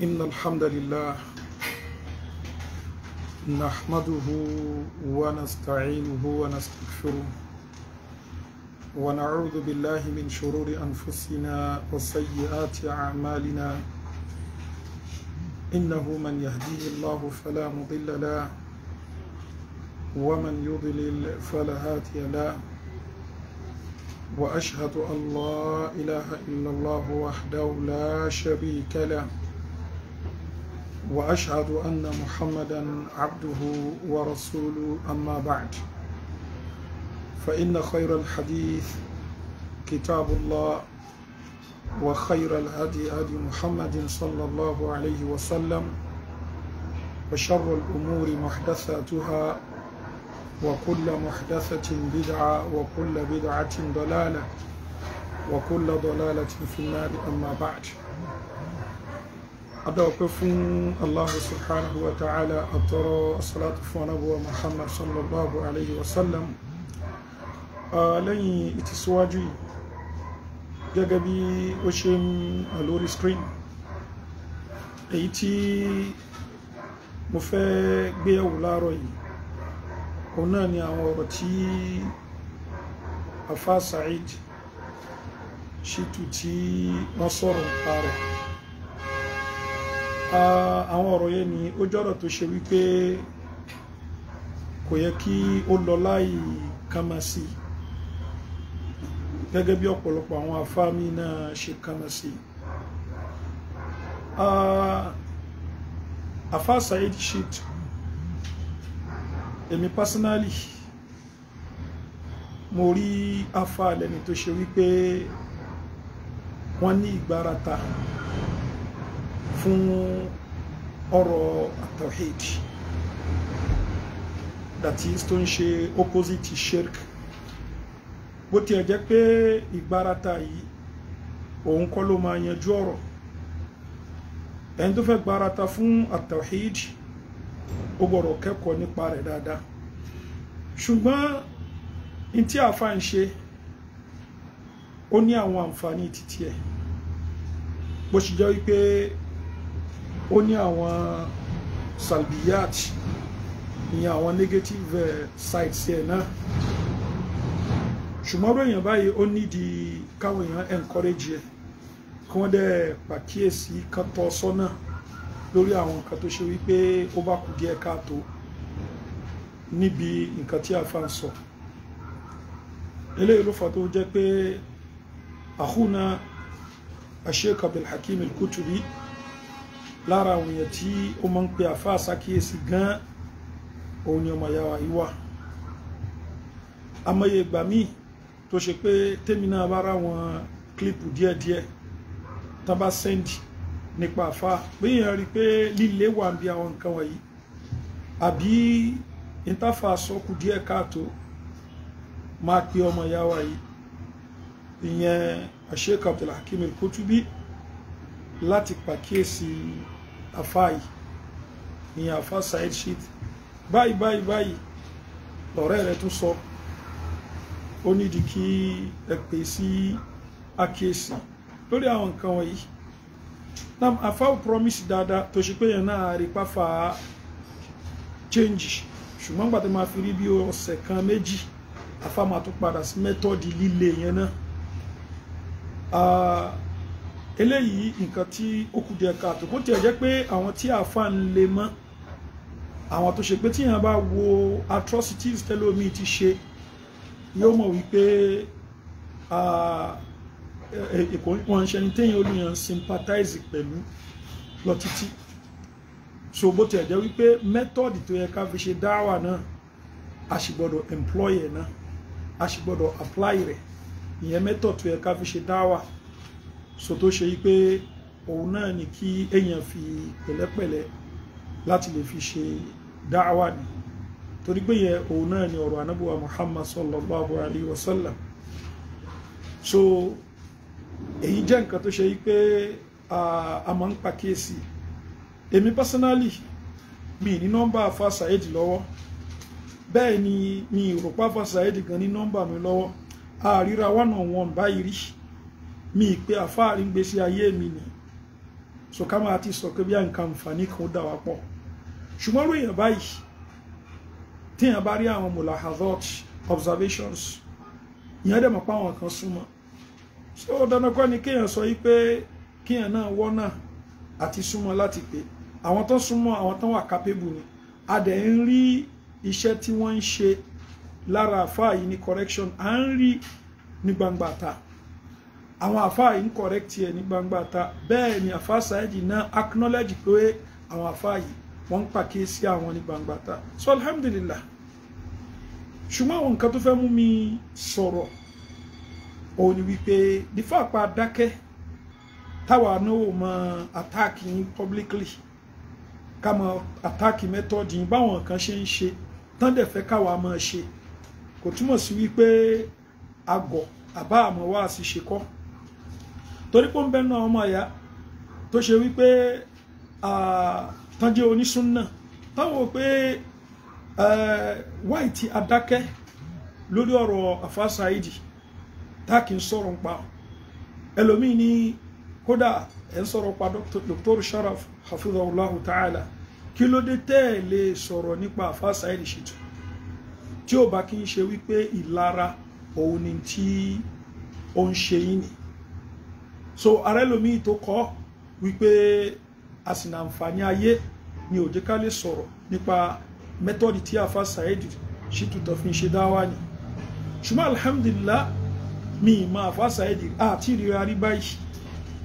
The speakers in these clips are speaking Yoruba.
إن الحمد لله نحمده ونستعينه ونستغفره ونعوذ بالله من شرور أنفسنا وسيئات أعمالنا إنه من يهديه الله فلا مضل له ومن يضلل فلا هادي له وأشهد أن لا إله إلا الله وحده لا شريك له واشهد ان محمدا عبده ورسوله اما بعد فان خير الحديث كتاب الله وخير الهدي هدي محمد صلى الله عليه وسلم وشر الامور محدثاتها وكل محدثه بدعه وكل بدعه ضلاله وكل ضلاله في النار اما بعد adáwọ̀pẹ́ fún Allahu subhanahu wa ta'ala àtọrọ asalatu fún anábọ̀ Muhammad sallallahu alayhi wa sallam lẹ́yìn ìtìsíwájú yìí gẹ́gẹ́ bí ó ṣe ń lórí screen èyí tí mo fẹ́ gbéyẹ̀wò láàárọ̀ yìí òun náà ni àwọn ọ̀rọ̀ tí afa Said Shittu tí wọ́n sọ̀rọ̀ nípa rẹ̀ àwọn ọ̀rọ̀ yẹn ni ó jọ́rọ̀ tó ṣe wípé kò yẹ kí ó lọ láì kàmà sí gẹ́gẹ́ bí ọ̀pọ̀lọpọ̀ àwọn afáàmì náà ṣe kàmà sí afá Saheed sheet èmi personally mo rí afá lẹ́ni tó ṣe wípé wọ́n ní ìgbárata fún ọ̀rọ̀ tawhid that is tó ń ṣe opposite shirk bó tiẹ̀ jẹ́ pé ìgbárata yìí òun kọ́ ló máa yanjú ọ̀rọ̀ ẹni tó fẹ́ gbárata fún at-tawhid ó gbọ́dọ̀ kẹ́kọ̀ọ́ nípa rẹ̀ dáadáa ṣùgbọ́n ní tí àfa ń ṣe ó ní àwọn àǹfààní títí ẹ̀ bó ṣe jẹ́ wípé ó ní àwọn salbiyat ìyẹn àwọn negative eh, sides ẹ̀ náà ṣùgbọ́n ròyìn báyìí ó nídìí káwọn èèyàn encourage ẹ̀ kí wọ́n dẹ̀ pàkíyèsí kan tọ́ sọ́nà lórí àwọn nǹkan tó ṣe wípé ó bá kù díẹ̀ káàtó níbi nǹkan tí a fa ń sọ eléyìí ló fà tó jẹ́ pé àhúnà Sheikh Hakim al lára àwọn èèyàn tí ó máa ń pe àfáà ṣàkíyèsí gan òun ni ọmọ ìyá wa yìí wà amọye ìgbà míì tó ṣe pé tèmi náà bá ra àwọn kílípù díẹ̀díẹ̀ tán bá sẹ́ndì nípa àfáà gbéyàn rí i pé líle wà ń bí àwọn nǹkan wọ̀nyí àbí ìtafà sọ́kù díẹ̀ káàtó máa pe ọmọ ìyá wa yìí ìyẹn Sheikh Abdulhakim al-Kutubi láti pàkíyèsí afáì ní afá side sheet báyìí báyìí báyìí lọ́rẹ́ rẹ tún sọ ó nídìí kí ẹ pè sí àkíyèsí lórí àwọn nǹkan wọ̀nyí nam afá ò promise dáadáa tó ṣe pé yẹn náà rí pàfà change ṣùgbọ́n gbàtí máa fi rí bí ọ̀sẹ̀ kan méjì afá máa tún padà sí mẹ́tọ́ọ̀dì líle yẹn náà. Ah, eléyìí nǹkan tí ó kù díẹ̀ káàtó bó tiẹ̀ jẹ́ pé àwọn tí àáfà ń le mọ́ àwọn tó ṣe pé tíyàn bá wo atrocities tẹ́lómi ti ṣe yóò mọ̀ wípé èkó wọn ṣe ni téèyàn olùyàn sympathize pẹ̀lú lọ títí so bó tiẹ̀ jẹ́ wípé method tó yẹ ká fi ṣe dáwà náà a sì gbọ́dọ̀ employ ẹ̀ náà a sì gbọ́dọ̀ apply rẹ̀ ìyẹn method tó yẹ ká fi ṣe dáwà so tó ṣe pé òun náà ni ki èèyàn fi pẹ̀lẹ́pẹ̀lẹ́ láti lè fi ṣe dáhàwá ni torí pé yẹ òun náà ni ọ̀rọ̀ anábùwà Muhammad sallallahu alaihi wasallam. so èyí jẹ́ nǹkan tó ṣe pé a máa ń pàkíyèsí èmi personally mi ni nọ́mbà afa Saheed lọ́wọ́ bẹ́ẹ̀ ni mi ìròpá afa Saheed gan ní nọ́mbà mi lọ́wọ́ àríra one on one báyìí rí mi ìpè àfáàrí gbèsè ayé mi ni so ká máa ti sọ pé bí nǹkan àǹfààní kan dà wá pọ̀ ṣùgbọ́n ròyìn báyìí téèyàn bá rí àwọn mulahazot observations ìyẹn dẹ̀ mọ̀ pé àwọn kan súnmọ́ so dandan kọ́ ni kéèyàn sọ yí pé kéèyàn náà wọ́n náà àti súnmọ́ láti pé àwọn tó súnmọ́ àwọn tó wà capable ni a dẹ̀ ń rí iṣẹ́ tí wọ́n ń ṣe lára àfáà yìí ní correction à ń rí ní gbangba ta àwọn àfáà yìí ń correct ẹ ní gbangba ta bẹ́ẹ̀ ni àfáà Saidi náà acknowledge pé àwọn àfáà yìí wọ́n ń pàkíyèsí àwọn ní gbangba ta so alhamdulillah ṣùgbọ́n àwọn nǹkan tó fẹ́ mú mi sọ̀rọ̀ òun ni wípé dífà pa dákẹ́ táwa náà ò mọ attack yín publicly ká mọ attack method yín báwọn kan ṣe ń ṣe tán dẹ̀ fẹ́ káwa máa ṣe kò túmọ̀ sí wípé agọ̀ àbá àmọ́ wá sí ṣe kọ́ torí pé ń bẹ náà ọmọ àyà tó ṣe wípé tán jẹ́ onísúnnà táwọn pé wáì ti adákẹ́ lórí ọ̀rọ̀ àfá táàkì ń sọ̀rọ̀ pa ẹlòmíì ní kódà ẹ̀ ń sọ̀rọ̀ pa Dr. Sharaf hafizahullahu ta'ala kí ló dé tẹ́ ẹ̀ lè sọ̀rọ̀ nípa àfá Saidi Shittu tí ó bá kí ń ṣe wípé ìlara òun ni tí ó ń ṣe yín ni so ààrẹ lomi tó kọ wípé àsìnàǹfààní ayé ni ó jẹ́ ká lè sọ̀rọ̀ nípa mẹ́tọ́dì tí àfa Saheed Shittu tó fi ń ni shuma alhamdulillah mi ìmọ̀ àfa Saheed àti ìrira rí báyìí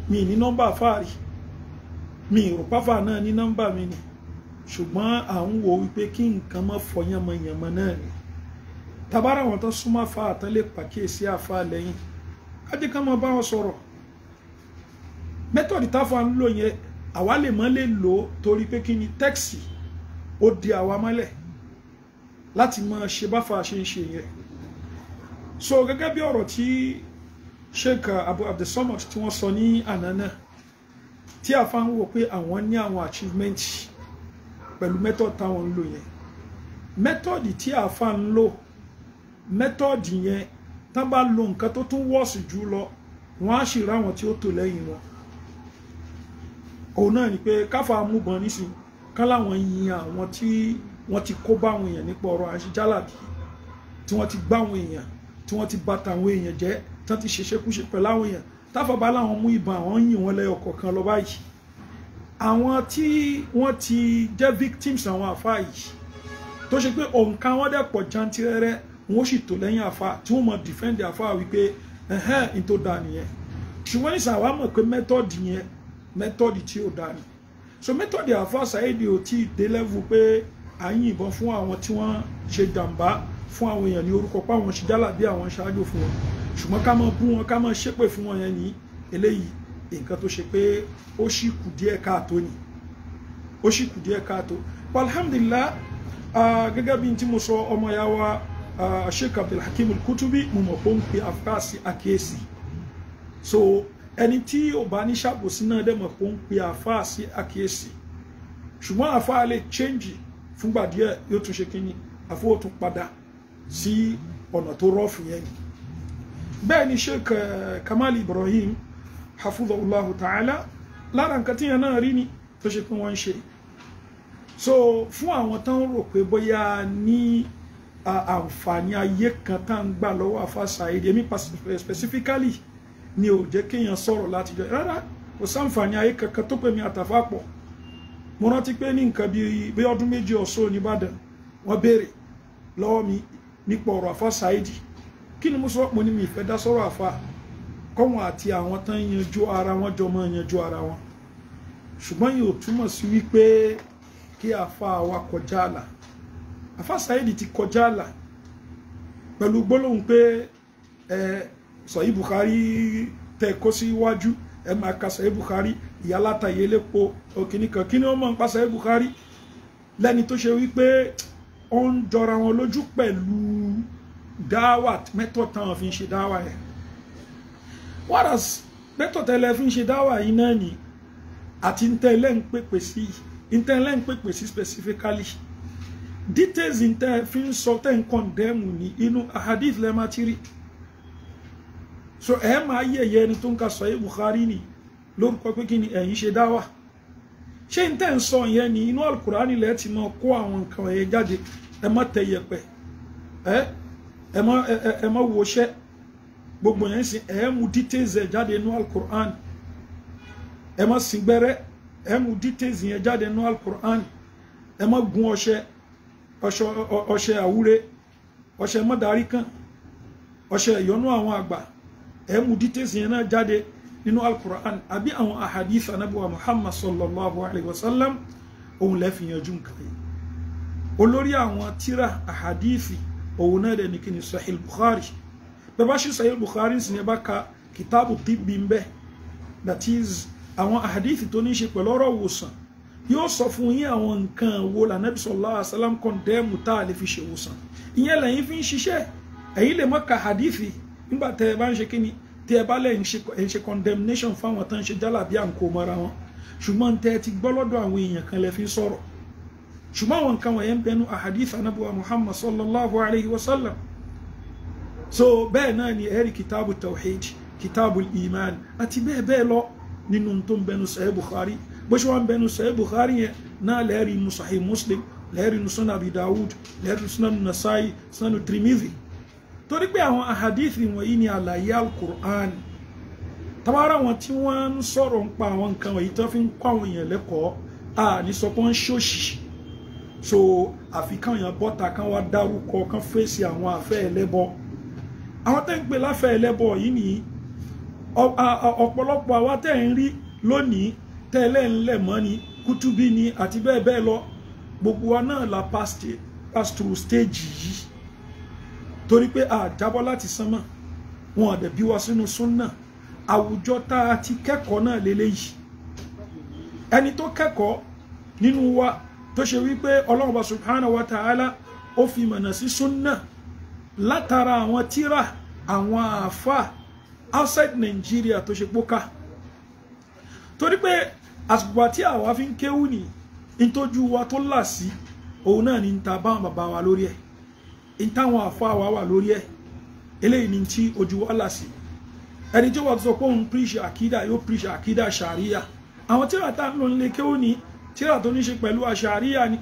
mi ní nọ́mbà àfáàrí mi ìrùpáfà náà ní nọ́mbà mi ni ṣùgbọ́n à ń wo wípé kí nǹkan mọ́ fọ yànmọ̀yànmọ̀ náà ni tabara àwọn tó súnmọ́ àfa àtàn pàkíyèsí àfa lẹ́yìn kájí ká bá wọn sọ̀rọ̀ mẹ́tọ̀dì táfa ń lò yẹn àwa lè mọ́ lè lò ó torí pé kí ni tẹ́ksì ó di àwa mọ́lẹ̀ láti máa ṣe báfa ṣe ń ṣe yẹn so gẹ́gẹ́ bí ọ̀rọ̀ tí Sheikh Abu Abdulsamad tí wọ́n sọ ní àná náà tí àfa ń wò pé àwọn ní àwọn achievement pelu mẹ́tọ̀dì táwọn ń lò yẹn mẹ́tọ̀dì tí àfa ń lò mẹ́tọ̀dì yẹn tán bá lo nǹkan tó tún wọ́ọ̀sì jù lọ wọ́n á sì ráwọn tí ó tò lẹ́yìn wọn òun náà ni pé káfà amúbọn níṣu kán láwọn yin àwọn tí wọ́n ti kó bá àwọn èèyàn nípa ọ̀rọ̀ àṣejálàbí tí wọ́n ti gbá àwọn èèyàn tí wọ́n ti bàtà àwọn èèyàn jẹ́ tí wọ́n ti ṣeṣekúṣe pẹ̀lú àwọn èèyàn táfàbá láwọn mú ìbọn àwọn yìn wọ́n lẹ́yọ kọ̀ọ̀kan lọ báyìí àwọn tí wọ́n ti jẹ́ victims àwọn àfa yìí tó ṣe pé òǹkà wọn dẹ̀ pọ̀ jantirẹrẹ wọn ó sì tò lẹ́yìn àfa tí wọ́n mọ̀ defend àfa wípé ẹ̀hẹ́n ní nìyẹn ṣùgbọ́n ìsàwámọ̀ pé mẹ́tọ́ọ̀dì yẹn mẹ́tọ́dì tí ò dáa ni so mẹ́tọ́dì àfa Saheed ò tí ì dé level pé à ń yìnbọn fún àwọn tí wọ́n ṣe jàǹbá fún àwọn èèyàn ní orúkọ pé àwọn ṣe jálàbí àwọn ṣáájú fún wọn ṣùgbọ́n ká máa bú wọn ká máa ṣépè fún wọn yẹn ní eléyìí nǹkan tó ṣe pé ó ṣì kù díẹ̀ káàtó ni ó ṣì kù díẹ̀ káàtó alhamdulillah gẹ́gẹ́ bí n tí mo sọ ọmọ ya wa Sheikh Abdulhakeem kutubi mo mọ̀ pé ó ń pe afghan sí so ẹni tí ò bá ní ṣàbòsí náà dẹ̀ mọ̀ pé ó ń pe àáfàá sí àkíyèsí ṣùgbọ́n àáfàá lè change fúngbà díẹ̀ yóò tún ṣe kínní àfọwọ́ tún padà sí ọ̀nà tó rọ́ọ̀fù yẹn ni bẹ́ẹ̀ ni sheikh eh, Kamal Ibrahim hafizahullahu ta'ala lára nǹkan tíyẹn náà rí ni tó ṣe pé wọ́n ń ṣe so fún àwọn tán rò pé bóyá ní àǹfààní ayé kan tá ń gbà lọ́wọ́ àfàṣà èdè mi specifically ni ò jẹ́ kéèyàn sọ̀rọ̀ láti jọ rárá kò sáǹfààní ayé kankan tó pè mí àtàfà pọ̀ mo rántí pé ní nǹkan bí ọdún méjì ọ̀sọ́ nìbàdàn wọ́n béèrè lọ́wọ́ mi nípa ọ̀rọ̀ àfa Saidi kí ni mo sọ pé ní mi ìfẹ́ dá sọ̀rọ̀ àfa kọ́wọn àti àwọn tán yanjú ara wọn jọ máa yanjú ara wọn ṣùgbọ́n yìí ò túmọ̀ sí wípé kí àfa wa kọjá àlà àfa Saidi ti kọjá àlà pẹ̀lú gbólóhùn pé ẹ. Eh, sọ̀yí Bukhari tẹ kó síwájú ẹ máa ka sọ̀yí Bukhari ìyálàta ìyẹlẹ́po òkìníkan kí ni wọ́n mọ̀ ń pa sọ̀yí Bukhari lẹ́ni tó ṣe wípé ó ń jọra wọn lójú pẹ̀lú dáwà mẹ́tọ̀ táwọn fi ń ṣe dáwà yẹn whereas mẹ́tọ̀ tẹ́lẹ̀ fi ń ṣe dáwà yìí náà ni àti ntẹ́lẹ̀ ń pèpè sí ntẹ́lẹ̀ ń pèpè sí specifically details ntẹ́ fi ń sọ tẹ́ ń condemn ní inú ahadith lẹ́ẹ̀ma ti rí so ẹ máa yí ẹ̀yẹ ẹni tó ń ka sọ̀yẹ́ Bukhari ni lórúkọ pé kí ni ẹ̀yin ṣe dáwà ṣé n tẹ́ ń sọ yẹn ni inú alukurani lẹ́ẹ̀ ti máa kó àwọn nǹkan ẹ̀yẹ jáde ẹ má tẹ yẹpẹ ẹ ẹ má ẹ má wọṣẹ́ gbogbo yẹn sìn ẹ mú details ẹ jáde inú alukurani ẹ má sìn gbẹrẹ ẹ mú details yẹn jáde inú alukurani ẹ má gun ọṣẹ ọṣẹ àwúre ọṣẹ mọ́darí kan ọṣẹ ìyọnú àwọn àgbà ẹ mú details yẹn náà jáde nínú alukur'an àbí àwọn ahadith anabuwa muhammad sallallahu alayhi wa sallam òun lẹ́fìyànjú nǹkan yìí olórí àwọn tíra ahadithi òun náà dẹ̀ ní kí ni sahil bukhari bẹ́ẹ̀ ṣe sahil bukhari sì ni bá ka kitabu tibbi ń that is àwọn àhàdíìsì tó ní ṣe pẹ̀lú ọ̀rọ̀ wòsàn yóò sọ fún yín àwọn nǹkan wo lànàbí sọlá àsálàm kọ́ndẹ́mù tá a lè fi ṣe wòsàn ìyẹn lẹ́yìn fi ń ṣiṣẹ́ èyí lè mọ́ ka àhàdíìsì nígbà tẹ ẹ bá ń ṣe kí ni tẹ ẹ bá lẹ̀ ń ṣe condemnation fáwọn tán ń ṣe jálàbí à ń kó mọ́ra wọn ṣùgbọ́n tẹ ẹ ti gbọ́ lọ́dọ̀ àwọn èèyàn kan lẹ fi ń sọ̀rọ̀ ṣùgbọ́n àwọn nǹkan wọ̀nyẹn ń bẹnu ahadith anabuwa muhammad sallallahu alayhi wa sallam so bẹ́ẹ̀ náà ni ẹ̀rí kitabu tawhid kitabu iman àti bẹ́ẹ̀ bẹ́ẹ̀ lọ nínú tó ń bẹnu sahih bukhari bó ṣe wá ń bẹnu sahih bukhari yẹn náà lẹ́ẹ̀rí nu muslim lẹ́ẹ̀rí nu sunan lẹ́ẹ̀rí sunan nasai sunan tirmidhi torí pé àwọn ahadith wọ̀nyí ni àlàyé alukur'an tabara wọn tí wọ́n ń sọ̀rọ̀ ń pa àwọn nǹkan wọ̀nyí tó fi ń kọ́ àwọn èèyàn lẹ́kọ̀ọ́ a ní sọ pé wọ́n ṣòṣì so àfi káwọn èèyàn bọ́ta kan wá dárúkọ kan fèsì àwọn afẹ́ ẹlẹ́bọ àwọn tẹ́ ń pè láfẹ́ ẹlẹ́bọ yìí ni ọ̀pọ̀lọpọ̀ àwa tẹ́ ń rí lónìí tẹ́lẹ̀ ńlẹ̀ mọ́ ni kútúbí ni àti bẹ́ẹ̀ bẹ́ẹ̀ lọ gbogbo wa náà la past through stage yìí torí pé a jábọ́ láti sánmọ̀ wọn àdẹ̀ bí wa sínú súnà àwùjọ tá a ti kẹ́kọ̀ọ́ náà lélẹ́yìí ẹni tó kẹ́kọ̀ọ́ nínú wa tó ṣe wípé ọlọ́run subhanahu wa ta'ala ó fi mọ̀nà sí súnà látara àwọn tíra àwọn àáfà outside Nigeria tó ṣe póká torí pé àsìkò àti àwa fi ń kéwù ní ìtọ́jú wa tó là sí òun náà ní ń ta báwọn bàbá wa lórí ẹ̀ in táwọn àfáà wa wà lórí ẹ̀ eléyìí ni tí ojú wa là sí ẹni tí wọ́n sọ pé òun píríṣì àkídà yóò píríṣì àkídà ṣàríyà àwọn tíra tá ń lò nílé kéwò ní tíra tó ní ṣe pẹ̀lú àṣàríyà ni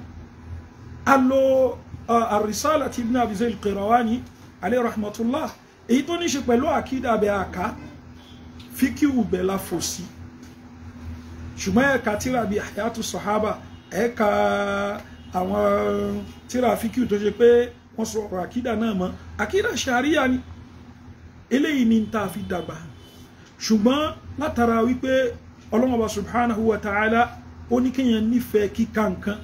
a lo àrísàlà uh, ti ibn Abi Zayd al-Qirawani alayhi rahmatullah èyí tó ní ṣe pẹ̀lú àkídà bẹ àká fíkìwù bẹ̀ la fò sí ṣùgbọ́n ẹ̀ka tíra bíi hayatu sahaba ẹ̀ka àwọn tíra fíkìwù tó ṣe pé wọ́n sọ ọ̀rọ̀ àkídà náà mọ́ àkídà ṣàríyà ni eléyìí ni tá a fi dàgbà ṣùgbọ́n látara wípé ọlọ́wọ́n subhanahu wa ta'ala ó ní kéèyàn nífẹ̀ẹ́ kíkà nǹkan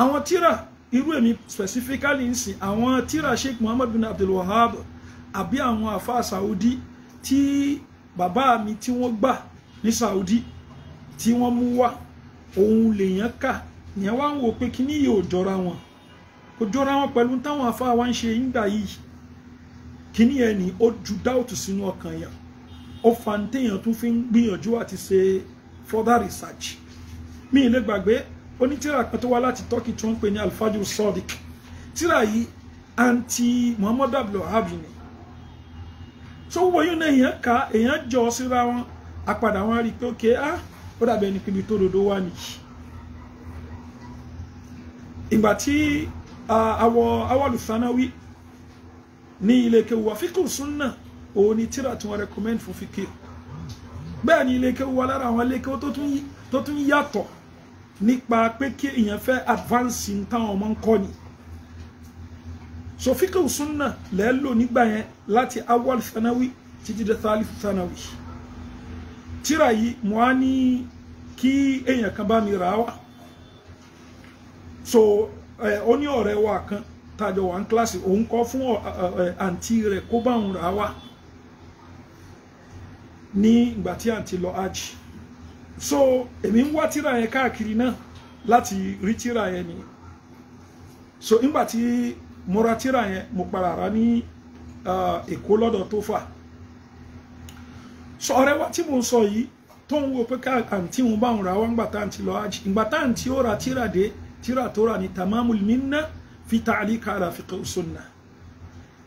àwọn tíra irú èmi specifically ń sìn àwọn tíra sheikh muhammad bin abdul wahab àbí àwọn àfa saudi tí bàbá mi tí wọ́n gbà ní saudi tí wọ́n mú wá òun lèèyàn kà ìyẹn wá ń wò pé kíní yìí ò jọra wọn ó jọra wọn pẹ̀lú táwọn afáà wa ń ṣe ńgbà yìí kíní ẹ̀ ní ó ju dáùtù sínú ọkàn yà ó fa ní téèyàn tún fi ń gbìyànjú àti ṣe further research mi ì lè gbàgbé onítìrà kan tó wá láti turkey tí wọ́n ń pè ní alfaju sodiq tírà yìí àǹtí muhammadu abdulhab ni so wọ́n yóò náà èèyàn ka èèyàn jọ síra wọn apadà wọn rí i pé ókè á ah, ó dàbẹ̀ ni pé ibi tó dodo wà nìyí ìgbà tí àwọ̀ awàlùsánáwí ní ilé kéwu wa fíkù súnà òun ni tíra tí wọ́n recommend fún fíkì bẹ́ẹ̀ ni ilé kéwu wa lára àwọn ilé kéwu tó tún yàtọ̀ nípa pé kí èèyàn advance ní ọmọ ń ni so fíkù súnà lẹ́ẹ̀lò nígbà yẹn láti awàlùsánáwí títí dé thalifu sánáwí tíra yìí mo á ní kí èèyàn kan bá mi rà á so ó ní ọ̀rẹ́ wa kan tàjọ wà ní kíláàsì òun kọ́ fún àǹtí eh, eh, eh, rẹ̀ kó bá òun rà wá ní ìgbà tí àǹtí lọ so èmi ń wá tíra káàkiri náà láti rí tíra yẹn ni so nígbà tí mo ra tíra yẹn mo ní èkó lọ́dọ̀ tó fà so ọ̀rẹ́ wa tí mo ń sọ yìí tó ń wo pé àǹtí òun bá òun rà wá tá àǹtí lọ ìgbà tá àǹtí ó ra tíra tíra tó rà ní tamamul minna fi ta'alika ala fiqh sunnah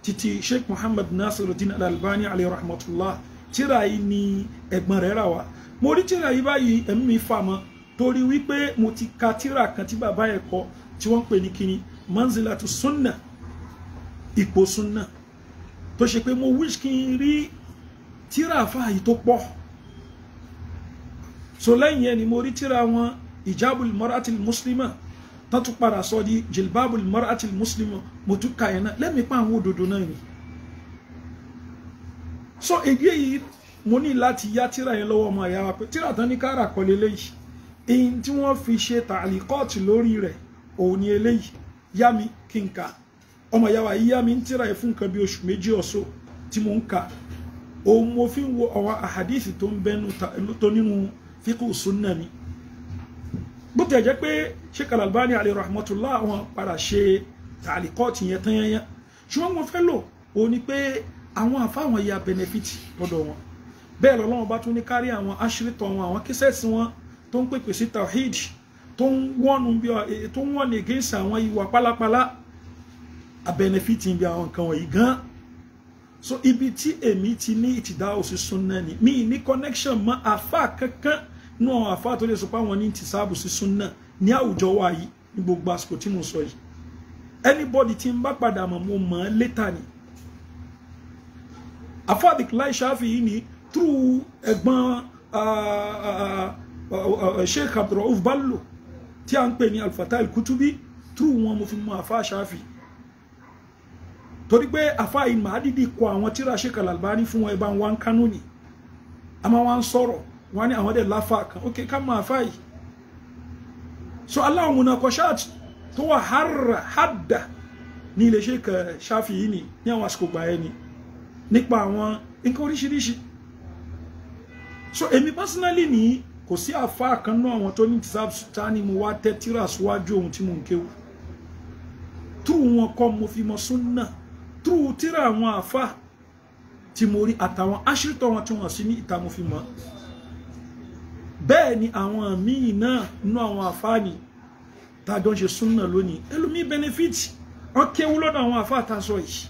títí sheikh muhammad nasiruddin al-albani alayhi rahmatullah tíra yìí ni ẹ̀gbọ́n rẹ̀ rà wá mo rí tíra yìí báyìí ẹ̀mí mi fà mọ́ torí wípé mo ti ka tíra kan tí bàbá ẹ̀ kọ tí wọ́n ń pè ní kíni manzilatu sunna ipò sunna tó ṣe pé mo wish kí n rí tíra fàáyì tó pọ̀ so lẹ́yìn ẹ̀ mo rí tíra wọn ìjábùl mọ́rátìl mùsùlùmá tán tún padà sọ di jilbabul mar'atil muslima mo tún ka yẹn náà lẹ́mìí pa àwọn òdodo náà ni so ègbé yìí mo ní láti yá tíra yẹn lọ́wọ́ ọmọ àyà wa pé tíra tán ní kára kọ́ leléyìí èyí tí wọ́n fi ṣe tàlíkọ́ọ̀tì lórí rẹ̀ òun ni eléyìí yá mi kí n kà ọmọ àyà wa yìí yá mi ń tíra yẹn fún nǹkan bí oṣù méjì ọ̀ṣọ́ tí mo ń kà òun mo fi ń wo àwọn àhàdíìsì tó ń bẹnu tó nínú fíkù sunna mi bó tẹ̀ jẹ́ pé Sheikh Al-Albani alayhi rahmatullah àwọn padà ṣe tàlíkọ́ọ̀tì yẹn tán yẹn yẹn ṣùgbọ́n wọn fẹ́ lò ó ní pé àwọn àfáwọn ya benefit lọ́dọ̀ wọn bẹ́ẹ̀ lọ́lọ́wọ́n bá tún ní kárí àwọn aṣírìtọ̀ wọn àwọn kíṣẹ́sì wọn tó ń pèpè sí tawhid tó ń wọ́nu bí tó ń wọ́n against àwọn ìwà pálapàla a benefit bí àwọn nǹkan wọ̀nyí gan so ibi tí èmi ti ní ìtìdá òsì sunna ni mi ní connection mọ́ àfá kankan nú àwọn àfáà tó lè sọ pé ni ní tìsáàbù sí súnà ní àwùjọ wa yìí ní gbogbo àsìkò tí mo sọ yìí anybody tí ń bá padà mọ̀ mo mọ̀ ọ́ ni àfáà Dhikrlahi Shafii yìí ni through ẹ̀gbọ́n Sheikh Abdulrauf Bello tí a ń pè ní al kutubi through wọn mo fi mọ̀ àfáà Shafii torí pé àfáà yìí màá dídì kọ àwọn tíra Sheikh Al-Albani fún wọn kánú ni a máa wá ń sọ̀rọ̀ wọ́n ní àwọn dẹ̀ láfa kan ok ká máa fa yìí so aláwọn munakoshat tó wà hàrà hàdà ní ilé Sheikh Shafi yìí ni ní àwọn àsìkò gbà ẹni nípa àwọn nǹkan oríṣiríṣi so èmi personally ní kò sí àfa kan náà àwọn tó ní tìsáàbù ta ni mo wá tẹ́ tíra síwájú ohun tí mo ń kéwu túrú wọn kọ́ mo fi mọ súnà túrú tíra àwọn àfa tí mo rí àtàwọn àṣírítọ̀ wọn tí wọ́n sí ní ìta mo fi mọ́ bẹ́ẹ̀ ni àwọn míì náà nú àwọn àfáàní tá a jọ ń ṣe súnà lónìí ẹlòmíì benefit wọ́n kéwú lọ́dọ̀ àwọn àfáà tá a sọ yìí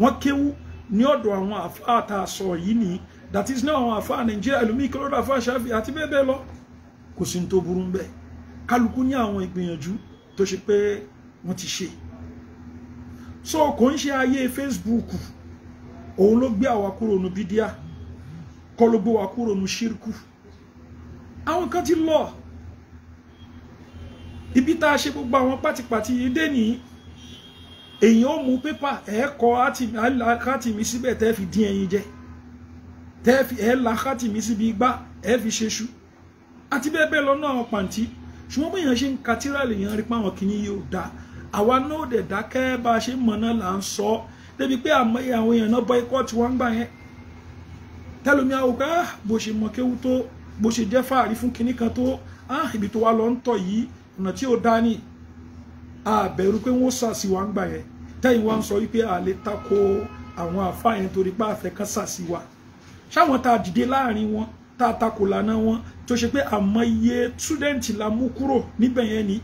wọ́n kéwú ní ọ̀dọ̀ àwọn àfáà tá a sọ yìí ni that is ní àwọn àfáà nàìjíríà ẹlòmíì kí lọ́dọ̀ àfáà ṣáfì àti bẹ́ẹ̀ bẹ́ẹ̀ lọ kò sí ní tó burú ń bẹ́ẹ̀ kálukú ní àwọn ìgbìyànjú tó ṣe pé wọ́n ti ṣe so kò ń ṣe ayé Facebook òun ló gbé àwa kúrò nù bídíà kọ́ ló gbé wa kúrò nu ṣírkù àwọn kan ti lọ ibi tá a ṣe gbogbo àwọn pátipàti yìí dé nìyí èèyàn ó mú pépà ẹ kọ àkátìmí síbẹ̀ tẹ́ fi dín ẹyin jẹ tẹ́ fi ẹ la àkátìmí síbi igbá ẹ fi ṣe ṣu àti bẹ́ẹ̀ bẹ́ẹ̀ lọ́nà àwọn pàǹtí ṣùgbọ́n bí èèyàn ṣe ń ka tíra lèèyàn rí pé àwọn kìíní yóò dá àwa náà ò dẹ̀ dákẹ́ bá a ṣe mọ̀ náà là ń sọ débi pé àmọ́ àwọn èèyàn náà boycott wọn gbà yẹn tẹ́lómi àwòká ah, bó ṣe mọ kéwú tó bó ṣe jẹ́ fàárí fún kinní kan tó ah ibi tó wá lọ ń tọ̀ yìí ọ̀nà tí ó dání àbẹ̀rù pé wọ́n sàṣì wá ń gbà yẹn tẹ́yìn wá ń sọ wípé à tako àwọn àfa yẹn torí pé àfẹ́ kan sàṣì wá ṣáwọn tá a dìde láàrin wọn tá a tako lànà wọn tó ṣe pé àmọ́ iye túdẹ̀ǹtì la mú kúrò níbẹ̀ yẹn ni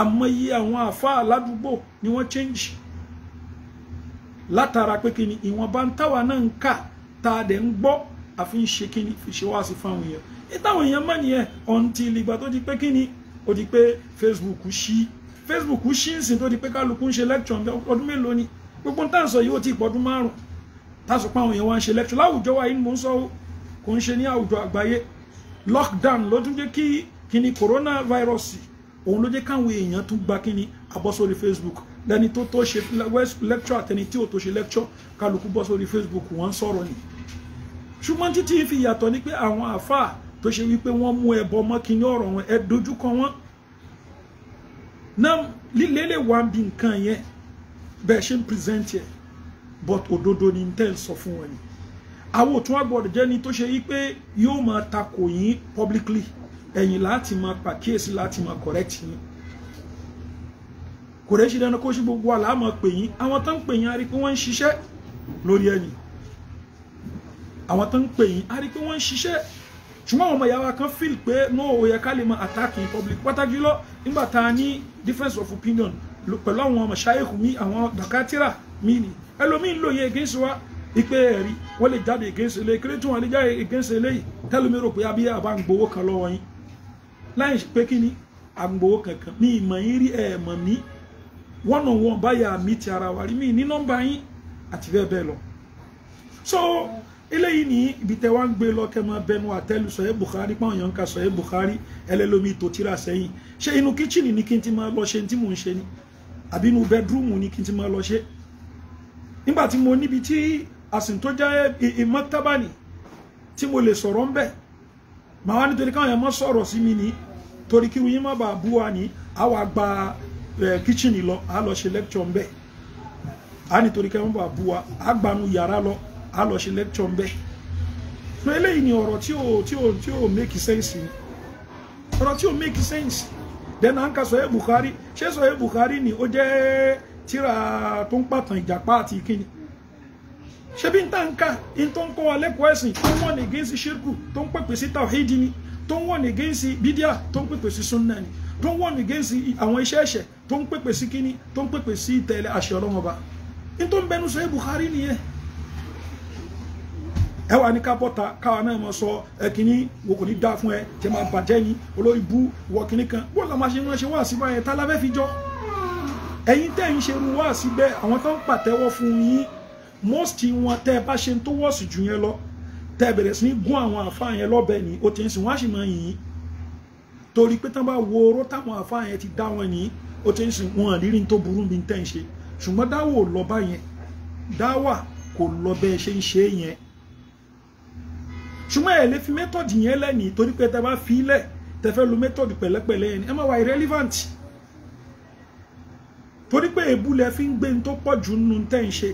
àmọ́ iye àwọn àfa aládùúgbò ni wọ́n change látara pé kí ni ìwọ̀nba ń táwa náà ń kà tá a dẹ̀ ń gbọ́ àfi ń ṣe kíni fi ṣe wá sí fáwọn èèyàn ìtàwọn èèyàn mọ̀ nìyẹn until ìgbà tó di pé kíni ó di pé Facebook ṣí Facebook ṣí ń sìn tó di pé kálukú ń ṣe lecture ǹbẹ ọdún mélòó ni gbogbo ń tàǹsọ yìí ó ti pọ̀ ọdún márùn táṣọ pé àwọn èèyàn wa ń ṣe lecture láwùjọ wa yìí mò ń sọ kò ń ṣe ní àwùjọ àgbáyé lockdown ló tún jẹ́ kí kíni coronavirus òun ló jẹ́ káwọn èèyàn tún gba kíni abọ́ sórí Facebook lẹ́ni tó tó ṣe lecture àtẹni tí ò tó ṣe lecture kálukú bọ́ sórí Facebook wọ́n ń sọ̀rọ̀ nìyí ṣùgbọ́n títí fi yàtọ̀ ni pé àwọn àfáà tó ṣe wípé wọ́n mú ẹbọ mọ́ kíní ọ̀rọ̀ wọn ẹ dojúkọ wọn náà líle lè wá bí nǹkan yẹn bẹ́ẹ̀ ṣe ń present yẹ but òdodo ni tẹ́ ń sọ fún wọn ni àwọn òtún àgbọ̀dọ̀ jẹ́ ni tó ṣe wípé yóò máa takò yín publicly ẹ̀yìn láti máa pàkíyèsí láti máa correct yín kò rẹ́ ṣe dandan kó ṣe gbogbo àlá máa pè yín àwọn tó ń pè yín á pé wọ́n ń ṣiṣẹ́ lórí ẹ̀yìn àwọn tó ń pè yín a rí i pé wọ́n ń ṣiṣẹ́ ṣùgbọ́n àwọn ọmọ ìyá wa kan feel pé no ó yẹ ká lè mọ attack in public pàtàkì jùlọ nígbà tá a ní difference of opinion pẹ̀lú àwọn ọmọ ṣáyẹ̀kù mi àwọn dàkátìrà mi ni ẹlòmíín lòye against wa ipe ẹ̀rí wọ́n lè jáde against eléyìí kéré tí wọ́n lè jáde against eléyìí tẹ́lómi rò pé abíyá àbá ń gbowó kan lọ́wọ́ yín láì pé kí ni àgbowó kankan mi ìmọ̀ yín rí ẹ̀ẹ̀mọ̀ mi wọ́n wọn báyà mi ti ara wa rí mi ní nọ́mbà yín àti bẹ́ẹ̀ bẹ́ẹ̀ lọ. so eléyìí ní ibi tẹ́ wá ń gbé lọ kẹ́ bẹnu àtẹ́lu sọ̀yẹ́ Bukhari pàwọn èèyàn ń ka sọ̀yẹ́ Bukhari ẹlẹ́lómi tó tíra sẹ́yìn ṣé inú kíchìnì ni kí n ti máa lọ ṣe tí mò ń ṣe ni àbí inú bẹ́dúrúmù ni kí n ti máa lọ ṣe nígbà tí mo níbi tí àsìn tó jẹ́ ìmọ̀tábàní tí mo lè sọ̀rọ̀ ń bẹ̀ màá wá nítorí káwọn èèyàn má sọ̀rọ̀ sí mi ní torí kí wọ́n má bàa bú wa ní àwa gba kíchìnì lọ a lọ ṣe lecture ńbẹ so eléyìí ni ọ̀rọ̀ tí ò tí ò tí ò make sense ni ọ̀rọ̀ tí ò make sense then anka sọ̀yẹ́ Bukhari ṣé sọ̀yẹ́ Bukhari ni ó jẹ́ tíra tó ń pàtàn ìjàpá àti ìkíni ṣebí ń tànká in tó ń kọ́ wa lẹ́kọ̀ọ́ ẹ̀sìn tó ń wọ̀n against ṣírkù tó ń pèpè sí tawhid ni tó ń wọ̀n against bídíà tó ń pèpè sí sunna ni tó ń wọ̀n against àwọn iṣẹ́ ẹ̀ṣẹ̀ tó ń pèpè sí kíní tó ń pèpè sí ìtẹ̀lé àṣẹ ọlọ́mọba in tó ń bẹnu sọ̀yẹ́ Bukhari nìyẹn ẹ wà ní ká bọ́ta káwa náà mọ̀ sọ ẹ kìíní wo dá fún ẹ tẹ máa bàjẹ́ ni olórí bú wọ kìíní kan wọ́n làwọn aṣẹ́ wọn ṣe wá sí báyẹn tá lábẹ́ fi jọ ẹ̀yin tẹ́ ń ṣerú wá sí bẹ́ẹ̀ àwọn tó ń pàtẹ́wọ́ fún yín most wọn tẹ́ ẹ bá ṣe ń tó wọ́ọ̀sì jù yẹn lọ tẹ́ ẹ bẹ̀rẹ̀ sí ní gún àwọn àfa yẹn lọ́bẹ̀ ni ó ti ń sìn wọ́n á máa yìn torí pé táwọn àfa ṣùgbọ́n ẹ̀ lè fi method yẹn lẹ́nìí torí pé tẹ bá fi í lẹ̀ tẹ fẹ́ lo method pẹ̀lẹ́pẹ̀lẹ́ yẹn ẹ má wà irrelevant torí pé èébú lẹ fi ń gbé ní tó pọ̀ jù nínú tẹ́ ń ṣe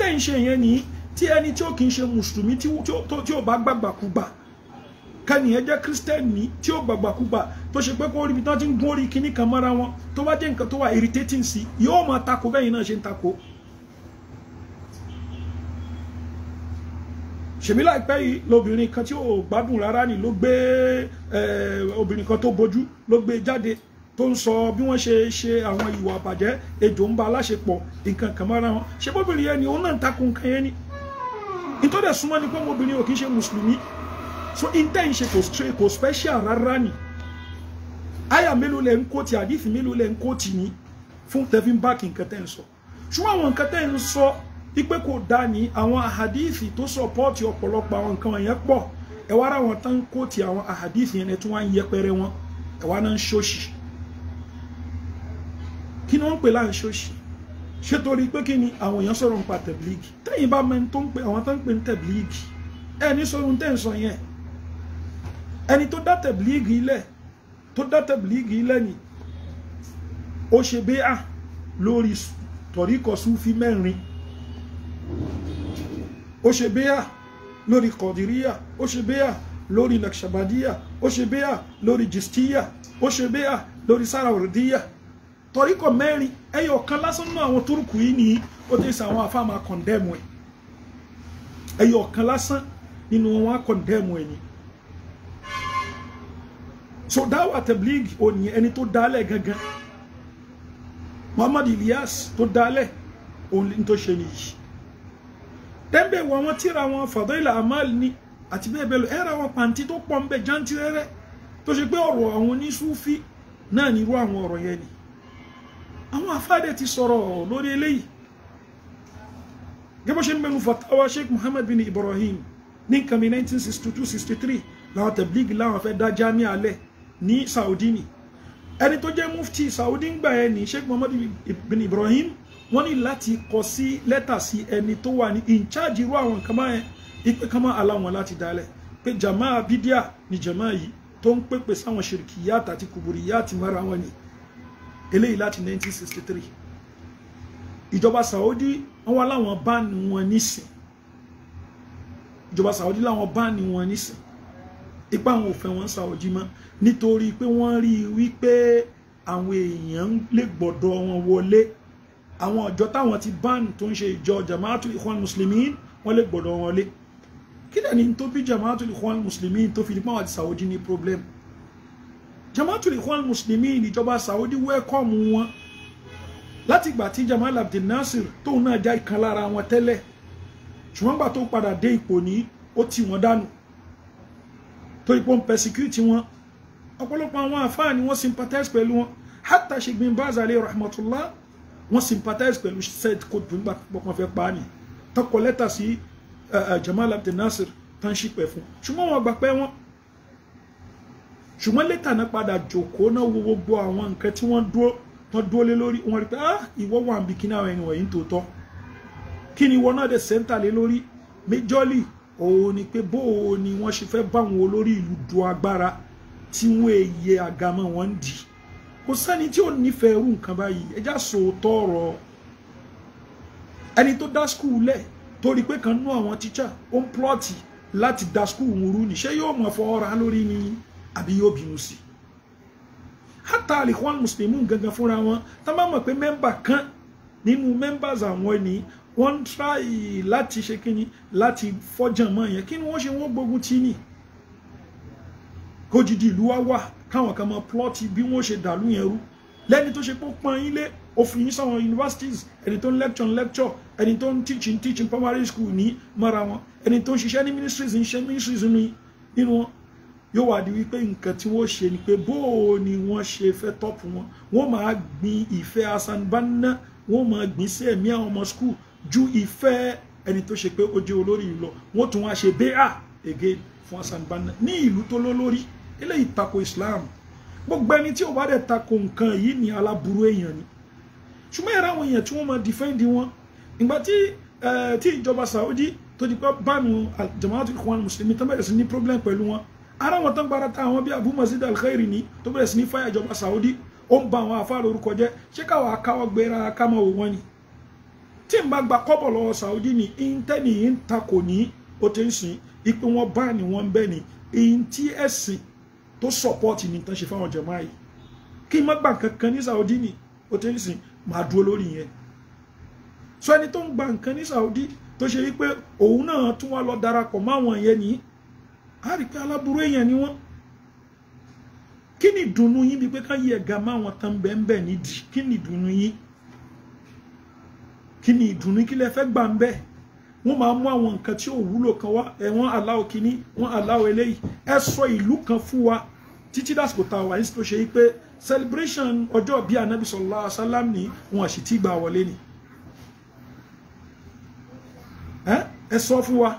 tẹ́ ń ṣe yẹn nìyí tí ẹni tí ó kì í ṣe mùsùlùmí tí ó bá gbàgbàkúgbà kẹ́nìyàn jẹ́ kírísítẹ́nì tí ó gbàgbàkúgbà tó ṣe pé kó rí ibi tí wọ́n ti ń gún orí kinní kan mọ́ra wọn tó bá jẹ́ nǹkan tó wà irritating sí yóò máa tako bẹ́yìn náà ṣe ń tako. ṣèbí láìpẹ́ yìí lobìnrin kan tí ò gbádùn rárá ni ló gbé obìnrin kan tó bojú ló gbé jáde tó ń sọ bí wọ́n ṣe ṣe àwọn ìwà àbàjẹ́ ejò ń ba aláṣepọ̀ nǹkan kan mọ́ra wọn ṣé bóbìnrin yẹn ni òun náà ń takùn nǹkan yẹn ni ìtọ́dẹ̀ súnmọ́ ni pé ọmọbìnrin ò kì í ṣe mùsùlùmí so intent ṣe kò special rárá ni àyà mélòó lẹ ń kóòtì àdìsí mélòó lẹ ń kóòtì ni fún tẹ́fín báàkì nǹkan tẹ́ ń sọ ṣùgbọ́n àwọn nǹkan tẹ́ ń sọ ipe kò dá ní àwọn ahadithi tó sọpọ́ọ̀tì ọ̀pọ̀lọpọ̀ àwọn nǹkan yẹn pọ̀ ẹ wá ráwọn tán kó ti àwọn ahadithi yẹn tí wọ́n ń yẹpẹrẹ wọn ẹ náà ń ṣòṣì kí ni wọ́n ń pè láà ń ṣòṣì ṣé torí pé kí ni àwọn èèyàn sọ̀rọ̀ ń pa tẹ̀blíìgì tẹ́yìn bá mẹ́ni tó ń pe àwọn tán ń pè ní tẹ̀blíìgì ẹ ní sọ ohun tẹ́ ń yẹn ẹni tó dá tẹ̀blíìgì ilẹ̀ tó dá tẹ̀blíìgì ilẹ̀ ni ó ṣe béà lórí tọ̀ríkọ̀ súfí mẹ́rin ó ṣe bíyà lórí kọ̀dìríyà ó ṣe bíyà lórí nàkṣàbàdíyà ó ṣe bíyà lórí jìstíyà ó ṣe bíyà lórí sárawòrìdíyà tọ́ríkọ̀ mẹ́rin ẹyọ kan lásán àwọn túrùkù yìí ni ó ti sàn àwọn afáàmà ẹ̀ ẹyọ kan lásán nínú wọn kọ̀ndẹ́mù ẹ̀ ni so dáwà tẹ̀blíìgì òní ẹni tó dálẹ̀ gangan Muhammad Ilyas tó dálẹ̀ òun tó ṣe nìyí tẹ́ńbẹ̀ wọ àwọn tíra wọn Fadaila Amal ni àti bẹ́ẹ̀ bẹ́ẹ̀ lọ ẹ̀ ra wọn pàǹtí tó pọ̀ ń bẹ jántìrẹ́rẹ́ tó ṣe pé ọ̀rọ̀ àwọn oníṣúfì náà ní irú àwọn ọ̀rọ̀ yẹn ni àwọn afáàdẹ ti sọ̀rọ̀ lórí eléyìí gẹ́gẹ́ ṣe ń mẹ́nu fatawa Sheikh Muhammad bin Ibrahim ní nǹkan bíi 1962 63 làwọn tẹ̀blígì láwọn fẹ́ dá jámí alẹ́ ní Saudi ni ẹni tó jẹ́ mufti Saudi ń gbà ẹ̀ ní Sheikh Muhammad bin Ibrahim wọ́n ní láti kọ sí lẹ́tà sí ẹni tó wà ní in charge irú àwọn nǹkan máa yẹn ipe kan máa aláwọn láti dálẹ̀ pé jamaa bídíà ni jamaa yìí tó ń pèpè sáwọn ṣìrìkìyàtà àti kùbùrìyàtì mara wọn ni eléyìí láti 1963 ìjọba Saudi wọ́n wá láwọn báàni wọn nísìn ìjọba Saudi láwọn báàni wọn nísìn ipa àwọn òfin wọn Saudi mọ́ nítorí pé wọ́n rí i wípé àwọn èèyàn lè gbọ́dọ̀ wọn wọlé àwọn ọjọ́ táwọn ti ban tó ń ṣe ìjọ jamaatu ikhwan muslimin wọ́n lè gbọ́dọ̀ wọn lé kí lè ní tó bí jamaatu ikhwan muslimin tó fi nípa wà ti saudi ní problem jamaatu ikhwan muslimin ìjọba saudi wẹ́kọ̀mù wọn láti ìgbà tí jamal abdul nasir tóun náà já ìkan lára wọn tẹ́lẹ̀ ṣùgbọ́n gbà tó padà dé ipò ní ó ti wọn dànù tó ipò ń persecute wọn ọ̀pọ̀lọpọ̀ àwọn àfáà ni wọ́n sympathize pẹ̀lú wọn hatta Sheikh bin Baz wọ́n sympathize pẹ̀lú said Qutb nígbà pọ̀kan fẹ́ pa á nì tán kọ lẹ́tà sí Jamal Abdel Nasser tán ṣìpẹ̀ fún ṣùgbọ́n wọn gbà pé wọ́n ṣùgbọ́n lẹ́tà náà padà jòkó náà wo gbogbo àwọn nǹkan tí wọ́n dúró tán dúró lé lórí wọn rí pé ah ìwọ wà ń bi kí náà ẹni wọ̀nyí ń tòótọ́ kí ni ìwọ náà dẹ̀ sẹ́ńtà lé lórí méjọ́lì òun ni pé bó o ni wọ́n ṣe fẹ́ bá àwọn olórí ìlú du agbára tí wọ́n èyẹ àgàmọ́ wọn dì í kò sẹ́ni tí ò nífẹ̀ẹ́ irú nǹkan báyìí ẹ já sòótọ́ ọ̀rọ̀ ẹni tó dá skul lẹ̀ torí pé kan nú àwọn tíṣà ó ń plọ́ọ̀tì láti dá skul òun ni ṣé yóò mọ̀ fọ́ ọ́ra lórí ni àbí yóò bínú sí i hátà àlìkwan mùsùlùmí gangan fúnra wọn tá má mọ̀ pé mẹ́mbà kan nínú members àwọn ẹni wọ́n ń tíráì láti ṣe kínní láti fọ́jàn mọ́ yẹn kí ni wọ́n ṣe wọ́n gbógun tì ní kójìdì ìlú wa wà káwọn kan mọ plọ́ọ̀tì bí wọ́n ṣe dàlú yẹn rú lẹ́ni tó ṣe pé ó òfin sáwọn universities ẹni tó ń lecture lecture ẹni tó ń teach ń teach primary school ní mọ́ra wọn ẹni tó ń ṣiṣẹ́ ní ministries ń ṣe ministries nínú wọn yóò wá di wípé nǹkan tí wọ́n ṣe ni pé bóò ni wọ́n ṣe fẹ́ tọ́pù wọn wọ́n máa gbin ìfẹ́ asanbanna wọ́n máa gbin sí ẹ̀mí àwọn ọmọ school ju ìfẹ́ ẹni tó ṣe pé ó jẹ́ olórí lọ wọ́n tún wá ṣe bẹ́ẹ̀ again fún asanbanna ní ìlú tó lólórí eléyìí tako Islam gbogbo ẹni tí ò bá dẹ̀ tako nǹkan yìí ni aláburú èèyàn ni ṣùgbọ́n ẹ̀rọ àwọn èèyàn tí wọ́n máa dìfẹ́ǹdì wọn ìgbà tí eh, tí ìjọba Saudi tó di pé bánu Jama'atul Ikhwan Muslimin tó bẹ̀rẹ̀ sí ní problem pẹ̀lú wọn ara wọn tán gbára ta àwọn bí Abu Mazid al-Khairi ni tó bẹ̀rẹ̀ sí ní fáyà ìjọba Saudi ó ń ba àwọn afá lórúkọ jẹ́ ṣé káwọn akáwọ́ gbéra kámọ́ wò ni tí n bá gba kọ́bọ̀ lọ́wọ́ Saudi ni intẹ́ni ń takò ní ó ti ń sìn ipe wọn bá ni wọ́n ń bẹ́ ni ìyìn ẹ̀sìn tó sọ̀pọ́ọ̀tì ní tán ṣe fáwọn jẹ̀mọ́ yìí kí n má gba nǹkan kan ní Saudi ni ó tẹ́ nísìn máa dúró lórí yẹn so ẹni tó ń gba nǹkan ní Saudi tó ṣe wípé òun náà tún wá lọ darapọ̀ máwọn yẹn ní á rí pé aláburú èèyàn ni wọ́n kí ni ìdùnnú yín bíi pé ká yí ẹ̀gá máwọn tán bẹ́ẹ̀ nídìí kí ni ìdùnnú yín kí ni ìdùnnú kí lẹ fẹ́ gbà ń bẹ́ẹ̀ wọ́n máa mú àwọn nǹkan tí ò wúlò kan wá ẹ̀wọ̀n aláwọ̀ kínní wọ́n aláwọ̀ eléyìí ẹ sọ ìlú kan fún wa títí dásìkò tá a wà yìí ṣe pé celebration ọjọ́ bíi anabi sallallahu alaihi ni wọn sì ti gbà wọlé ni ẹ sọ fún wa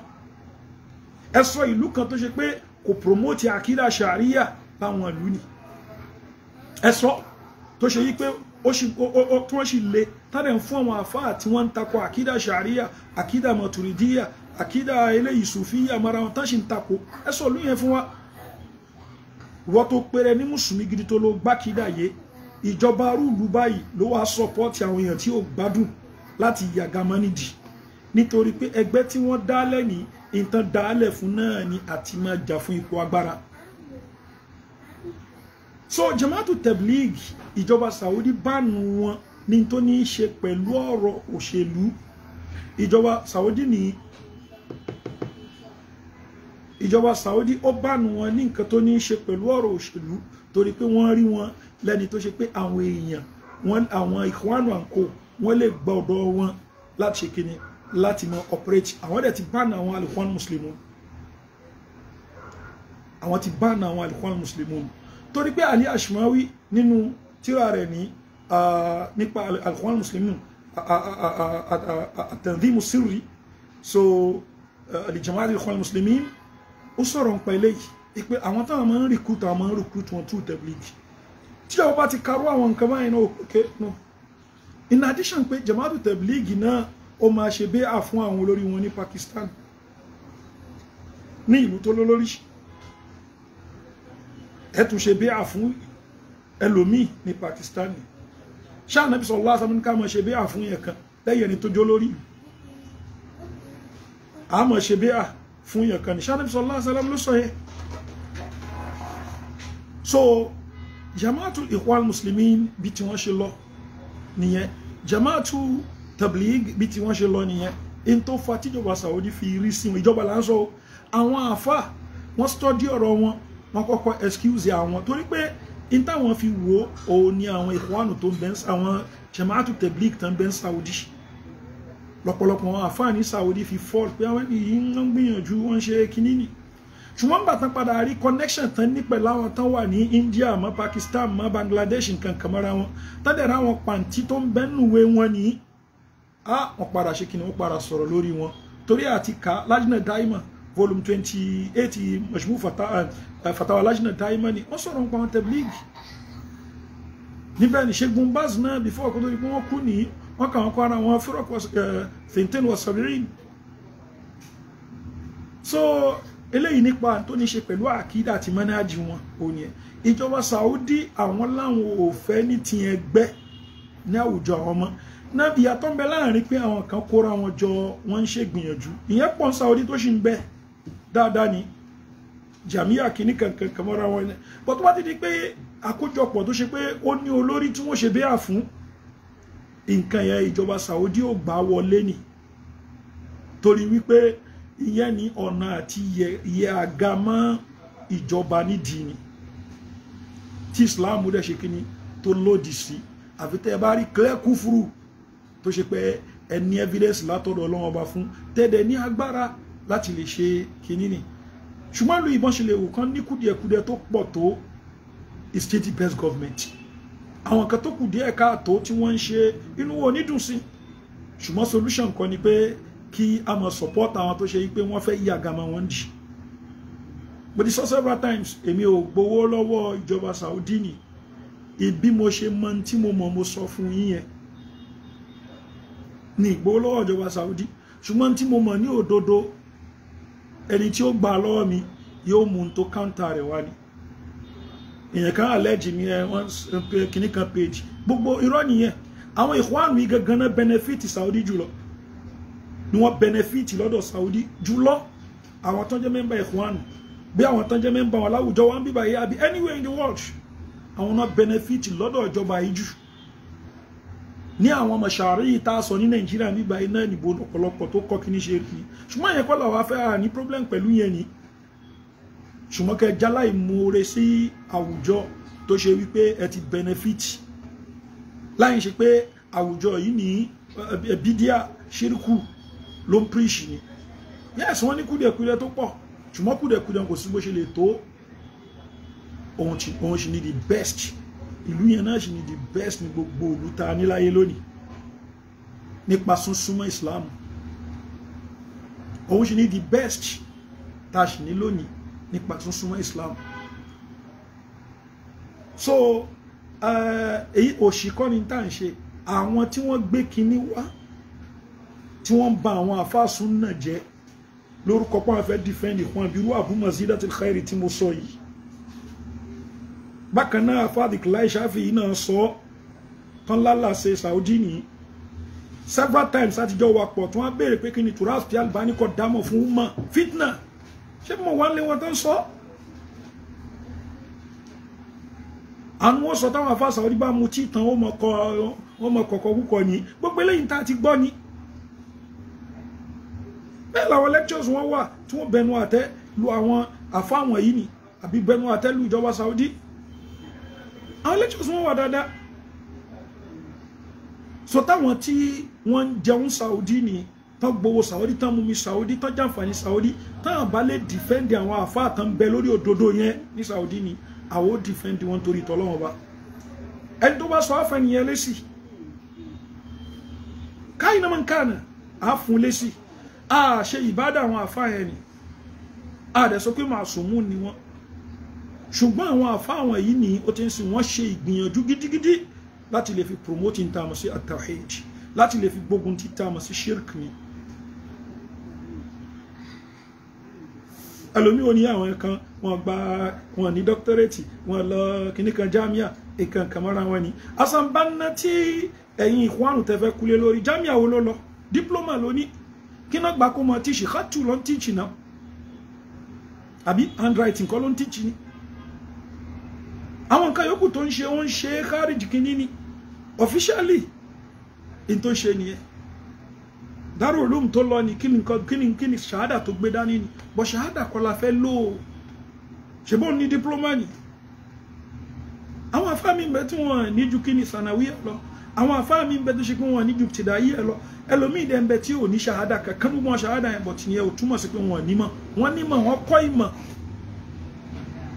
ẹ sọ ìlú kan tó ṣe pé kò promote akida sharia báwọn ìlú ni ẹ sọ tó ṣe yí pé ó ṣì ó tí wọ́n ṣì le tálẹ̀ ń fún àwọn àfáà tí wọ́n ń takò àkídà sharia akida mọ̀tùrìdíyà akida eléyìí sùfíyà mara wọn tán ṣì ń takò ẹ sọ lóyún fún wa wọ́n tó péré ní mùsùlùmí gidi tó ló gbákidà yé ìjọba rúùlù báyìí ló wá sọpọ́ọ̀tì àwọn èèyàn tí ò gbádùn láti yàgàmánìdì nítorí pé ẹgbẹ́ tí wọ́n dálẹ̀ ní ìtàn dálẹ̀ fún náà ni àti máa jà fún ipò agbára so jamaatu tablig ìjọba saudi bánu wọn ní tó ní í ṣe pẹ̀lú ọ̀rọ̀ òṣèlú ìjọba saudi ní ìjọba Saudi ó bánu wọn ní nǹkan tó ní í ṣe pẹ̀lú ọ̀rọ̀ òṣèlú torí pé wọ́n rí wọn lẹ́ni tó ṣe pé àwọn èèyàn àwọn Ikhwanu àǹkó wọ́n lè gba ọ̀dọ́ wọn láti ṣe kíni láti mọ operate àwọn dẹ̀ ti bánu àwọn al-Ikhwan Muslimun àwọn ti bánu àwọn al-Ikhwan Muslimun torí pé Ali Ashmawi nínú tíra rẹ̀ ní nípa al-Ikhwan Muslimun so al-Jamaat al ó sọ̀rọ̀ nípa eléyìí ìpè àwọn táwọn máa ń recruit àwọn máa ń recruit wọn through tablighi tí àwọn bá ti karú àwọn nǹkan báyìí náà òkè nù in addition pé jamaatu tablighi náà ó máa ṣe béà fún àwọn olórí wọn ní Pakistan ní ìlú tó lólórí ẹ tún ṣe béà fún ẹlòmíì ní Pakistan ṣáà nàbí sọ lásán ní ká máa ṣe béà fún yẹn kan lẹ́yìn ẹni tó jó lórí àmọ́ ṣe béà fún yàn kan ní sanabi sallallahu alaihi wasallam ló sọ yẹ so jamaatul ikhwan muslimin bí tí wọ́n ṣe lọ nìyẹn jamaatu tabligh bí tí wọ́n ṣe lọ nìyẹn in tó fa tíjọba saudi fi rí sí wọn ìjọba là ń sọ àwọn àfa wọ́n stọdí ọ̀rọ̀ wọn wọ́n kọ́kọ́ excuse àwọn torí pé in táwọn fi wò ó ní àwọn ikhwanu tó ń bẹ àwọn jamaatu tabligh tó ń bẹ saudi lọ́pọ̀lọpọ̀ àfáàní Saudi fi fall pé àwọn ènìyàn ń gbìyànjú wọ́n ṣe kínní ni ṣùgbọ́n nígbà tán padà rí connection tán ní pẹ̀lú àwọn tán wà ní India mọ́ Pakistan mọ́ Bangladesh nǹkan kan mọ́ra wọn tán dẹ̀ ráwọn pàǹtí tó ń bẹ́nùwé wọn ní á wọn padà ṣe kínní wọn padà sọ̀rọ̀ lórí wọn torí àti ká Lajna Daima volume twenty eight Majmu eh, Fatawa Lajna Daima ni wọ́n sọ̀rọ̀ nípa wọn Tablighi níbẹ̀ ni Sheikh Bin Baz náà before kó tó pé wọ́n kú nìyí wọ́n kà wọ́n kọ́ ara wọn firok fintin was sabirin so eléyìí nípa tó ní ṣe pẹ̀lú àkídà àti mẹ́nájì wọn òun yẹn ìjọba Saudi àwọn láwọn ò fẹ́ ní tiẹ̀ gbẹ́ ní àwùjọ àwọn ọmọ náà ìyàtọ̀ ń bẹ láàrin pé àwọn kan kóra wọn jọ wọ́n ń ṣègbìyànjú ìyẹn pọ̀ ní Saudi tó ṣì ń bẹ dáadáa ni jàmíyà kìíní kankan kan mọ́ra wọn ni bọ́tọ́ bá ti di pé àkójọpọ̀ tó ṣe pé ó ní olórí tí wọ́n ṣe bẹ́ẹ̀ fún nǹkan yẹn ìjọba Saudi ò gbà wọlé ni torí wípé ìyẹn ní ọ̀nà àti yẹ àga mọ́ ìjọba nídìí ni tí Islam dẹ̀ ṣe kíni tó lòdì sí àfi tẹ́ ẹ bá rí clear kúfúrú tó ṣe pé ẹ evidence látọ̀dọ̀ ọlọ́wọ́n ọba fún tẹ́ẹ̀dẹ̀ ní agbára láti lè ṣe kíní ni ṣùgbọ́n lu ìbọn ṣe lè wò kán ní kùdìẹ̀kudẹ tó pọ̀ tó state best government àwọn kan tó kù díẹ̀ káàtó tí wọ́n ń ṣe inú wo onídùn sí ṣùgbọ́n solution kan ni pé kí a mọ̀ support àwọn tó ṣe yí pé wọ́n fẹ́ yí àgàmọ́ wọn dì mo ti sọ several times èmi ò gbowó lọ́wọ́ ìjọba Saudi ni ibi mo ṣe mọ tí mo mọ̀ mo sọ fún yín yẹn ní ìgbowó lọ́wọ́ ìjọba Saudi ṣùgbọ́n tí mo mọ̀ ní òdodo ẹni tí ó gbà lọ́wọ́ mi yóò mú un tó káńtà rẹ̀ wá ni èèyàn kan allege mi ẹ eh, wọ́n eh, pe kinní kan page gbogbo irọ́ nìyẹn àwọn ìkwánu yìí gangan náà benefit Saudi jùlọ ni wọ́n benefit lọ́dọ̀ Saudi jùlọ àwọn tó jẹ́ mẹ́mbà ìkwánu bí àwọn tó jẹ́ mẹ́mbà wọn láwùjọ wọn bíbá yìí àbí anywhere in the world àwọn náà benefit lọ́dọ̀ ìjọba yìí jù ní àwọn mọ̀ṣàárì yìí tá a sọ ní Nàìjíríà nígbà iná ìbò ọ̀pọ̀lọpọ̀ tó kọ́ kí ní ṣe rí ṣùgbọ́n ìyẹn kọ́ làwọn afẹ́ àní problem pẹ̀lú yẹn ni ṣùgbọ́n kẹ jáláì moore sí àwùjọ tó ṣe wípé ẹ ti benefit láì ṣe pé àwùjọ yìí ní bídíà ṣírkù ló ń píríṣì ni yes wọ́n ní kúdẹ̀kúdẹ̀ tó pọ̀ ṣùgbọ́n kúdẹ̀kúdẹ̀ kò sí bó ṣe lè tó òun ṣì ní the best ìlú yẹn náà ṣì ní the best ní gbogbo ìlú ta níláyé lónìí nípa súnsúnmọ́ Islam òun ṣì ní the best ta ṣì ní lónìí nípa tó súnmọ́ islam so eh, èyí òṣì kọ́ ni tá à ń ṣe àwọn tí wọ́n gbé kinní wá tí wọ́n ń ba àwọn àfáàsùn náà jẹ́ lórúkọ pọ́n afẹ́ dìfẹ́ǹdì Juan bírú Abu Mazidatul Khairi tí mo sọ yìí bákan náà fadik láìṣáfì yìí náà sọ tán lálàṣe Saudi nìyí several times àtijọ́ wa pọ̀ tí wọ́n á béèrè pé kí ni turaf ti Albani kọ́ dámọ̀ fún mọ́ fitna ṣé mo wà lé wọn tó ń sọ àwọn wọn sọ táwọn afáàsà orí bá mu tí tán ó mọ kọkọ kúkọ ni gbogbo eléyìí tá a ti gbọ́ ni bẹ́ẹ̀ làwọn lectures wọn wà tí wọ́n bẹnu àtẹ́ lu àwọn àfáwọn yìí ni àbí bẹnu àtẹ́ lu ìjọba Saudi àwọn lectures wọn wà dáadáa so táwọn tí wọ́n jẹun Saudi ni tán gbowó Saudi tán mumi Saudi tán jàǹfààní Saudi táwọn bá lè dìfẹ́ǹdì àwọn àfáà kan bẹ lórí òdodo yẹn ní Saudi ni àwọn ò dìfẹ́ǹdì wọn torí tọ́lọ́wọ́n bá ẹni tó bá sọ àfẹnìyẹn lẹ́sì káyìn náà ń kànà àfún lẹ́sì a ṣe ìbádà àwọn àfáà yẹn ni a dẹ̀ sọ pé màsùmù ni wọ́n ṣùgbọ́n àwọn àfáà àwọn yìí ni ó ti ń sìn wọ́n ṣe ìgbìyànjú gidigidi láti lè fi promoting tá a mọ̀ sí atahid láti lè fi gbógun títà mọ̀ shirk ni. ẹlòmíì ò ní àwọn kan wọn gba wọn ní dọ́kítọ́rẹ́tì wọn lọ kíní kan jamia ìkan kan mọ́ra wọn ni Hassan tí ẹ̀yin ìkwánu tẹ́fẹ́ kulé lórí jamia wo ló lọ diploma ló ní kí náà gbà kó mọ tíṣì hátù ló ń tíṣì náà àbí handwriting kọ́ ló ń tíṣì ni àwọn nǹkan yòókù tó ń ṣe ó ń ṣe kárìjì kínní ni officially in tó ṣe nìyẹn dárò olóhùn tó lọ ní kíni kíni kíni ṣahada tó gbé dání ni bọ́ ṣahada kọ́ la fẹ́ lò ó ṣebó ní dípúlọ́mà ni àwọn afáàmì bẹ tí wọ́n ní ju kíni sànàwíyà lọ àwọn afáàmì bẹ tó ṣe pé wọ́n ní ju tìdáyé lọ ẹlòmíì dẹ̀ ń bẹ tí ò ní ṣahada kankan bí wọ́n ṣahada yẹn bọ̀ tìyẹn ò túmọ̀ sí pé wọ́n nímọ̀ wọ́n nímọ̀ wọ́n kọ́ ìmọ̀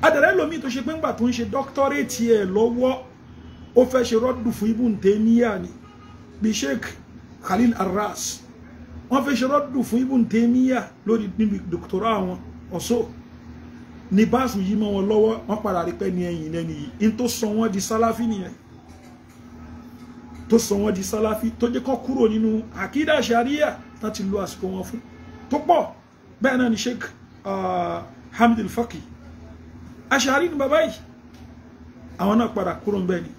adàlẹ́ ẹlòmíì tó ṣe pé ńgbà tó ń ṣe dọ́kítọ́rẹ́ẹ̀tì ẹ̀ lọ́wọ́ ó fẹ́ ṣe rọ́dù fún ibùn tẹ́míyà ni bí Khalil Arras wọ́n fẹ́ ṣe rọ́dù fún Ibn Taymiyyah lórí níbi dòkítọ́rọ̀ àwọn ọ̀ṣọ́ ní báàsù yìí mọ́ wọn lọ́wọ́ wọ́n padà rí pẹ́ ní ẹ̀yìn lẹ́ni yìí in tó sọ wọ́n di sálàfí nìyẹn tó sọ wọ́n di sálàfí tó jẹ́ kọ́ kúrò nínú àkídà sharia láti lo àsìkò wọn fún tó pọ̀ bẹ́ẹ̀ náà ni Sheikh Hamid al-Faqi ni bàbá yìí àwọn náà padà kúrò ń bẹ́ẹ̀ ni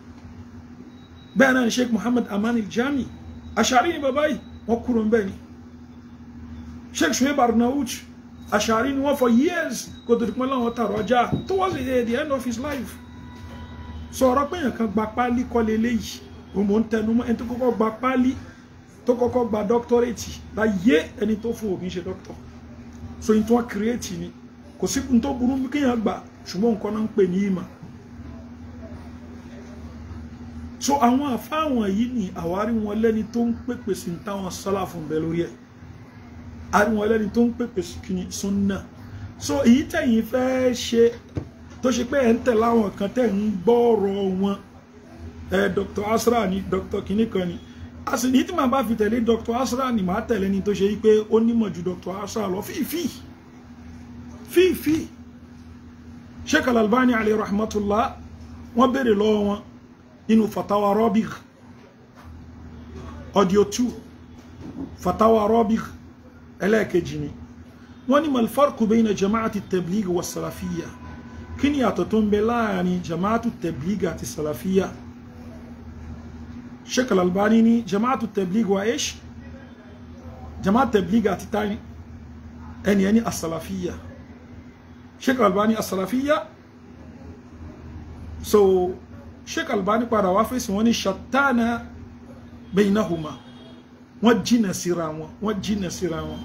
bẹ́ẹ̀ náà ni Sheikh Muhammad Aman jami aṣàárí ni bàbá yìí wọ́n kúrò ń bẹ́ẹ̀ ni Check Shuaib Arnaout Ash'ari ni wọ́n for years kò to di pé taroja towards the, end of his life sọ̀rọ̀ pé èèyàn kan gba páálí kọ́lé eléyìí òun mò ń tẹnumọ́ ẹni tó kọ́kọ́ gba páálí tó kọ́kọ́ gba dọ́kítọ́rẹ́tì láyé ẹni tó fún òbí ṣe doctor. so ní create wọ́n kírètì ni kò sí tó burú kéèyàn gbà ṣùgbọ́n nǹkan náà ń pè ní ìmọ̀ so àwọn àfáwọn yìí ni àwárí wọn lẹ́ni tó ń pèpè sí táwọn sálà fún bẹ́ẹ̀ lórí ẹ̀ ariwo ẹlẹ́ni tó ń pèpè kìíní súnà so èyí tẹ̀yìn fẹ́ ṣe tó ṣe pé ẹ̀ ń tẹ̀lé àwọn kan tẹ̀ ń gbọ́ọ̀rọ̀ wọn ẹ Dr. Asra ni Dr. kìíní kan ni a sì ní tí màá bá fi tẹ̀lé Dr. Asra ni màá tẹ̀lé ni tó ṣe pé ó nímọ̀ ju Dr. Asra lọ fífi fífi Sheikh Al-Albani alayhi rahmatullah wọ́n béèrè lọ́wọ́ wọn nínú fatawa Rabi' audio two fatawa Rabi' ẹlẹ́ẹ̀kejì ni wọ́n ní malfarku bẹ́yìn jamaatu tablig wa salafiya kí ni yàtọ̀ tó ń bẹ láàrin jamaatu tablig àti salafiya sheikh al-albani ni jamaatu tablig wa ish jamaatu tablig àti tani ẹni ẹni asalafiya sheikh al-albani asalafiya so sheikh al-albani padà wá fèsì wọn ni shatana baynahuma wọ́n jìnà síra wọn wọ́n jìnà síra wọn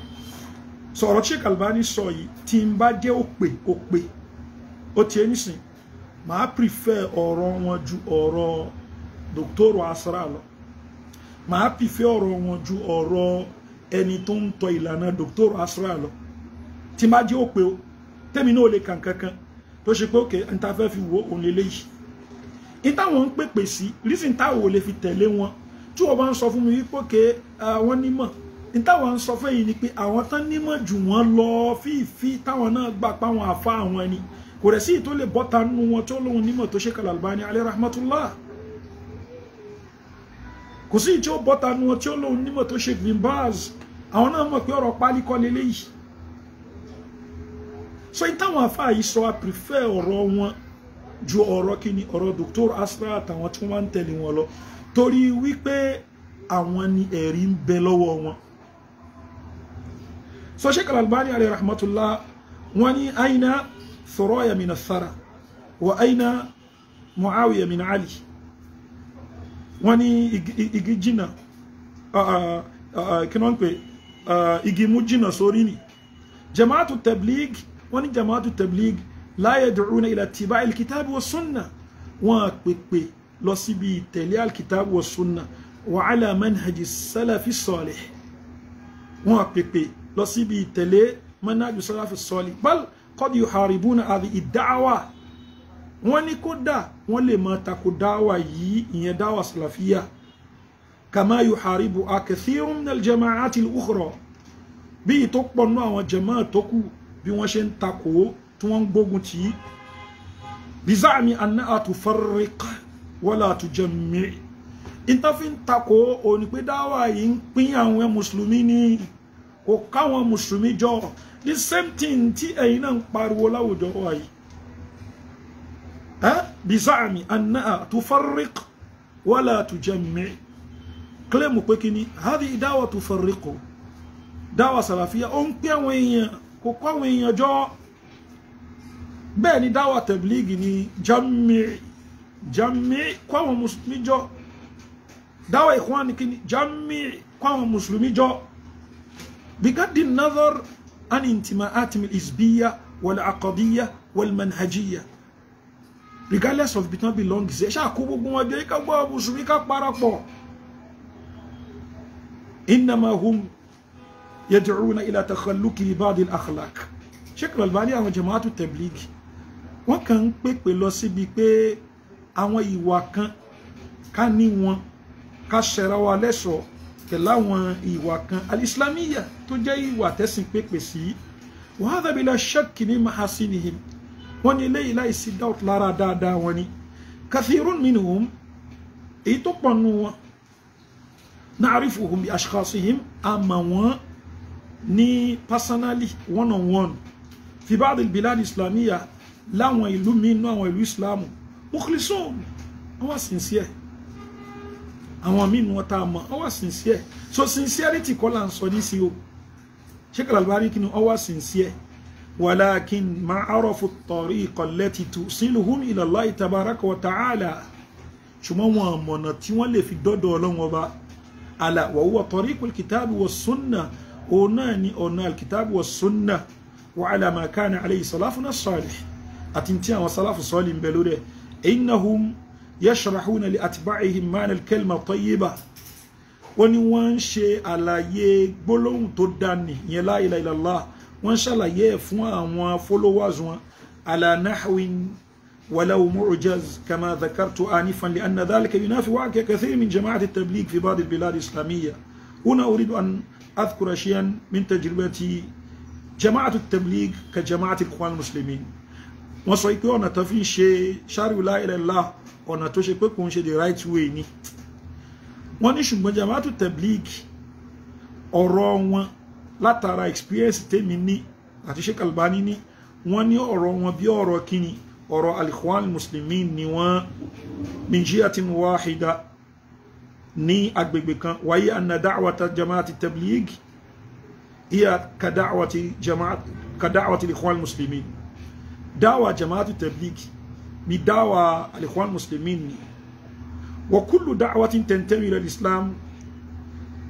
sọ̀rọ̀ Sheikh Albani sọ yìí tí n bá dé òpè òpè ó ti ẹni sìn màá prefer ọ̀rọ̀ wọn ju ọ̀rọ̀ dòkítọ́rù asra lọ màá prefer ọ̀rọ̀ wọn ju ọ̀rọ̀ ẹni tó ń tọ ìlànà dòkítọ́rù asra lọ tí n bá dé òpè o tẹ́mi náà lè kàn kankan tó ṣe pé òkè n ta fẹ́ fi wo òun eléyìí ní ń pèpè sí reason lè fi tẹ̀lé wọn tí wọ́n bá ń sọ fún mi wípé ké àwọn nímọ̀ ní táwọn ń sọ fún èyí ni pé àwọn tán nímọ̀ jù wọ́n lọ fífi táwọn náà gbà páwọn àfa àwọn ni kò rẹ̀ sí ìtò lè bọ́ta nínú wọn tó lóun nímọ̀ tó Sheikh Al-Albani alayhi rahmatullah kò sí ìtò bọ́ta nínú wọn tó lóun nímọ̀ tó Sheikh Bin Baz àwọn náà mọ̀ pé ọ̀rọ̀ páálíkọ́ leléyìí so ìtàwọn àfa yìí sọ a prefer ọ̀rọ̀ wọn ju ọ̀rọ̀ kí ni ọ̀rọ̀ Dr. Asra àtàwọn tí wọ́n ń tẹ̀lé wọn lọ torí wípé àwọn ni ẹ̀rí ń bẹ lọ́wọ́ wọn so Sheikh Al-Albani alayhi rahmatullah wọn ni aina Thuraya min athara wa aina Muawiya min Ali wọn ni igi jìnnà kí wọ́n pè igi mú jìnnà sórí ni jamaatu tabligh wọn ni jamaatu tabligh la yad'una ila tiba'i al-kitabi wa sunna wọn pèpè lọ síbi ìtẹ̀lé alkitab wa sunna wa ala manhaji salafi salih wọn àpèpè lọ síbi ìtẹ̀lé manhaji salafi salih bal qad yuharibuna àbí ìdáwà wọ́n ní kódà wọ́n lè máa tako dáwà yìí ìyẹn dáwà sàlàfíà kàmá yuharibu kathirun minal jama'ati al-ukhra bí i tó pọnú àwọn jama'a tó kù bí wọ́n ṣe ń tako tí wọ́n ń gbógun tì í biza'mi annaha tufarriq wọ́lá àtújẹ mìíràn ìtàfin takò òní pé dáwà yìí ń pín àwọn mùsùlùmí ní kò káwọn mùsùlùmí jọ the same thing tí ẹ̀yin náà ń pariwo láwùjọ wà yìí ẹ́ bizaami annaha tufarriq wọ́lá àtújẹ mìíràn kílẹ̀mù pé kí ni hadi dáwà tufarriqu dáwà sàlàfíà ó ń pín àwọn èèyàn kò kọ́ èèyàn jọ bẹ́ẹ̀ ni dáwà tẹ̀blígì ni jami'i jamii kwa wa muslimi jọ dawa ikhwani kini jamii kwa wa muslimi jọ an بقد النظر عن wal الحزبية wal manhajiyya regardless of between belongs ẹ ṣáà kó gbogbo wọn jẹ ká gbọ́ mùsùlùmí ká parapọ̀ innama hum yad'una ila takhalluqi li ba'd al-akhlaq sheikh Al-Albani àwọn jamaatu tabligh wọn kàn pèpè lọ síbi pé àwọn ìwà kan ká ní wọn ká ṣẹra wa lẹ́ṣọ̀ọ́ pẹ̀lú àwọn ìwà kan alislamiya tó jẹ́ ìwà tẹ́sìn pépè sí wa hadha bila shakki ní mahasinihim wọ́n ní eléyìí láìsí doubt lára dáadáa wọn ni kathirun minhum èyí tó pọ̀ nù wọn na'rifuhum bi ashkhasihim àmà wọn ní personally one on one fi ba'd al láwọn ìlú mi inú àwọn ìlú islamu mukhlisun wọ́n wà sincere àwọn míì wọn tá a mọ̀ sincere so sincerity kọ́ là ń sọ nísì o Sheikh Al-Albani kí ni wọ́n wà sincere walakin ma arafu at-tariqa allati tusiluhum ila Allah tabaraka wa ta'ala ṣùgbọ́n wọn mọ̀nà tí wọ́n lè fi dọ́dọ̀ ọlọ́wọ́n bá ala wa huwa tariqu al-kitabi wa sunna òun náà ni ọ̀nà al-kitabi wa sunna wa ala ma kana alayhi salafuna salih àti tí salafu salih ń bẹ lórí إنهم يشرحون لأتباعهم معنى الكلمة الطيبة وني وانشي على يك بلون تداني يلا إلا إلا الله وانشاء الله illallah wọ́n ṣàlàyé ẹ̀ fún ولو معجز كما ذكرت آنفا لأن ذلك ينافي واقع كثير من جماعة التبليغ في بعض البلاد الإسلامية هنا أريد أن أذكر شيئا من تجربتي جماعة التبليغ كجماعة الإخوان المسلمين wọ́n sọ pé ọ̀nà tó fi ń ṣe ṣáríwìlá ìrẹ̀lá ọ̀nà tó ṣe pé kò ń ṣe the right way ni wọ́n ní ṣùgbọ́n jamaatu tablig ọ̀rọ̀ wọn látara experience tèmi ní àti Sheikh Albani ní wọ́n ní ọ̀rọ̀ wọn bí ọ̀rọ̀ kíni ọ̀rọ̀ al-Ikhwan ni wọ́n min wahida ní agbègbè kan wáyé anna da'wata jamaati tablig iya ka da'wati jamaat ka da'wati dawa jama'atu tabligh ni dawa al-ikhwan muslimin ni wa kullu da'watin tantawi ila islam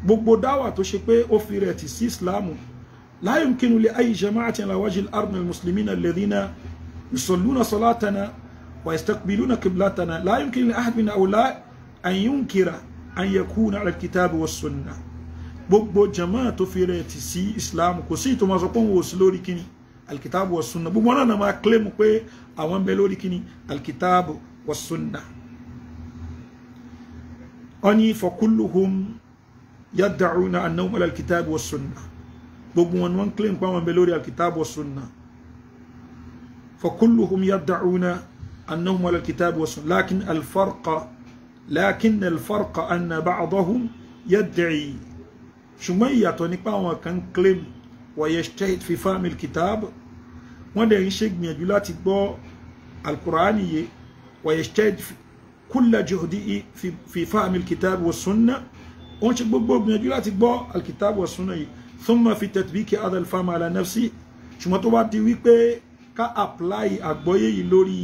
gbogbo dawa tó ṣe pé ó fi rẹ̀ tì sí islam la yumkinu li ay jama'atin ala wajhi al-ard al-muslimin alladhina yusalluna salatana wa yastaqbiluna qiblatana la yumkinu li ahad min awla an yunkira an yakuna ala al-kitab was sunnah gbogbo jama'a tó fi rẹ̀ tì islam kò sí tó ma sọ pé wọ́n ò sí lórí alkitabu wa sunna gbogbo náà máa claim pé àwọn ń bẹ lórí kíni alkitabu wa sunna wọ́n ní fa kulluhum yad'una annahum ala alkitabu wa sunna gbogbo wọn wọ́n claim pé àwọn ń bẹ lórí alkitabu wa sunna fa kulluhum yad'una annahum ala alkitabu wa sunna lakin alfarqa lakin alfarqa anna ba'dahum yad'i ṣùgbọ́n ìyàtọ̀ nípa àwọn kan claim ويجتهد في فهم الكتاب wọ́n dẹ̀ ń ṣe gbìyànjú láti gbọ́ alukur'ani yé wàyẹ̀ṣẹ́ kulla juhdihi fi fahmi alkitab wa sunna wọ́n ṣe gbogbo gbìyànjú láti gbọ́ alkitab wa sunna yìí thumma fi tatbiqi hadha alfahmi ala nafsi ṣùgbọ́n tó bá di wípé ká apply àgbọ́yé yìí lórí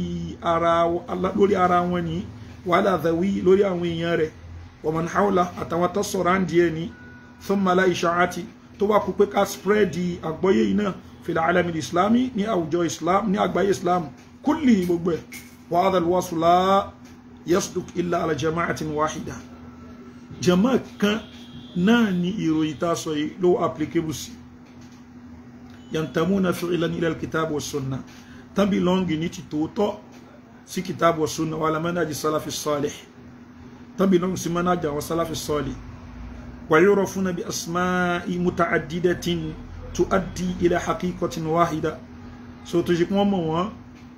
ara wọn ni wàhálà àdàwí lórí àwọn èèyàn rẹ̀ wa man àtàwọn tó sọ̀rọ̀ àǹdí ẹ̀ ni thumma la ìṣàátì tó wá kú pé ká spread àgbọ́yé yìí náà fìlà alẹ́mi islami ní àwùjọ islam ní àgbáyé islam kúlì gbogbo ẹ̀ wà á dàlúwàsùlá yasduk illa ala jama'atin wahida jama kan náà ni ìròyìn tá a sọ yìí ló applicable sí yantamuna fi'lan ila alkitab wa sunna tàbí lọ́ngì ní ti tòótọ́ sí kitab wa sunna wà lámánájì salafi salih tàbí lọ́ngì sí mánájà wa salafi salih wà yóò rọ asma'i muta'addidatin tuaddi ila haqiqatin wahida so tó ṣe kí wọ́n mọ̀ wọ́n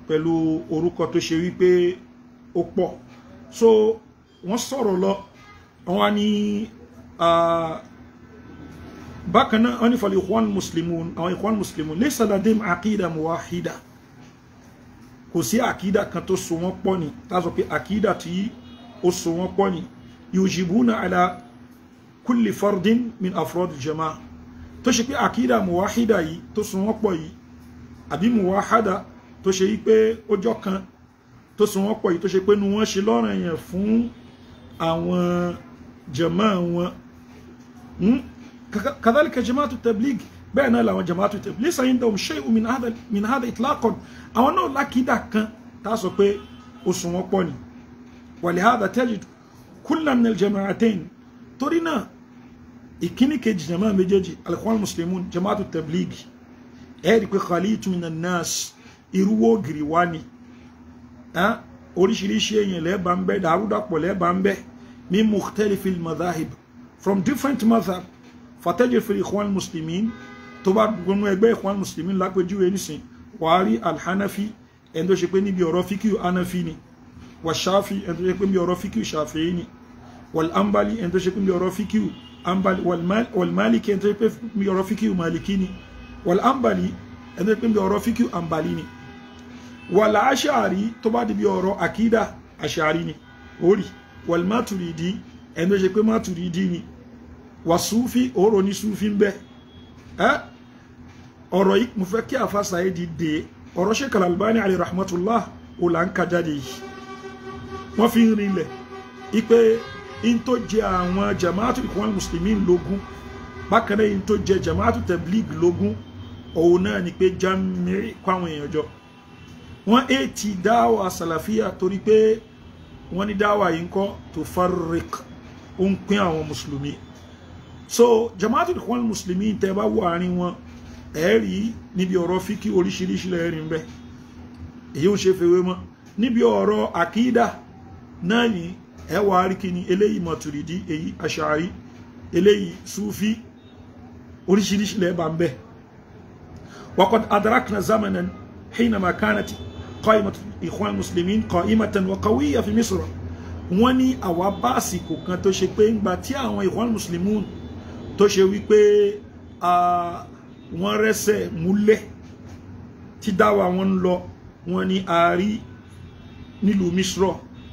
pẹ̀lú orúkọ tó ṣe wípé ó pọ̀ so wọ́n sọ̀rọ̀ lọ wọ́n ní bákan náà wọ́n ní fal ikhwan muslimun àwọn ikhwan muslimun laysa ladayhim aqida muwahida kò sí àkídà kan tó so wọ́n pọ̀ ni tá a sọ pé àkídà tí so wọ́n pọ̀ ni yujibuna ala kulli fardin min afrad al-jama'a tó ṣe pé àkídà muwahida yìí tó sun wọ́n pọ̀ yìí àbí muwahada tó ṣe yí pé ó jọ kan tó sun wọ́n pọ̀ yìí tó ṣe pé nu wọ́n ṣe lọ́ràn yẹn fún àwọn jẹ̀mọ́ wọn كذلك جماعة التبليغ بين لا جماعة التبليغ ليس عندهم شيء من هذا من هذا إطلاقا أو أنه لا كيدا كان تاسو بي أسمو ولهذا تجد كل من الجماعتين تورينا ìkíní kejì jama méjèèjì alikwal muslimun jamaatu tablighi ẹ̀rí pé khalitu minan nas irúwó gírí wá ni oríṣiríṣi èèyàn lẹ́ẹ̀bà ń bẹ dàrúdàpọ̀ lẹ́ẹ̀bà ń bẹ min madhahib from different madhab fatajid fil ikhwan muslimin tó bá gbọnú ẹgbẹ́ ikhwan muslimin lápẹjúwe nísìn wàá rí alhanafi ẹni tó ṣe pé níbi ọ̀rọ̀ fíkìú hanafi ni wàṣáfi ẹni tó ṣe pé níbi ọ̀rọ̀ fíkìú ṣàfihì ni wàlámbali ẹni tó ṣe pé ambali wàlmálìkì ẹni tó yẹ pé mi ọ̀rọ̀ fíkìú màlìkì ni wàlámbàlì ẹni tó yẹ pé mi ọ̀rọ̀ fíkìú àǹbàlì ni wàlá aṣáàrí tó bá di bí ọ̀rọ̀ àkídà aṣáàrí ni orí wàlmátùrìdì ẹni tó ṣe pé mátùrìdì ni wàsúfì ọ̀rọ̀ ní súfì ń bẹ ẹ ọ̀rọ̀ yìí mo fẹ́ kí àfàṣà yìí dìde ọ̀rọ̀ Sheikh Al-Albani alayhi rahmatullah ò là ń ka jáde yìí wọ́n fi ń rinlẹ̀ ipe in tó jẹ àwọn jamaatu ìkwan muslimin lógún bákan náà in tó jẹ jamaatu tablig lógún òun náà ni pé jamiu kó àwọn èèyàn jọ wọ́n èètì dáwà sàlàfíà torí pé wọ́n ní dáwà yìí ń kọ́ tó farrik ó ń pín àwọn mùsùlùmí so jamaatul ikhwan mùsùlùmí tẹ́ bá wọ àárín wọn ẹ̀ẹ́rì níbi ọ̀rọ̀ fíkí oríṣiríṣi lẹ́ẹ̀rin bẹ́ẹ̀ èyí ń ṣe fèwé mọ́ níbi ọ̀rọ̀ àkídà náà yìí ẹ wà á rí kí ni eléyìí mọ̀tùrìdí èyí aṣàárí eléyìí súfí oríṣiríṣi lẹ́ẹ̀bà ń bẹ̀ waqad adrakna zamanan hinama kanat qaimatu ikhwan muslimin qaimatan wa qawiyya fi misra wọ́n ní àwa bá àsìkò kan tó ṣe pé ńgbà tí àwọn ikhwan muslimun tó ṣe wípé wọ́n rẹ́sẹ̀ múlẹ̀ tí dáwà wọn lọ wọ́n ní àárí nílùú misra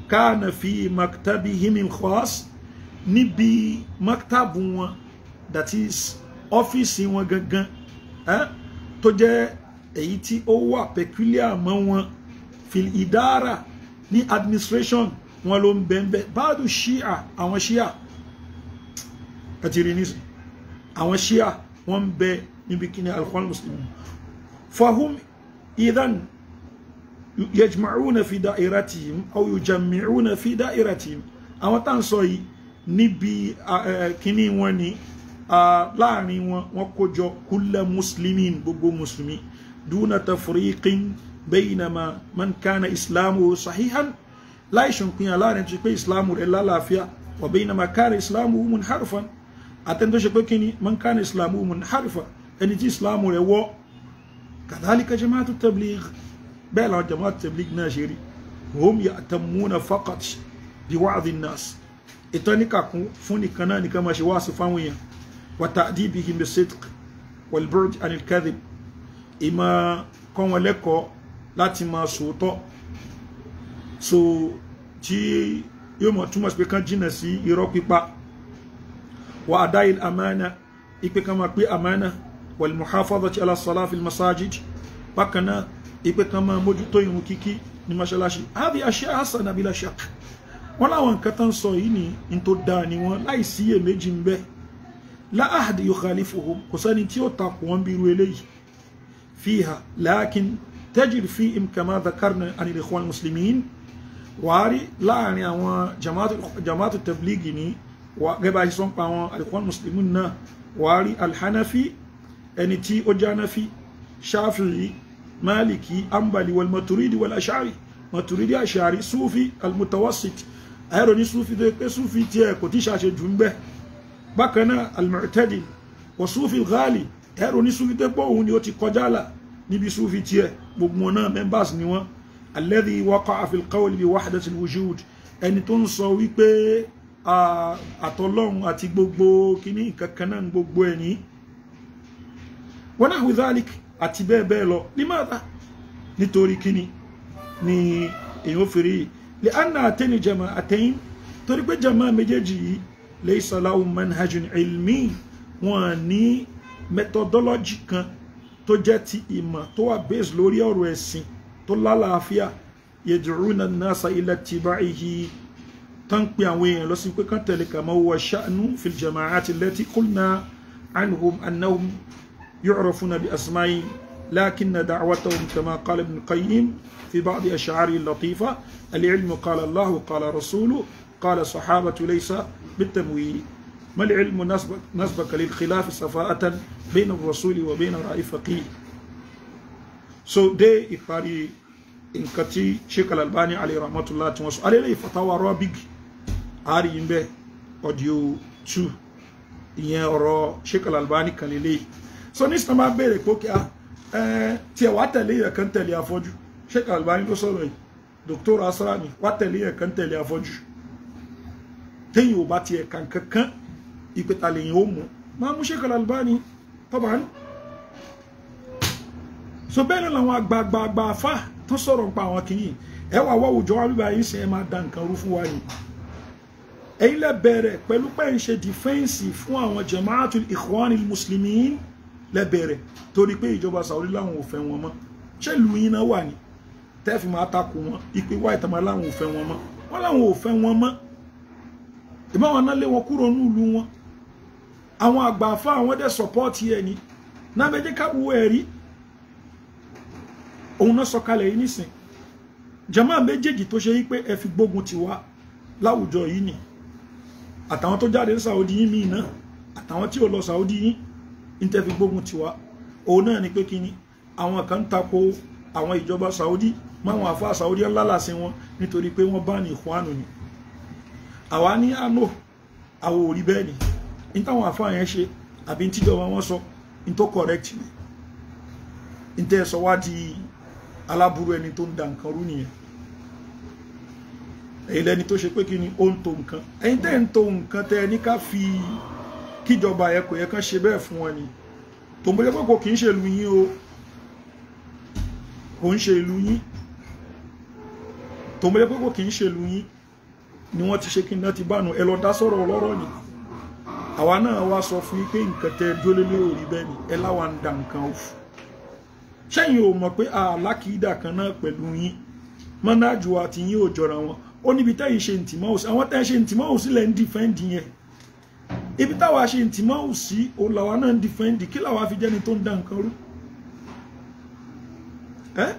kana fi maktabihim khas níbi maktabu wọn that is office wọn gangan eh, tó jẹ́ èyí tí ó wà peculiar mọ́ wọn fil idara ní administration wọn ló ń bẹ́ńbẹ́ báàdù Shia. àwọn ṣíà àti rinis Shia, ṣíà be ń bẹ níbi kíní alkhwan muslim fahum idan yajma'una fi da'iratihim aw yujammi'una fi da'iratihim àwọn tá à ń sọ yìí níbi kíní wọn ni láàrin wọn wọn kójọ kulla muslimin gbogbo mùsùlùmí duna tafriqin baynama man kana islamu sahihan láì ṣùnpìyàn láàrin tó ṣe pé islamu rẹ̀ lálàáfíà wa baynama kana islamu munharifan àtẹ́ni tó ṣe pé kíní man kana islamu munharifan ẹni tí islamu rẹ̀ wọ́ kadhalika jama'atu tabligh bẹ́ẹ̀ làwọn jamaat tabligh náà ṣe rí hum ya'tamuna faqat bi wa'dhi an-nas ìtọ́ níkàkún fún nìkan náà nìkan máa ṣe wáàsí fáwọn èèyàn wa ta'dibihim bis-sidq wal-bu'd 'an al-kadhib ìmọ̀ kọ́ wọn lẹ́kọ̀ọ́ láti máa sòótọ́ so tí yóò mọ̀ túmọ̀ sí pé kán jìnnà sí irọ́ pípa wa ada'il amana ipe kan máa pé amana wal muhafazati ala bákan náà ìpè kan máa mójútó irun kíkí ní mọ́ṣáláṣí àbí àṣẹ àṣà nàbílà ṣàkà wọ́n láwọn nǹkan tán sọ yìí ni n tó dáa ni wọ́n láì síyè méjì ń bẹ láàdì yóò khalifuhu kò sẹ́ni tí ó takò wọ́n bí irú eléyìí fiha lakin tajir fi imkama dhakarna anil ikhwan muslimin wàárí láàrin àwọn jamaatu tabligi ni gẹ́bà ṣe sọ́n pa àwọn alikhwan muslimin náà wàárí alhanafi ẹni tí ó jánafi shafi'i maliki ambali wal maturidi wal ashari maturidi ashari sufi al mutawassit ayro ni sufi de pe sufi tí ẹ kò ti sase jù nbe bakana al mu'tadil wa sufi al ghali ayro ni sufi de po ohun ni ó ti kọjala níbi sufi tí ẹ gbogbo na members ni wọ́n alladhi waqa'a fi al qawl bi wahdati al wujud ẹni tó ń sọ wí pé àtọlọ́run àti gbogbo kíní kankan náà gbogbo ẹni wa nahwu dhalik àti bẹ́ẹ̀ bẹ́ẹ̀ lọ ní mata nítorí kíni ni èyàn fèrè yìí lè anna àtẹ́ni jama àtẹ́yìn torí pé jama méjèèjì yìí lè sàláwù manhajun ilmi wọn ní methodology kan tó jẹ́ ti ìmọ̀ tó wà based lórí ọ̀rọ̀ ẹ̀sìn tó lálàáfíà yad'una an-nasa ila tiba'ihi tán pé àwọn èèyàn lọ sí pé kán tẹ̀lé kama huwa sha'nu fil jama'ati allati qulna anhum annahum يعرفون بأسمائهم لكن دعوتهم كما قال ابن القيم في بعض أشعاره اللطيفة العلم قال الله قال رسوله قال صحابة ليس بالتمويل ما العلم نسبك, نسبك للخلاف صفاءة بين الرسول وبين رأي فقيه so they ìparí nǹkan tí Sheikh Al-Albani alayhi rahmatullah tí wọ́n sọ alẹ́ lè fatawa Rabic àárín audio two ìyẹn ọ̀rọ̀ Sheikh Al-Albani kan lélẹ́yìí so ní sinimá béèrè pé kí a tiẹ̀ wá tẹ̀lé yẹn kan tẹ̀lé afọ́jú Sheikh Albani tó sọ̀rọ̀ yìí Dr. Asrani wá tẹ̀lé yẹn kan tẹ̀lé afọ́jú téyìn ò bá tiẹ̀ kankan kan ìpètàlẹ̀ yìí ó mú máa mú Sheikh Albani tọ́ba ní so bẹ́ẹ̀ náà làwọn àgbààgbà afá tó sọ̀rọ̀ nípa àwọn kìíní ẹ wà wá òjò wa bíbá yìí ṣe máa da nǹkan rú fún wa yìí ẹ̀yin lẹ bẹ̀rẹ̀ pẹ̀lú pé ń ṣe dìfẹ́ǹsì fún àwọn jama'atul ikhwanil muslimin lẹ́bẹ̀rẹ̀ torí pé ìjọba Saudi láwọn ò fẹ́ wọn mọ́ ṣé ìlú ni náà wà ní tẹ́ẹ̀fì máa takò wọn lawon wá won láwọn wọn mọ́ wọn láwọn ò wọn mọ́ ìbáwọn náà lé wọn kúrò ní ìlú wọn àwọn àgbààfà àwọn dẹ̀ sọ̀pọ́ọ̀tì ẹ̀ ní náà méjì ká wo òun náà sọ̀kalẹ̀ yìí nísìn jama méjèèjì tó ṣe ni àtàwọn tó jáde ní yín àtàwọn tí lọ yín nítorí gbógun tiwa òun náà ni pé kí ni àwọn kan tako àwọn ìjọba Saudi máwọn àfáà Saudi alálàsìn wọn nítorí pé wọ́n bá ní ìkùnánù ni àwa ní àánú àwọn òrí bẹ́ẹ̀ ni ní táwọn àfáà yẹn ṣe àbí ní tíjọba wọn sọ ní tó correct ni ní sọ wá di aláburú ẹni tó ń da nǹkan rú nìyẹn èyí lẹni tó ṣe pé kí ni ó ń to nǹkan ẹ̀yin tẹ́ ń to nǹkan tẹ́ ẹ ní ká fi kíjọba yẹn kò yẹ kán ṣe bẹ́ẹ̀ fún wọn ni tòmọ́jọ́ pé kì í ṣe ìlú yín o kò ń ṣe ìlú yín tòmọ́jọ́ pé kì í ṣe ìlú yín ni wọ́n ti ṣe kí náà ti bánu ẹ lọ dá sọ̀rọ̀ ọlọ́rọ̀ ni àwa náà wá sọ fún yín pé nǹkan tẹ dólélé òrí bẹ́ẹ̀ ni ẹ láwa ń da nǹkan òfò ṣẹ́yìn ò mọ̀ pé àlákìídà kan náà pẹ̀lú yín mọ́nájú àti yín ò jọra wọn ó níbi tẹ́yìn ṣe ntìmọ́ọ̀sì àwọn tẹ́yìn ṣe ntìmọ́ọ̀sì lẹ́ ń dìfẹ́ǹdì yẹn ibi táwa ṣe ntì máa hù sí òun làwa náà ń dìfẹ́ǹdì kí làwa fi jẹ́ni tó ń da nǹkan rú ẹ́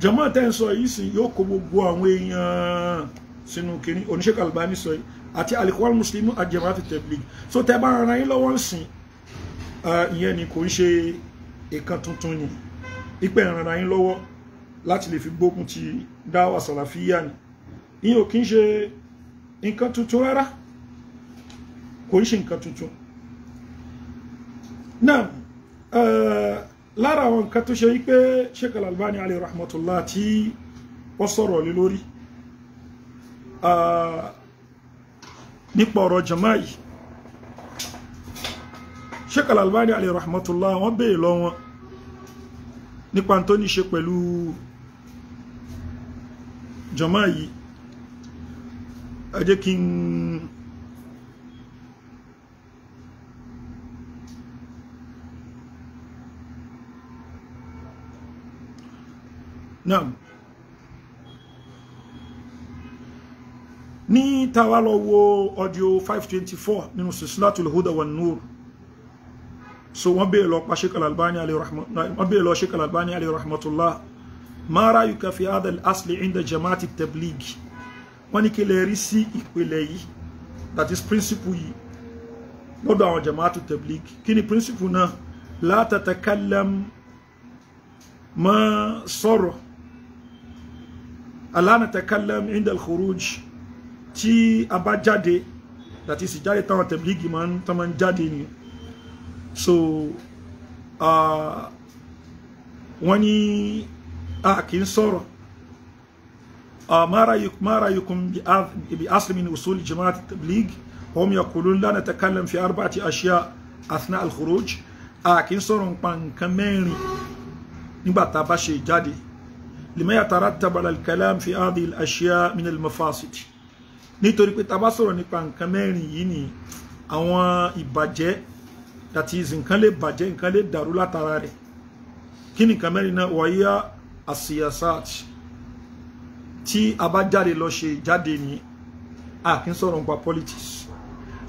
jọmọ́ tẹ́ ń sọ yìí sìn yóò kó gbogbo àwọn èèyàn sínú kiri oníṣẹ́ Albani sọ yìí àti alikwal muslimu ajẹ́mọ́ fi tẹ̀blì so tẹ́ bá ara yín lọ́wọ́ ń sìn ìyẹn ni kò ń ṣe ìkan tuntun ni ìpẹ́ ìrànra yín lọ́wọ́ láti lè fi gbógun ti dáwà sàlàfíyà ni ìyẹn ò kí ń ṣe nǹkan tuntun rárá kò ń ṣe nǹkan tuntun náà eh, lára àwọn nǹkan tó ṣe wípé Sheikh Al-Albani alayhi rahmatullah tí wọ́n sọ̀rọ̀ lé lórí eh, nípa ọ̀rọ̀ jama'i Sheikh Al-Albani alayhi rahmatullah wọ́n béè lọ wọn nípa tó ní ṣe pẹ̀lú jama'i yìí kí n náà ní tàwa lọ wo audio 524 nínú silsilatul huda wan nur so wọ́n bèèrè lọ pa Sheikh Al-Albani alayhi rahmatullah wọ́n bèèrè lọ Sheikh Al-Albani alayhi rahmatullah ma ra'yuka fi hadha al-asl 'inda jama'ati at-tabligh wọ́n ní kí lè rí sí ìpìlẹ̀ that is principle yìí lọ́dọ̀ àwọn jama'atu tabligh kí principle náà la tatakalam ma sọ̀rọ̀ Allah natakallam عند khuruj tí a jáde that is ìjáde táwọn tẹ̀blígì máa ń tán máa jáde ni so wọ́n ní a kì Mara sọ̀rọ̀ ما رأيكم بأصل من أصول جماعة التبليغ هم يقولون لا نتكلم في أربعة أشياء أثناء الخروج a kì í sọ̀rọ̀ nǹkan mẹ́rin nígbà tá a bá ṣe ìjáde lima yatarattab ala al-kalam fi hadhihi al-ashya' min al-mafasid nítorí pé tá a bá sọ̀rọ̀ nípa nǹkan mẹ́rin yìí ni àwọn ìbàjẹ́ that is nǹkan lè bàjẹ́ nǹkan lè dàrú látara rẹ̀ kí ni nǹkan mẹ́rin náà wa hiya as-siyasat tí a bá jáde lọ ṣe jáde ní a kì í sọ̀rọ̀ nípa politics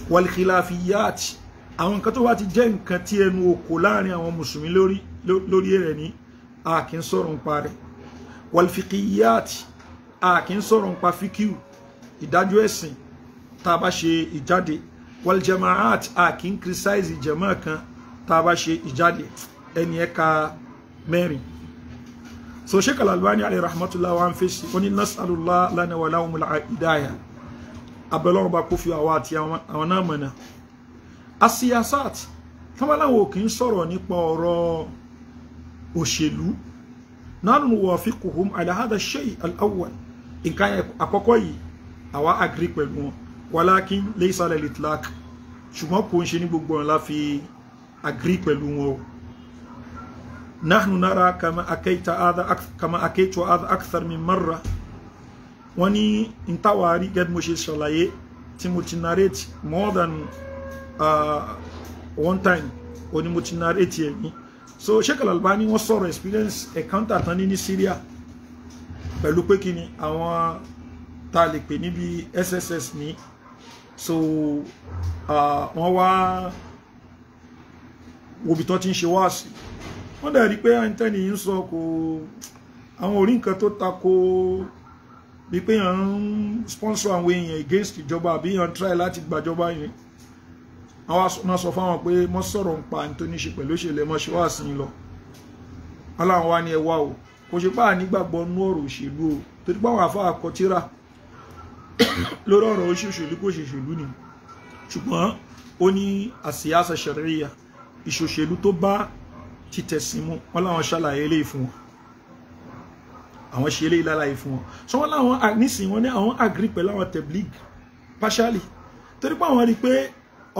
wal khilafiyat àwọn nǹkan tó wá ti jẹ́ nǹkan tí ẹnu òkò láàrin àwọn mùsùlùmí lórí lórí rẹ̀ ní a kì í sọ̀rọ̀ nípa rẹ̀ wàlfìkìyàtì a kì í sọ̀rọ̀ nípa fíkìú ìdájọ́ ẹ̀sìn tá a bá ṣe ìjáde wàljamaat a kì í criticize ìjẹ̀mọ́ kan tá a bá ṣe ìjáde ẹni ẹ̀ka mẹ́rin so sheikh al-albani alayhi rahmatulah wa n fèsì ó ní nasalula lana wa lahum abẹ́lọ́run bá kó àwa àti àwọn náà mọ̀nà asiyasat tọ́mọ́láwò kì í sọ̀rọ̀ nípa ọ̀rọ̀ òṣèlú náà nù wọ́n fi kù hum alahada shay alawal nǹkan àkọ́kọ́ yìí àwa agri pẹ̀lú wọn walakin laysa lil itlaq ṣùgbọ́n kò ń ṣe ní gbogbo ọ̀la fi agri pẹ̀lú wọn o nahnu nara kama akaita adha kama akaitu adha akthar min marra wọ́n ní ntawari gẹ́gẹ́ mo ṣe ṣàlàyé tí mo ti narrate more than uh, one time ó ní mo ti narrate yẹn yìí so Sheikh Al-Albani wọ́n sọ̀rọ̀ experience encounter tán ní ní Syria pẹ̀lú pé kí ni àwọn tá a lè pè níbi SSS ní so wọ́n wá wòbí tán ti ń ṣe wáàsí wọ́n dẹ̀ rí pé àìntẹ́ni ń sọ kò àwọn orí nǹkan tó tako bí pé yàn ń sponsor àwọn èèyàn against ìjọba àbí yàn try láti gbàjọba yìí àwọn sọ fáwọn pé mọ́ sọ̀rọ̀ ń pa tó ní ṣe pẹ̀lú òṣèlú ẹmọ ṣe wá sí i lọ aláwọn wa ni ẹ wá o kò ṣe páà nígbàgbọ́ nú ọ̀rọ̀ òṣèlú o torí pé àwọn àfa àkọtíra lórí ọ̀rọ̀ òṣèlú kò ṣèṣèlú ni ṣùgbọ́n ó ní àsíyásà ṣẹ̀ríyà ìṣòṣèlú tó bá ti tẹ̀sìn mu wọn láwọn ṣàlàyé eléyìí fún wọn àwọn ṣe eléyìí lálàyé fún wọn so wọn láwọn nísìnyí wọn ní àwọn agree pẹ̀lú àwọn tẹ̀blíg partially torí pé àwọn rí i pé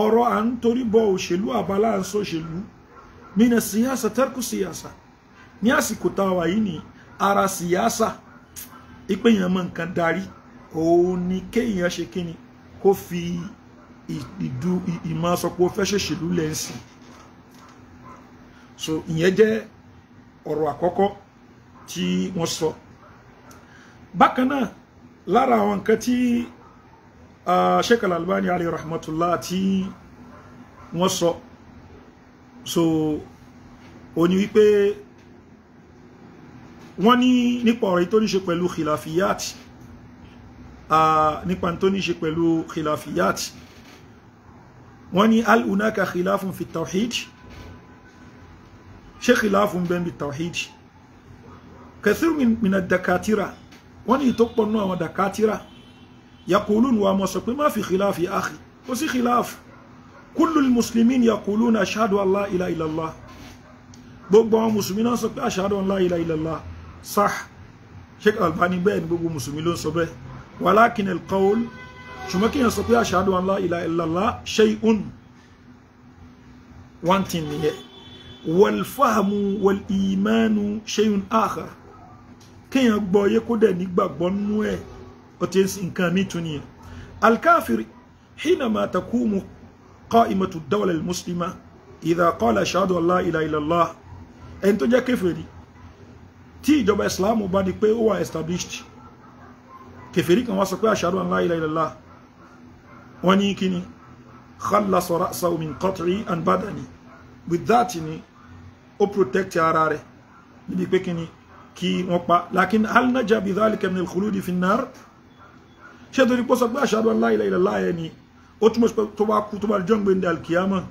ọ̀rọ̀ à ń torí bọ òṣèlú àbálá ń sọ òṣèlú mina siyasa tẹ́kù siyasa ní àsìkò tá a wà yìí ni ara siyasa ipe èèyàn mọ nǹkan darí òun ni kéèyàn ṣe kíni kó fi ìdú ìmọ̀ sọpọ̀ fẹ́ ṣòṣèlú lẹ́sìn so ìyẹn jẹ́ ọ̀rọ̀ àkọ́kọ́ tí wọ́n sọ bákan náà lára àwọn nǹkan tí Ah, Sheikh Al-Albani alayhi rahmatullah tí wọ́n sọ so ó ní wípé wọ́n ní nípa ọ̀rọ̀ tó ní ṣe pẹ̀lú khilafiyat ah, nípa tó ní ṣe pẹ̀lú khilafiyat wọ́n ní al-unaka khilafun fi tawhid ṣe khilafun bẹ́ẹ̀ bi tawhid kathir min ad-dakatira wọ́n ní ìtọ́pọ̀ náà àwọn dakatira yaqulun wa mọ̀ sọ pé má fi khilaf ya akhi ó sí khilaf kullul muslimin yaqulun ashhadu an la ilaha illallah gbogbo àwọn mùsùlùmí náà sọ pé ashhadu an la ilaha illallah sah sheikh albani bẹ́ẹ̀ ni gbogbo mùsùlùmí ló ń sọ bẹ́ẹ̀ walakin alqawl ṣùgbọ́n kí n sọ pé ashhadu an la ilaha illallah shay'un one thing nìyẹn wàlfàhàmù wàlìmánu ṣeyun àhà kéèyàn gbọ́ yé kó dẹ̀ nígbàgbọ́ nú ẹ̀ ó ti ń sin nǹkan mi tún nìyẹn alkafiri حينما تقوم قائمة الدولة المسلمة إذا قال أشهد أن لا إله إلا الله ẹni tó jẹ́ kèfèrí tí ìjọba ìsìláàmù bá di pé ó wà established kèfèrí kan wá sọ pé أشهد أن لا إله إلا الله wọ́n ní kíni خلص رأسه من قطعي عن بدني with that ni ó protect ara rẹ̀ níbi pé kíni kí wọ́n pa لكن هل نجا بذلك من الخلود في النار ṣé torí pé ó sọ pé ashadu an la ilaha illallah ni ó túmọ̀ sí pé tó bá kú tó bá jọ́ ń gbẹ̀ndẹ̀ alkiyama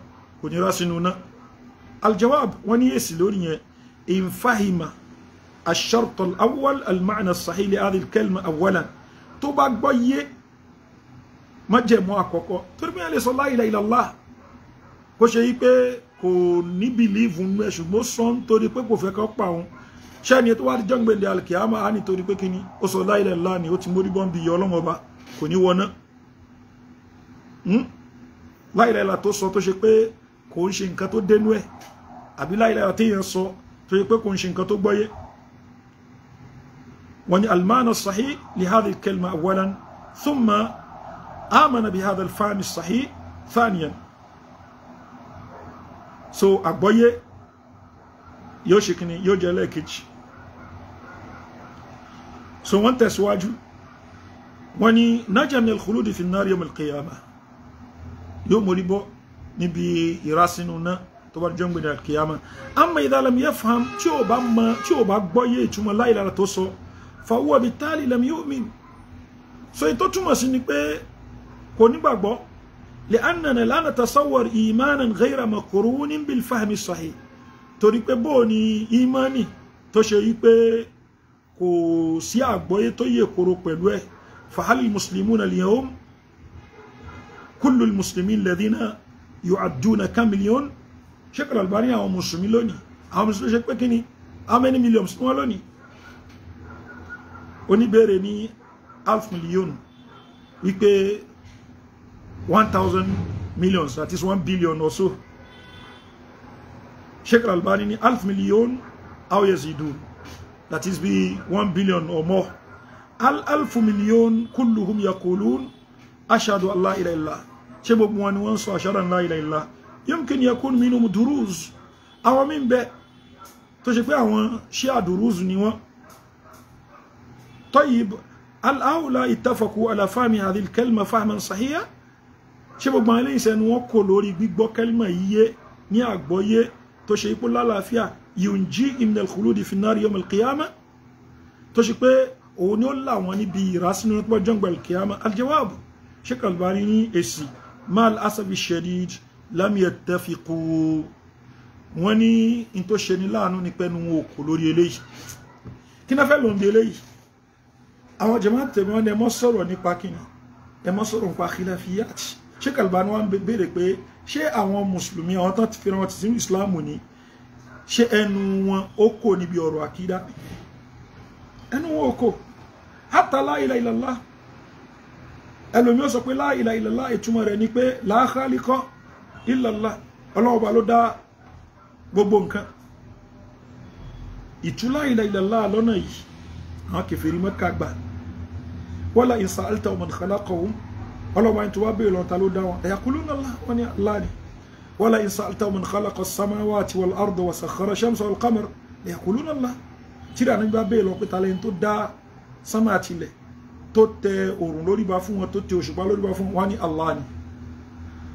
kò ní rá sínú aljawab wọ́n ní èsì lórí yẹn in fahima الشرط الأول المعنى الصحيح لهذه الكلمة أولا تبقى بيه má jẹ̀mú àkọ́kọ́ torí bí wọ́n lè sọ la ilaha illallah kó ṣe yí pé kò ní bìlíìfù nínú ẹ̀ ṣùgbọ́n sọ nítorí pé kò fẹ́ kọ́ pa òun ṣẹ́ni tó wá di jọ́ngbèdè alkiyama á nítorí pé kíni ó sọ la ilaha ni ó ti mórí bọ́ǹbì yọ ọlọ́mọba kò ní wọná hmm? láìláìlà tó sọ tó ṣe pé kò ń ṣe nǹkan tó dénú ẹ̀ àbí láìláìlà téèyàn sọ tó ṣe pé kò ń ṣe nǹkan tó gbọ́yé wọ́n ní almana sahi li hadhi kelma awalan thumma amana bi hadha alfahmi sahi thaniyan so àgbọ́yé yóò ṣe kíni yóò jẹ́ lẹ́ẹ̀kejì so wọ́n tẹ̀síwájú wọ́n ní naja min al-khuludi fi an-nar yawm al-qiyamah yóò mórí bọ́ níbi ìrásínú náà tó bá jọ́ ń gbèdà kìyàmá amma idha lam yafham tí ò bá mọ tí ò bá gbọ́ yé ìtumọ̀ la ilaha tó sọ fa huwa bitali lam yu'min so ètò túmọ̀ sí ni pé kò nígbàgbọ́ لأننا لا نتصور إيمانا غير مقرون بالفهم الصحيح torí pé bó ni ìmánì tó ṣe yí pé kò sí àgbọ́yé tó yè koro pẹ̀lú ẹ̀ فهل المسلمون اليوم كل المسلمين الذين يعدون كم مليون شكل الباري أو مسلمين لوني أو مسلمين شكل كني how many million مسلمين لوني oníbèrè ní half million wípé one thousand millions that is one billion or so Sheikh Al-Albani ní half million how yes he do that is be one billion or more al alfu million kulluhum yaqulun ashhadu an la ilaha illallah ṣé gbogbo wọn ni wọ́n sọ ashhadu an la ilaha illallah yumkin yakun minhum duruz àwọn min bẹ tó ṣe pé àwọn shia duruz ni wọ́n طيب الأولى اتفقوا على فهم هذه الكلمة فهما صحيحا ṣé gbogbo àwọn eléyìí sẹ́nu wọn kò lórí gbígbọ́ kẹ́límà yíyé ní àgbọ́yé tó ṣe ipò lálàáfíà yunji imnel khuludi finari yom alqiyama tó ṣe pé òun ni ó là wọn níbi ìrásínú pọ́jọ́ngbà alkiyama aljawab Sheikh Albani ní èsì mal asabi shadid lam yattafiqu wọ́n ní in tó ṣe ní láàánú ní pẹ́nu wọn kò lórí eléyìí kí náà fẹ́ lòun di eléyìí àwọn jamaat tẹ̀mí wọn ni ẹ mọ́ sọ̀rọ̀ nípa kíni ẹ mọ́ sọ̀rọ̀ nípa khilafiyat Sheikh Albani wọn béèrè pé ṣé àwọn mùsùlùmí àwọn tán ti fi wọn ti sínú ìsìláàmù ni ṣé ẹnu wọn ó kò níbi ọ̀rọ̀ àkídá ẹnu wọn ò kò hátà láìlà ìlàlá ẹlòmí ó sọ pé láìlà ìlàlá ìtumọ̀ rẹ̀ ni pé láàkálíkọ́ ìlàlá ọlọ́ọ̀bà ló dá gbogbo nǹkan ìtúlá ìlà ìlàlá lọ́nà yìí àwọn kẹfẹ́rí mẹ́ka gbà wala in sa'alta man khalaqahum ọlọ́ọ̀bà yẹn tó wá bèèrè lọ́ta ló dá wọn yaquluna Allah wọn ni Allah ni wala in sa'alta man khalaqa as-samawati wal arda wa sakhkhara ash-shamsa tíra nígbà bẹ́ẹ̀ lọ pé talẹ́ni tó dá sánmà àtilẹ̀ tó tẹ òrùn lóríba fún wọn tó tẹ òṣùpá lóríba fún wọn ní Allah ni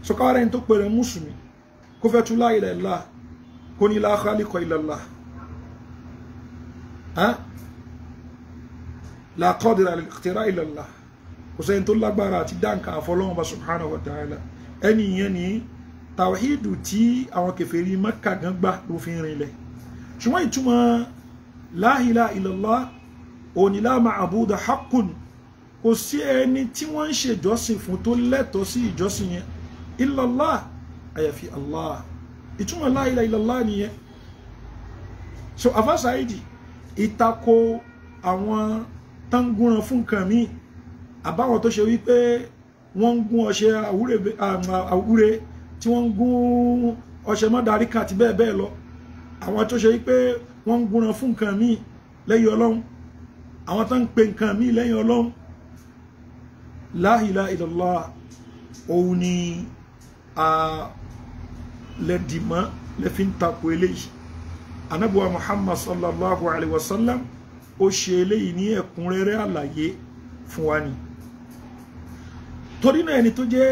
sọkàrẹ́ ní tó pèrè mùsùlùmí kó fẹ́ tú la ilaha illallah kó ní la khaliqa illallah la qadira ala ikhtira illallah kò sẹ́yìn tó lágbára àti dáǹkà àfọlọ́wọn bá subhanahu wa ta'ala ẹni ìyẹn ni tàwíìdù tí àwọn kèfèrí Mẹ́kà gan gbà ló fi ṣùgbọ́n ìtumọ̀ la ilaha illallah òní la ma'abuda haqqun kò sí ẹni tí wọ́n ń ṣèjọ́sìn fún tó lẹ́tọ̀ọ́ sí ìjọ́sìn yẹn illallah àyàfi allah ìtumọ̀ la ilaha illallah nìyẹn so afasaidi ìtakò àwọn tán gúnran fún nǹkan míì àbáwọn tó ṣe wípé wọ́n ń gún ọṣẹ àwúre tí wọ́n ń gún ọṣẹ mọ́dáríkà àti bẹ́ẹ̀ bẹ́ẹ̀ lọ àwọn tó ṣe wípé wọ́n ń gúnran fún nǹkan míì lẹ́yìn ọlọ́run àwọn tó ń pe nǹkan míì lẹ́yìn ọlọ́run la ilaha illallah òun ni lẹ́dìmọ́ lẹ́fi ń takò eléyìí anábùwà muhammad sallallahu alayhi wa sallam ó ṣe eléyìí ní ẹ̀kúnrẹ́rẹ́ àlàyé fún wa ni torí náà ẹni tó jẹ́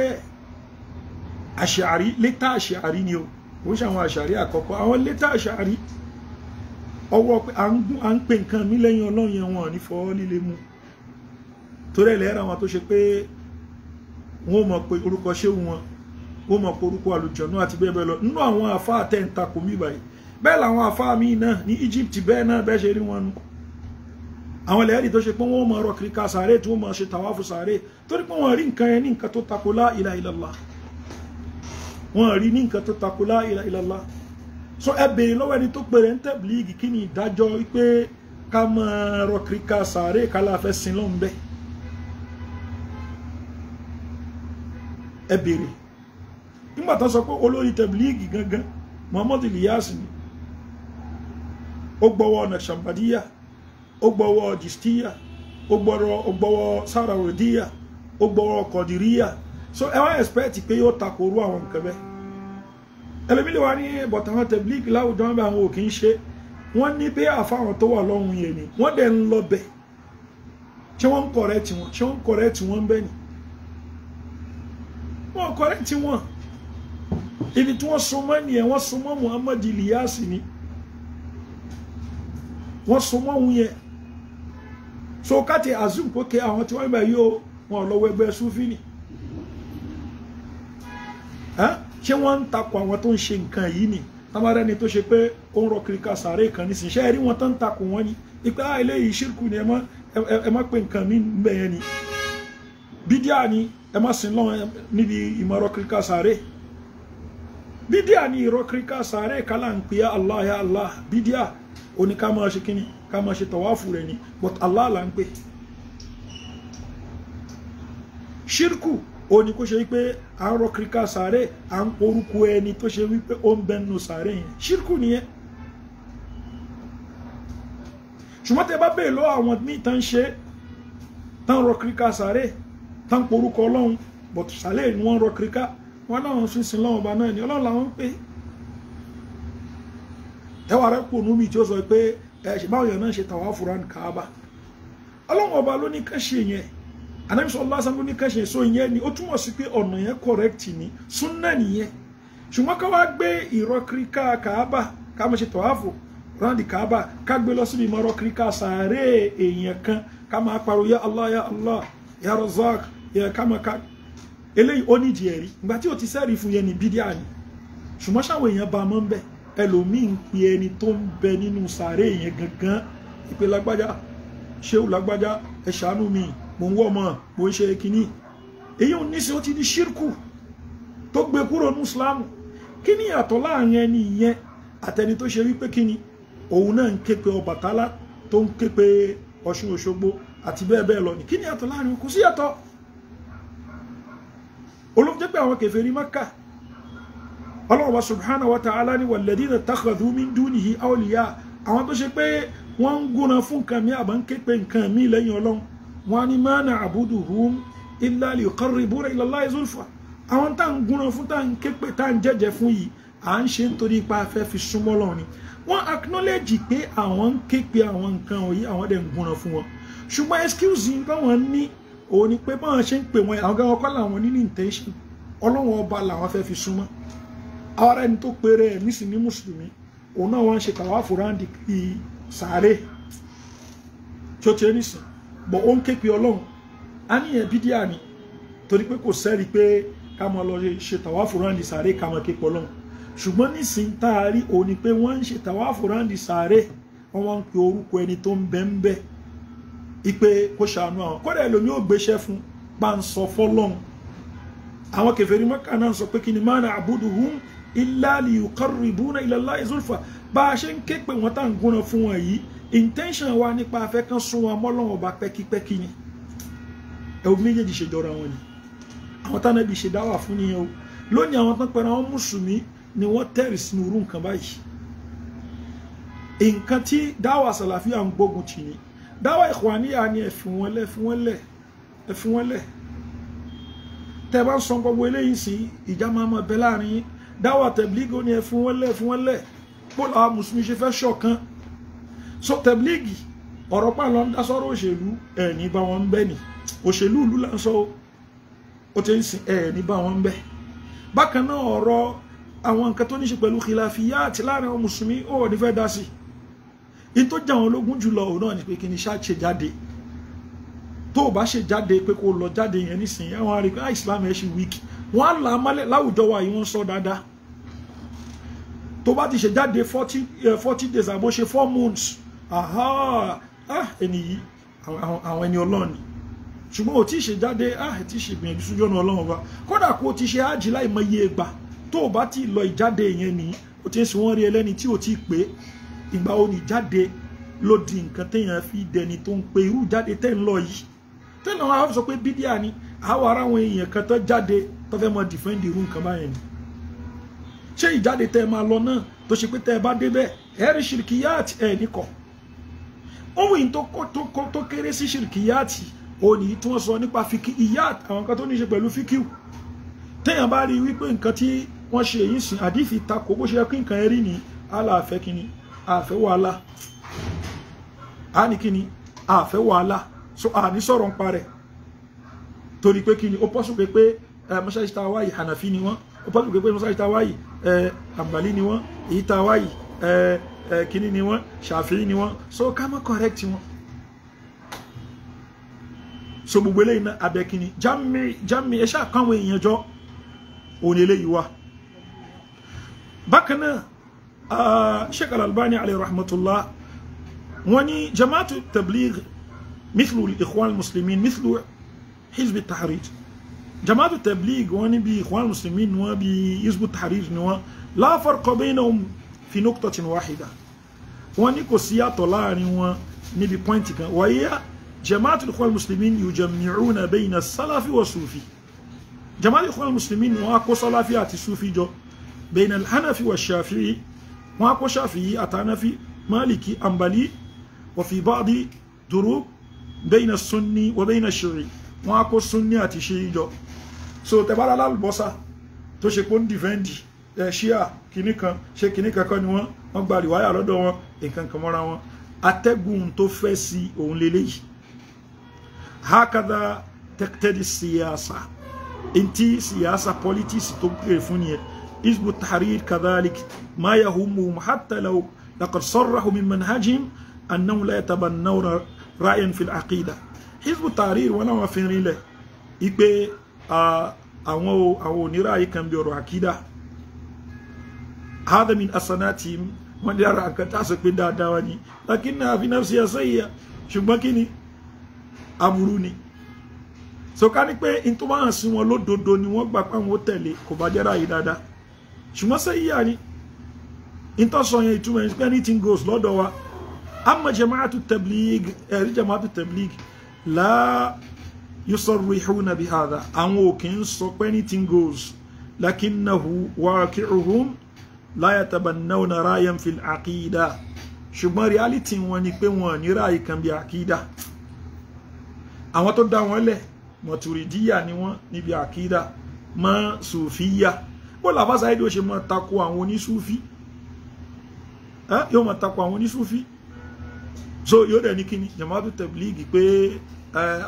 àṣàrí létà àṣàrí ni o kò ń ṣe àwọn àṣàrí àkọ́kọ́ àwọn létà àṣàrí ọwọ́ pé à ń pè nǹkan mí lẹ́yìn ọlọ́run yẹn wọn ní fọ́ líle mu torí ẹ̀ lẹ́ra wọn tó ṣe pé wọn mọ̀ pé orúkọ ṣéwù wọn wọn mọ̀ pé orúkọ àlùjọ̀nú àti bẹ́ẹ̀ bẹ́ẹ̀ lọ nínú àwọn àfáà tẹ̀ ń takò mí báyìí bẹ́ẹ̀ làwọn àfáà míì náà ní Egypt bẹ́ẹ̀ náà bẹ́ẹ̀ ṣe rí wọn nu àwọn lẹ́rìí tó ṣe pé wọ́n mọ̀ ọ̀rọ̀ kìríkà sàárè tí wọ́n mọ̀ ṣe tàwáfù sàárè torí pé wọ́n rí nǹkan yẹn ní nǹkan tó takò ìlà ìlàlá wọ́n rí ní nǹkan tó takò ìlà ìlàlá so ẹ béèrè lọ́wọ́ ẹni tó pèrè ń tẹ̀bù líìgì kí ni ìdájọ́ wípé ká máa rọ kíríkà sàárè kálá fẹ́ sin lọ́n bẹ́ẹ̀ ẹ béèrè nígbà tó sọ pé olórí tẹ̀bù líìgì gangan Muhammad Ilyas ni ó gbọ́wọ́ Naqshbandiyya ó gbọ́wọ́ Chishtiyyah ó gbọ́wọ́ Sarawardiyyah ó gbọ́wọ́ Qadiriyya so ẹ wá expect pé yóò takoru àwọn nǹkan bẹ́ẹ̀ ẹlẹ́mí lè wá ní bọ̀tà àwọn tẹ̀blíìkì láwùjọ wọn bẹ àwọn ò kì í ṣe wọ́n ní bí àfáwọn tó wà lọ́hùn yẹn ni wọ́n dẹ̀ ń lọ bẹ̀ ṣé wọ́n ń kọ̀rẹ́tì wọn ṣé wọ́n ń kọ̀rẹ́tì wọn bẹ́ẹ̀ ni wọ́n kọ̀rẹ́tì wọn ibi tí wọ́n súnmọ́ nìyẹn wọ́n súnmọ́ Muhammad Ilyas ni wọ́n súnmọ́ òun yẹn so káti azum pókè àwọn tí wọ́n bẹ̀ yóò wọn lọ́wọ́ ẹgbẹ́ sufi ni. Huh? ṣé wọ́n ń takò àwọn tó ń ṣe nǹkan yìí ni tamara ẹni tó ṣe pé ó ń rọ kiri ka sàárè kan nísìnyí ṣé ẹ rí wọn tó ń takò wọn ni ìpè á ah, eléyìí ṣírkù ni ẹ má pé nǹkan mi ń bẹ yẹn ni bídíà ni ẹ má sin lọ́wọ́ níbi ìmọ̀rọ̀ kiri sàárè bídíà ni ìrọ̀ kiri sàárè kálá ń pè é Allah ya Allah bídíà ó ní ká máa ṣe kíni ká máa ṣe tọ̀wáfù rẹ̀ ni but Allah là ń pè ṣírkù ó ní kó ṣe wípé à ń rọ kíríkà sàárè à ń porúkọ ẹni tó ṣe wípé ó ń bẹnu sàárè yẹn ṣírkù nìyẹn ṣùgbọ́n tẹ bá bèèrè lọ́wọ́ àwọn míì tán ṣe tán rọ kíríkà sàárè tán porúkọ ọlọ́run bọ̀tù sàárè ni wọ́n rọ kíríkà wọn náà sún sin lọ́wọ́ ọba náà ni ọlọ́run làwọn ń pè ẹwà rẹ kò nú tí ó sọ pé ẹ ṣe báwọn èèyàn náà ṣe tàwa fúra ní kaaba ọlọ́run ọba ló ní ká ṣe yẹn anabi sọ ọlá sanwó ní ká ṣe èso ìyẹn ni ó túmọ̀ sí pé ọ̀nà yẹn correct ni súnà nìyẹn ṣùgbọ́n ká wá gbé ìrọ́kíríkà kàábà ká mọ̀ ṣe tọ́wáfò rándì kàábà ká gbé lọ síbi ìmọ̀ ìrọ́kíríkà sàárè èèyàn kan ká máa pariwo ya Allah ya Allah ya Razak ya kámaka eléyìí ó nídìí ẹ̀rí ìgbà tí ò ti sẹ́rí fún yẹn ní bídíà ni ṣùgbọ́n ṣáwọn èèyàn ba mọ́ ń bẹ̀ ẹlòmíín pe ẹni tó ń bẹ nínú mò ń wọ́ ọmọ mò ń ṣe kínní èyí ò ní sí ó ti di ṣírkù tó gbé kúrò ní islam kí ni ìyàtọ̀ láàrin ẹni ìyẹn àtẹni tó ṣe wípé kí ni òun náà ń ké pe Ọbàtálá tó ń ké pe Ọ̀ṣun Òṣogbo àti bẹ́ẹ̀ bẹ́ẹ̀ lọ ni kí ni ìyàtọ̀ láàrin kò sí ìyàtọ̀ olóòfin jẹ́ pé àwọn kèfèrí Mákà Allah subhanahu wa ta'ala ni na takhadhu min dunihi awliya àwọn tó ṣe pé wọ́n ń gúnra fún nǹkan mi àbá ń ké pe nǹkan mi lẹ́yìn Ọlọ́run wọ́n ní ma na'buduhum illa liyuqarribuna ila Allahi zulfa àwọn tá à ń gúnran fún tá à ń képe tá à ń jẹ́jẹ́ fún yìí à ń ṣe nítorí ipa afẹ́ fi súnmọ́ lọ ni wọ́n acknowledge pé àwọn ń képe àwọn nǹkan wọ̀nyí àwọn dẹ̀ ń gúnran fún wọn ṣùgbọ́n excuse yìí báwọn ní òun ni pé báwọn ṣe ń pè wọn àwọn gan ọkọ làwọn ní intention ọlọ́wọ́n ọba làwọn fẹ́ fi súnmọ́ ara ẹni tó péré ẹ̀ nísìnyí ní mùsùlùmí òun náà wọ́n ń ṣe tàwa fúráǹdì kiri sàárè tí ó ti ẹ́ nìsín bọ̀ ó ń ké pe ọlọ́run a níyẹn bídíà ni torí pé kò sẹ́rí pé ká máa lọ ṣe tàwáfù ráńdì sàárè ká máa ké pe ọlọ́run ṣùgbọ́n nísìnyí tá a rí òní pé wọ́n ń ṣe tàwáfù ráńdì sàárè wọ́n wá ń pe orúkọ ẹni tó ń bẹ ń bẹ ipe kó ṣàánú àwọn kọ́dà ẹlòmí ò gbéṣẹ́ fún bá ń àwọn kèfèrí Mẹ́kà náà sọ pé kí ni máa na àbúdùhùn illa liyuqarribuna ila Allahi zulfa bá a ṣe ń ké pé wọ́n tá à ń gúnra fún wọn yìí intention wa nípa afẹ́ kan sún wọn mọ́lọ́wọ́n ọba pẹ́kípẹ́kí ni ẹ̀wọ̀n méjèèjì ṣe jọra wọn ni àwọn táwọn ẹbí ṣe dáwà fún nìyẹn o lónìí àwọn tán pẹ̀lú àwọn mùsùlùmí ni wọ́n tẹ̀rì sínú irú nǹkan báyìí nǹkan tí dáwà sàlàfíà ń gbógun tì ní dáwà ìkwàníyà ni ẹ fi wọ́n lẹ̀ fi wọ́n lẹ̀ ẹ fi wọ́n lẹ̀ tẹ bá ń gbogbo eléyìí sí ìjà máa ma bẹ láàrin dáwà tẹ̀blígò ni ẹ fi wọ́n lẹ̀ fi wọ́n lẹ̀ pọ́lọ́ àwọn mùsùlùmí ṣe fẹ́ ṣọ̀kan so tẹ̀blígì ọ̀rọ̀ pa lọ ń dá sọ́rọ̀ òṣèlú ẹ̀ ní bá wọn ń bẹ́ ni òṣèlú ìlú là ń sọ ó ti ń sin ẹ̀ ní bá wọn ń bẹ́ bákan náà ọ̀rọ̀ àwọn nǹkan tó ní ṣe pẹ̀lú kìláfíyà àti láàrin àwọn mùsùlùmí ó ní fẹ́ dá sí i tó jà wọn lógún jùlọ òun náà ni pé kí ni ṣáà ṣe jáde tó o bá ṣe jáde pé kó o lọ jáde yẹn nísìnyí àwọn arìnrìn ah, Islam ẹ̀ ṣì wíìkì wọ́n á là á mọ́lẹ̀ láwùjọ wa yìí wọ́n sọ dáadáa tó bá ti ṣe jáde forty eh, days àbó ṣe four months ah ẹni yìí àwọn ẹni ọlọ́run ni ṣùgbọ́n o tí ì ṣe jáde ah tí ì ṣe gbìyànjú sójú ọ̀nà ọlọ́run wa kódà kó o ti ṣe ájì láì mọ iye ìgbà tó o bá ti lọ ìjáde yẹn ni o ti ń sọ wọ́n rí ẹlẹ́ni tí o ti pé ìgbà o ní jáde ló nǹkan téèyàn fi dẹni tó ń pe irú jáde tẹ́ ń lọ yìí tẹ́lẹ̀ wọn á sọ pé bídíà ni àwọn ará àwọn èèyàn kan tó jáde tó fẹ́ mọ dìfẹ́ǹdì irú nǹkan báyẹn ni ṣé ìjáde tẹ́ máa lọ náà tó ṣe pé tẹ́ bá débẹ̀ ẹ̀rí ṣìrìkìyà ẹ̀ nìkan ohun yìí tó kéré sí ṣìrìkìyàtì òní tí wọ́n sọ nípa fíkì ìyáàtì àwọn kan tó ní ṣe pẹ̀lú fíkìw téèyàn bá rí wípé nǹkan tí wọ́n ṣe yìí sìn àdífi takò bó ṣe yẹ kí nǹkan rí ni aláàfẹ́ kíni àfẹ́ wàhálà á ní àfẹ́ wàhálà so àní sọ̀rọ̀ ń parẹ̀ torí pé kíni ó pọ́sùn pé mọ́ṣáláṣí tá a wáyì hànàfí ni wọ́n ó pọ́sùn pé pé mọ́ṣáláṣí tá a wáyì àǹbálí ni wọ́n èyí tá a wáyì ẹ kíní ni wọ́n ṣàfihì ni wọ́n so ká má correct wọn so gbogbo eléyìí náà abẹ kíní jami jami ẹ ṣáà kọ́ àwọn èèyàn jọ òun eléyìí wá bákan náà uh, Sheikh Al-Albani alayhi rahmatullah wọ́n ní jamaatu tabligh mithlu ikhwan muslimin mithlu hizb tahrir جماعة التبليغ واني بإخوان المسلمين وبحزب التحرير لا فرق بينهم fi nuktatin wahida wọ́n ní kò sí yàtọ̀ láàrin wọn níbi pọ́ìntì kan wàyíyá jamaatu ikhwan muslimin yujammi'una bayna salafi wa sufi jamaatu ikhwan muslimin wọ́n á kó salafi àti sufi jọ bayna alhanafi wa shafi'i wọ́n á kó shafi'i àtànáfi maliki ambali wa fi ba'di durub bayna sunni wa bayna shi'i wọ́n á kó sunni àti shi'i jọ so tẹbára lálùbọ́sà tó ṣe pé ń dìfẹ́ǹdì ṣíà kìíní kan ṣe kìíní kankan ni wọ́n wọ́n gba rìwáyà lọ́dọ̀ wọn nǹkan kan mọ́ra wọn atẹ́gùn tó fẹ́ sí òun lélẹ́yìí hakada tẹ́kítẹ́dì siyasa ntí siyasa politics tó kéré e fún yẹn hizbu tahrir kadhalik ma yahumuhum hatta law laqad sarrahu min manhajihim annahum la yatabannawna ra'yan fil aqida hizbu tahrir wọn làwọn fi rin lẹ̀ ipe àwọn àwọn oníràyè kan bí ọ̀rọ̀ àkídà هذا من أسناتهم من يرى كتاسك من دعواني لكنها في نفسها سيئة ṣùgbọ́n kí ni aburú ni so ká ní pé in tó bá hàn sí wọn lódodo ni wọ́n gbà pé wọ́n tẹ̀lé kò bá jẹ́ra yìí dáadáa ṣùgbọ́n ni anything goes lọ́dọ̀ wa amma jama'atu tabligh ẹ̀rí jama'atu tabligh la yusarrihuna bi hadha àwọn ò anything goes lakinnahu waqi'uhum láyàtàbánáwòna ráyàn fi àkídà ṣùgbọ́n reality wọn ni pé wọn ní ráyì kan bí àkídà àwọn tó dá wọn lẹ̀ mọ̀tùrìdíyà ni wọ́n níbi àkídà mọ́ sùfíyà bó làbáṣá ìdí ó ṣe máa tako àwọn onísúfí yóò máa tako àwọn onísúfí so yóò dẹ̀ ní kíni jamaatu tablighi pé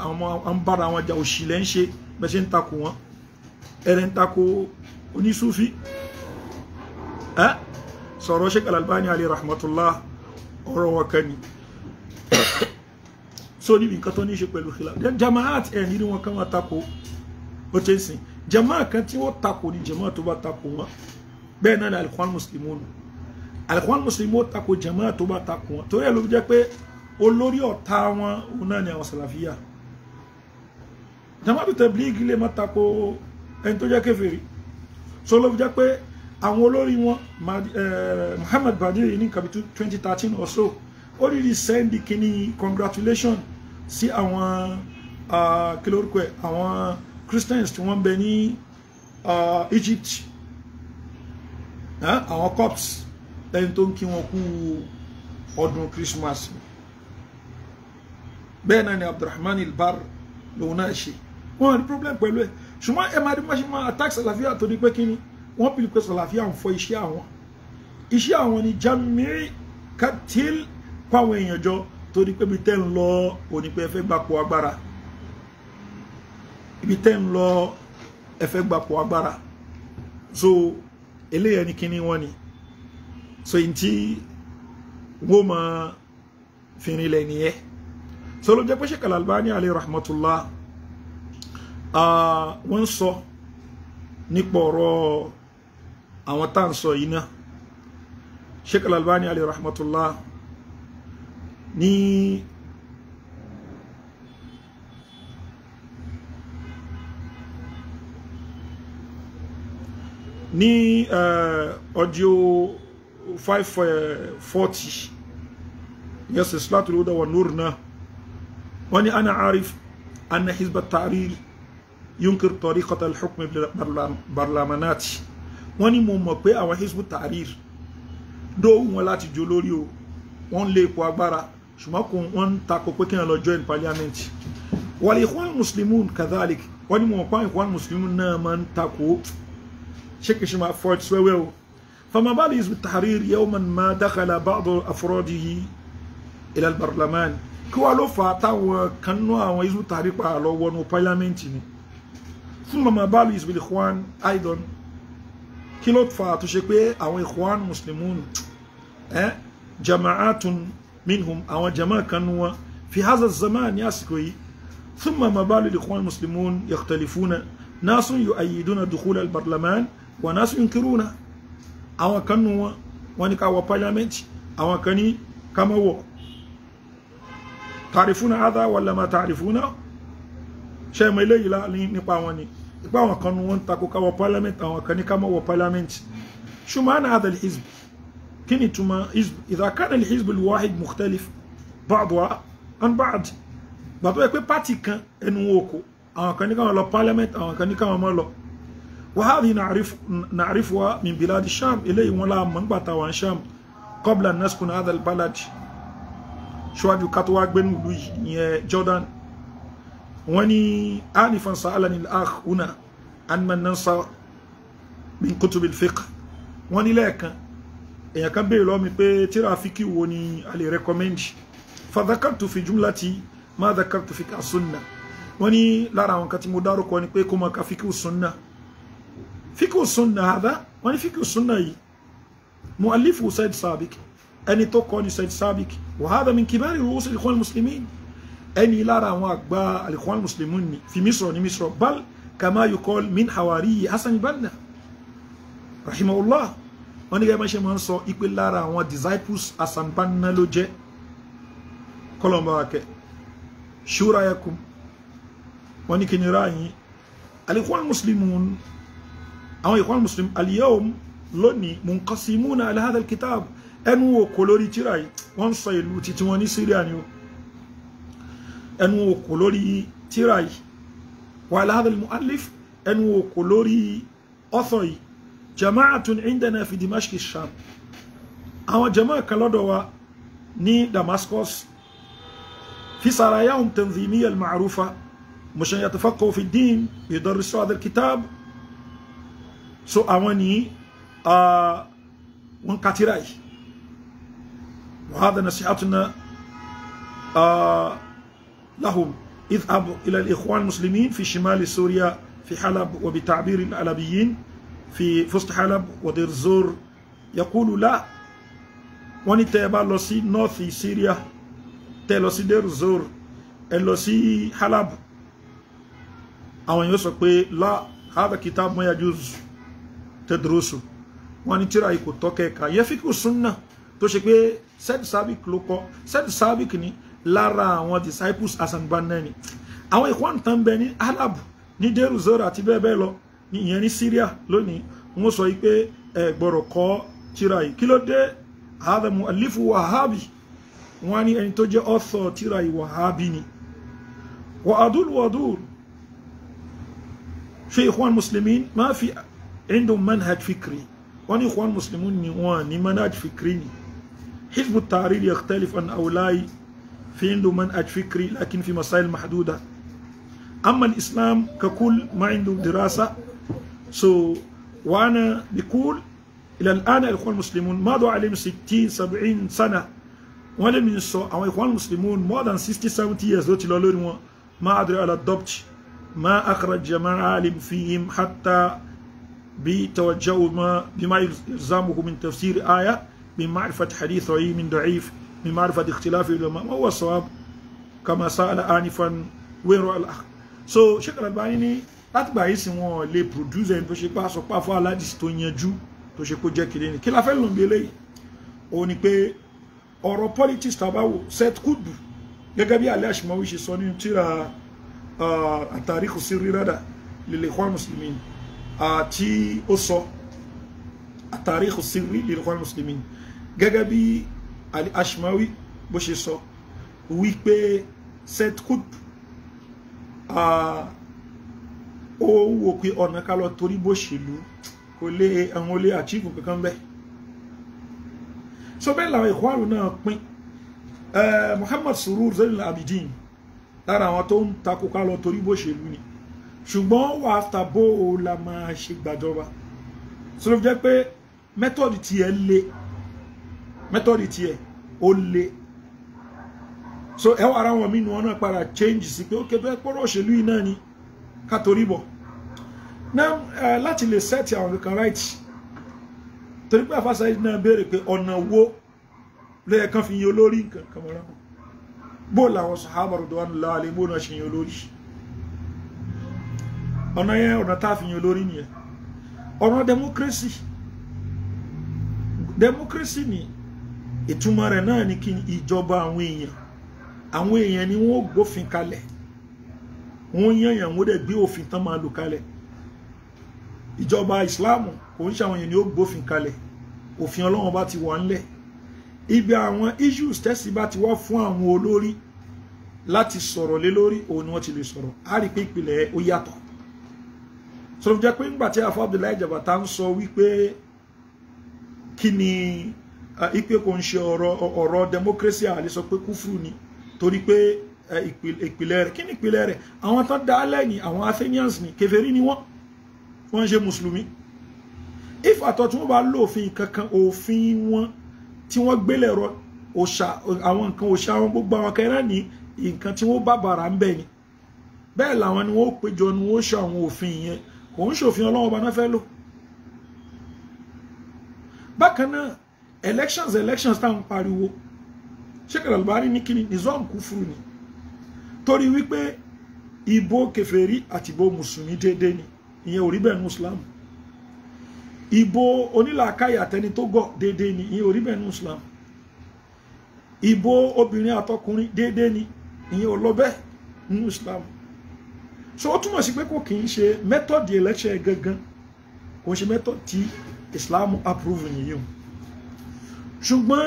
àwọn bára wọn jà òṣìlẹ̀ ń ṣe bẹ́ẹ̀ ṣe ń tako wọn ẹ̀rẹ̀ ń tako onísúfí ẹ́ sọ̀rọ̀ Sheikh Al-Albani alayhi rahmatullah ọ̀rọ̀ wọn kan ni so níbi nǹkan tó ní ṣe pẹ̀lú khilaf then jamaat ẹ̀ ní wọn kan wọn tako ó ti ń jamaat kan tí wọ́n tako ni jamaat tó bá tako wọn bẹ́ẹ̀ náà ni alikhwan muslimun alikhwan muslimun tako jamaat tó bá tako wọn torí ẹ̀ ló fi jẹ́ pé olórí ọ̀tá wọn òun ni àwọn sàlàfíà jamaat tó tẹ̀ bílíìgì lè má tako ẹni tó jẹ́ kèfèrí so ló fi jẹ́ àwọn olórí wọn Muhammad eh, Badiri ní nǹkan bí twenty or so ó rí rí sẹ́ndì kínní congratulation sí àwọn kí lórúkọ àwọn Christians tí wọ́n bẹ ní Egypt eh, àwọn Copts lẹ́yìn tó ń kí wọn kú ọdún Christmas bẹ́ẹ̀ náà ni Abdulrahman Ilbar lòun náà ṣe wọ́n ní problem pẹ̀lú ẹ̀ ṣùgbọ́n ẹ̀ máa rí mọ́ṣẹ́ máa attack Salafiyya tó ní pé kínní wọ́n bìlì pé sàlàfíà ń fọ iṣẹ́ àwọn iṣẹ́ àwọn ni jamiri katil pàwọn èèyàn jọ torí pé ibi tẹ́ ń lọ òní pé ẹ gbapò agbára ibi tẹ́ ń lọ ẹ gbapò agbára so eléyẹ ni kíní wọn ni so n tí wọ́n máa fi rinlẹ̀ nìyẹn so ló jẹ́ pé Sheikh Al-Albani alayhi rahmatullah ah, wọ́n sọ nípa ọ̀rọ̀ àwọn tá à ń sọ yìí náà Sheikh Al-Albani alayhi rahmatullah ní ní ọdíò eh, five eh, forty yẹsẹ Islatul Huda wa Nur náà wọ́n ní ana arif anna hizb yunkir tariqat al-hukm barlamanati. Barlam wọ́n ní mo mọ̀ pé àwọn Hizbu Tahrir dóhùn wọn láti jó lórí o wọ́n ń lé ipò agbára ṣùgbọ́n kò wọ́n ń takò pé kí wọ́n lọ join parliament wal Ikhwan Muslimun kadhalik wọ́n ní mo mọ̀ pé àwọn Ikhwan náà máa ń takò ṣé kìí ṣe máa fọ́ ẹ̀ sẹ́wẹ́ o فما بال حزب التحرير يوما ما دخل بعض افراده الى البرلمان kí wá ló fà á táwọn kan nú àwọn Hizb ut-Tahrir pa lọ wọnú pálámẹ́ǹtì ni fún mama bal Hizb al kí ló fà tó ṣe pé àwọn ikhwan muslimun eh, jama'atun minhum àwọn jama'a kan nu wọn fi haza zaman ní àsìkò yìí thumma mabalu ikhwan muslimun yakhtalifuna nasun yu'ayyiduna dukhul al-barlaman wa nasun yunkiruna àwọn kan nu wọn wọn ni ká wọ parliament àwọn kan ní ká má wọ ta'rifuna hadha wala ma ta'rifuna ṣe mọ eléyìí nípa wọn ni ìpá àwọn kan ní wọ́n ń takò káwọ parliament àwọn kan ní ká mọ́ wọ parliament ṣùgbọ́n àná àdàlì hizb kí ni túmọ̀ hizb ìdàkánà lè hizb al-wahid mukhtalif ba'duha an ba'd gbàtọ́ pé pátì kan ẹnu wọn kò àwọn kan ní káwọn lọ parliament àwọn kan ní káwọn mọ́ lọ wàhálì nàárífùwà min biladi sham eléyìí wọn láàmú ń gbàtà wọn sham qabla naskun adal balad ṣíwájú ká tó wá gbénu ìlú yìí ìyẹn jordan wọ́n ní anifan sa'alani al-akh una an man nansa min kutub al-fiqh wọ́n ní lẹ́ẹ̀kan èèyàn kan béèrè lọ́mi pé tírafíkì wo ni a lè recommend fadhakartu fi jumlati ma dhakartu fi as-sunnah wọ́n ní lára àwọn kan tí mo dárúkọ ni pé kó mọ ka fíkì sunna fíkì sunna àdá wọ́n ní fíkì sunna yìí mu'allifu Said Sabiq ẹni tó kọ́ ni Said Sabiq wa hadha min kibari ru'usi ikhwan ẹni lára àwọn àgbà alikhwan muslimun ni fi misrọ ní misrọ bal kama yukol min hawari hasan banna rahimahullah wọn ní gẹ́gẹ́ bá ṣe máa ń sọ ipe lára àwọn disciples hasan banna ló jẹ́ kọlọmbà wákẹ́ ṣúra yakum wọn ní kìnnì ráyìn alikhwan muslimun àwọn alikhwan muslim aliyahum lónìí munqasimuna ala hadha alkitab ẹnu òkò lórí tíra yìí wọ́n sọ ìlú títí wọn ní syria ni o انو كولوري تيراي وعلى هذا المؤلف انو كولوري اوثوي جماعه عندنا في دمشق الشام او جماعه كالودوا ني دمسكوس في سراياهم تنظيميه المعروفه مش يتفقهوا في الدين يدرسوا هذا الكتاب سو اواني ا آه، وهذا نصيحتنا ا آه، لهم اذهبوا إلى الإخوان المسلمين في شمال سوريا في حلب وبتعبير العلبيين في فسط حلب ودير الزور يقول لا wọ́n ní tẹ́ ẹ bá lọ sí north Syria tẹ́ ẹ lọ sí Deir Zor ẹ lọ sí Halab àwọn èèyàn sọ pé la hadha kitab ma yajuz tadrusu wọ́n ní tíra ikò tọ́kẹ́ ẹ̀ka yẹ́fíkù sunna tó ṣe pé Said Sabiq ló kọ́ Said Sabiq ni lára àwọn disciples asanbanani àwọn ìkwọ́n tán bẹ ní Halab ní deruzora àti bẹ́ẹ̀ bẹ́ẹ̀ lọ ní ìyẹn ní Syria lónìí wọ́n sọ pé ẹ gbọ́dọ̀ kọ tírà yìí kí ló dé hadha mu'allifu Wahabi wọ́n ní ẹni tó jẹ́ author tírà yìí Wahabi ni wa adul wadur ṣe ìkwọ́n muslimin máa fi indum manhaj fikri wọ́n ní ìkwọ́n muslimin ni wọ́n ní manhaj fikri ni hizbu tahrir yaktalif an awlai في عنده منهج فكري لكن في مسائل محدودة أما الإسلام ككل ما عنده دراسة سو so, وأنا بقول إلى الآن الإخوان المسلمون ضاع عليهم 60 70 سنة وأنا من السوء الإخوان المسلمون مور ذان 60 70 years ما أدري على الضبط ما أخرج جماعة عالم فيهم حتى بتوجهوا ما بما يلزمه من تفسير آية بمعرفة حديث من ضعيف من معرفة اختلاف العلماء ما هو الصواب كما سأل آنفا وين رأى الأخ so Sheikh Al-Albani ní látìgbà yìí sì wọ́n lè produce ẹni tó ṣe pé aṣọ pàfọ́ aládìsí tó yanjú tó ṣe kó jẹ́ kiri ni kí la fẹ́ lòun gbélé yìí òun ni pé ọ̀rọ̀ politics tabawo set kudu gẹ́gẹ́ bí alẹ́ àṣìmọ́wí ṣe sọ nínú tíra uh, àtàríkù sí rírádà lil-Ikhwan Muslimin àti ó sọ àtàríkù sí rírádà lil-Ikhwan Muslimin gẹ́gẹ́ bí al-Ashmawi bó ṣe sọ wípé set kut ó wò pé ọ̀nà ká lọ torí bó ṣèlú kò lè àwọn olè àchífù kankan bẹ́ẹ̀ so bẹ́ẹ̀ làwọn ìkọ́rù náà pín Muhammad Surur Zainul Abidin lára àwọn tó ń takò ká lọ torí bó ṣèlú ni ṣùgbọ́n wà áfta bó o la máa ṣe gbàjọba so ló jẹ́ pé mẹ́tọ̀dì tiẹ̀ le mẹ́tọ́dì tiẹ̀ ó le so ẹ wà ara wọn mí nu wọn náà padà change sí pé ó kébẹ́ pọ́rọ̀ òṣèlú yìí náà ni ká torí bọ̀ náà láti lè sẹ́ẹ̀tì àwọn kankan right torí pé àfàṣà yìí náà béèrè pé ọ̀nà wo lẹ́yẹ kan fi yin olórí nǹkan kan mọ́ra bó làwọn sàhábà rọ̀dọ̀ wọn la àlè bó náà ṣe yin olórí ọ̀nà yẹn ọ̀nà tá a fi yin olórí nìyẹn ọ̀nà democracy democracy nìyẹn ìtumọ̀ rẹ̀ náà ni kí ìjọba àwọn èèyàn àwọn èèyàn ni wọ́n gbófin kalẹ̀ wọ́n yànyàn wọ́n dẹ̀ gbé òfin tán máa lò kalẹ̀ ìjọba ìsìláàmù kò ń ṣàwọn èèyàn ni ó gbófin kalẹ̀ òfin ọlọ́run bá ti wà ńlẹ̀ ibi àwọn issues tẹ́sí bá ti wá fún àwọn olórí láti sọ̀rọ̀ lé lórí òun ni wọ́n ti lè sọ̀rọ̀ á rí pé ìpìlẹ̀ ó yàtọ̀ sọ̀rọ̀ jẹ́ pé ńgbà tí afọ́ Abdullahi Jabata ń sọ wípé kí ni ipe kò ń ṣe ọ̀rọ̀ democracy àlè sọ pé kúfùrù ni torí pé ìpìlẹ̀ rẹ̀ kí ni ìpìlẹ̀ rẹ̀ àwọn tán dá lẹ́yìn àwọn Athenians ni kèfèrí ni wọ́n wọ́n ń ṣe mùsùlùmí if àtọ̀ tí wọ́n bá lòfin kankan òfin wọn tí wọ́n gbélẹ̀ rọ òṣà àwọn nǹkan òṣà wọn gbogbo àwọn kẹrẹ́ ní nǹkan tí wọ́n bá bàrà ń bẹ̀ ni bẹ́ẹ̀ làwọn ni wọ́n péjọ ni wọ́n ṣe àwọn òfin yẹn kò ń ṣòfin ọlọ́wọ́ bá náà fẹ́ lò bákan náà elections elections táwọn pariwo ṣékèrè àlùbárí ní kíni nizom kúfúrú ni torí wípé ìbò kèfèrí àti ìbò mùsùlùmí déédéé ni ìyẹn ò rí bẹ́ẹ̀ ní islam ìbò onílàákàyè àtẹni tó gọ̀ déédéé ni ìyẹn ò rí bẹ́ẹ̀ ní islam ìbò obìnrin àtọkùnrin déédéé ni ìyẹn ò lọ bẹ́ẹ̀ nínú islam so ó túmọ̀ sí pé kò kì í ṣe method election gangan kò ń method tí islam approve nìyí o ṣùgbọ́n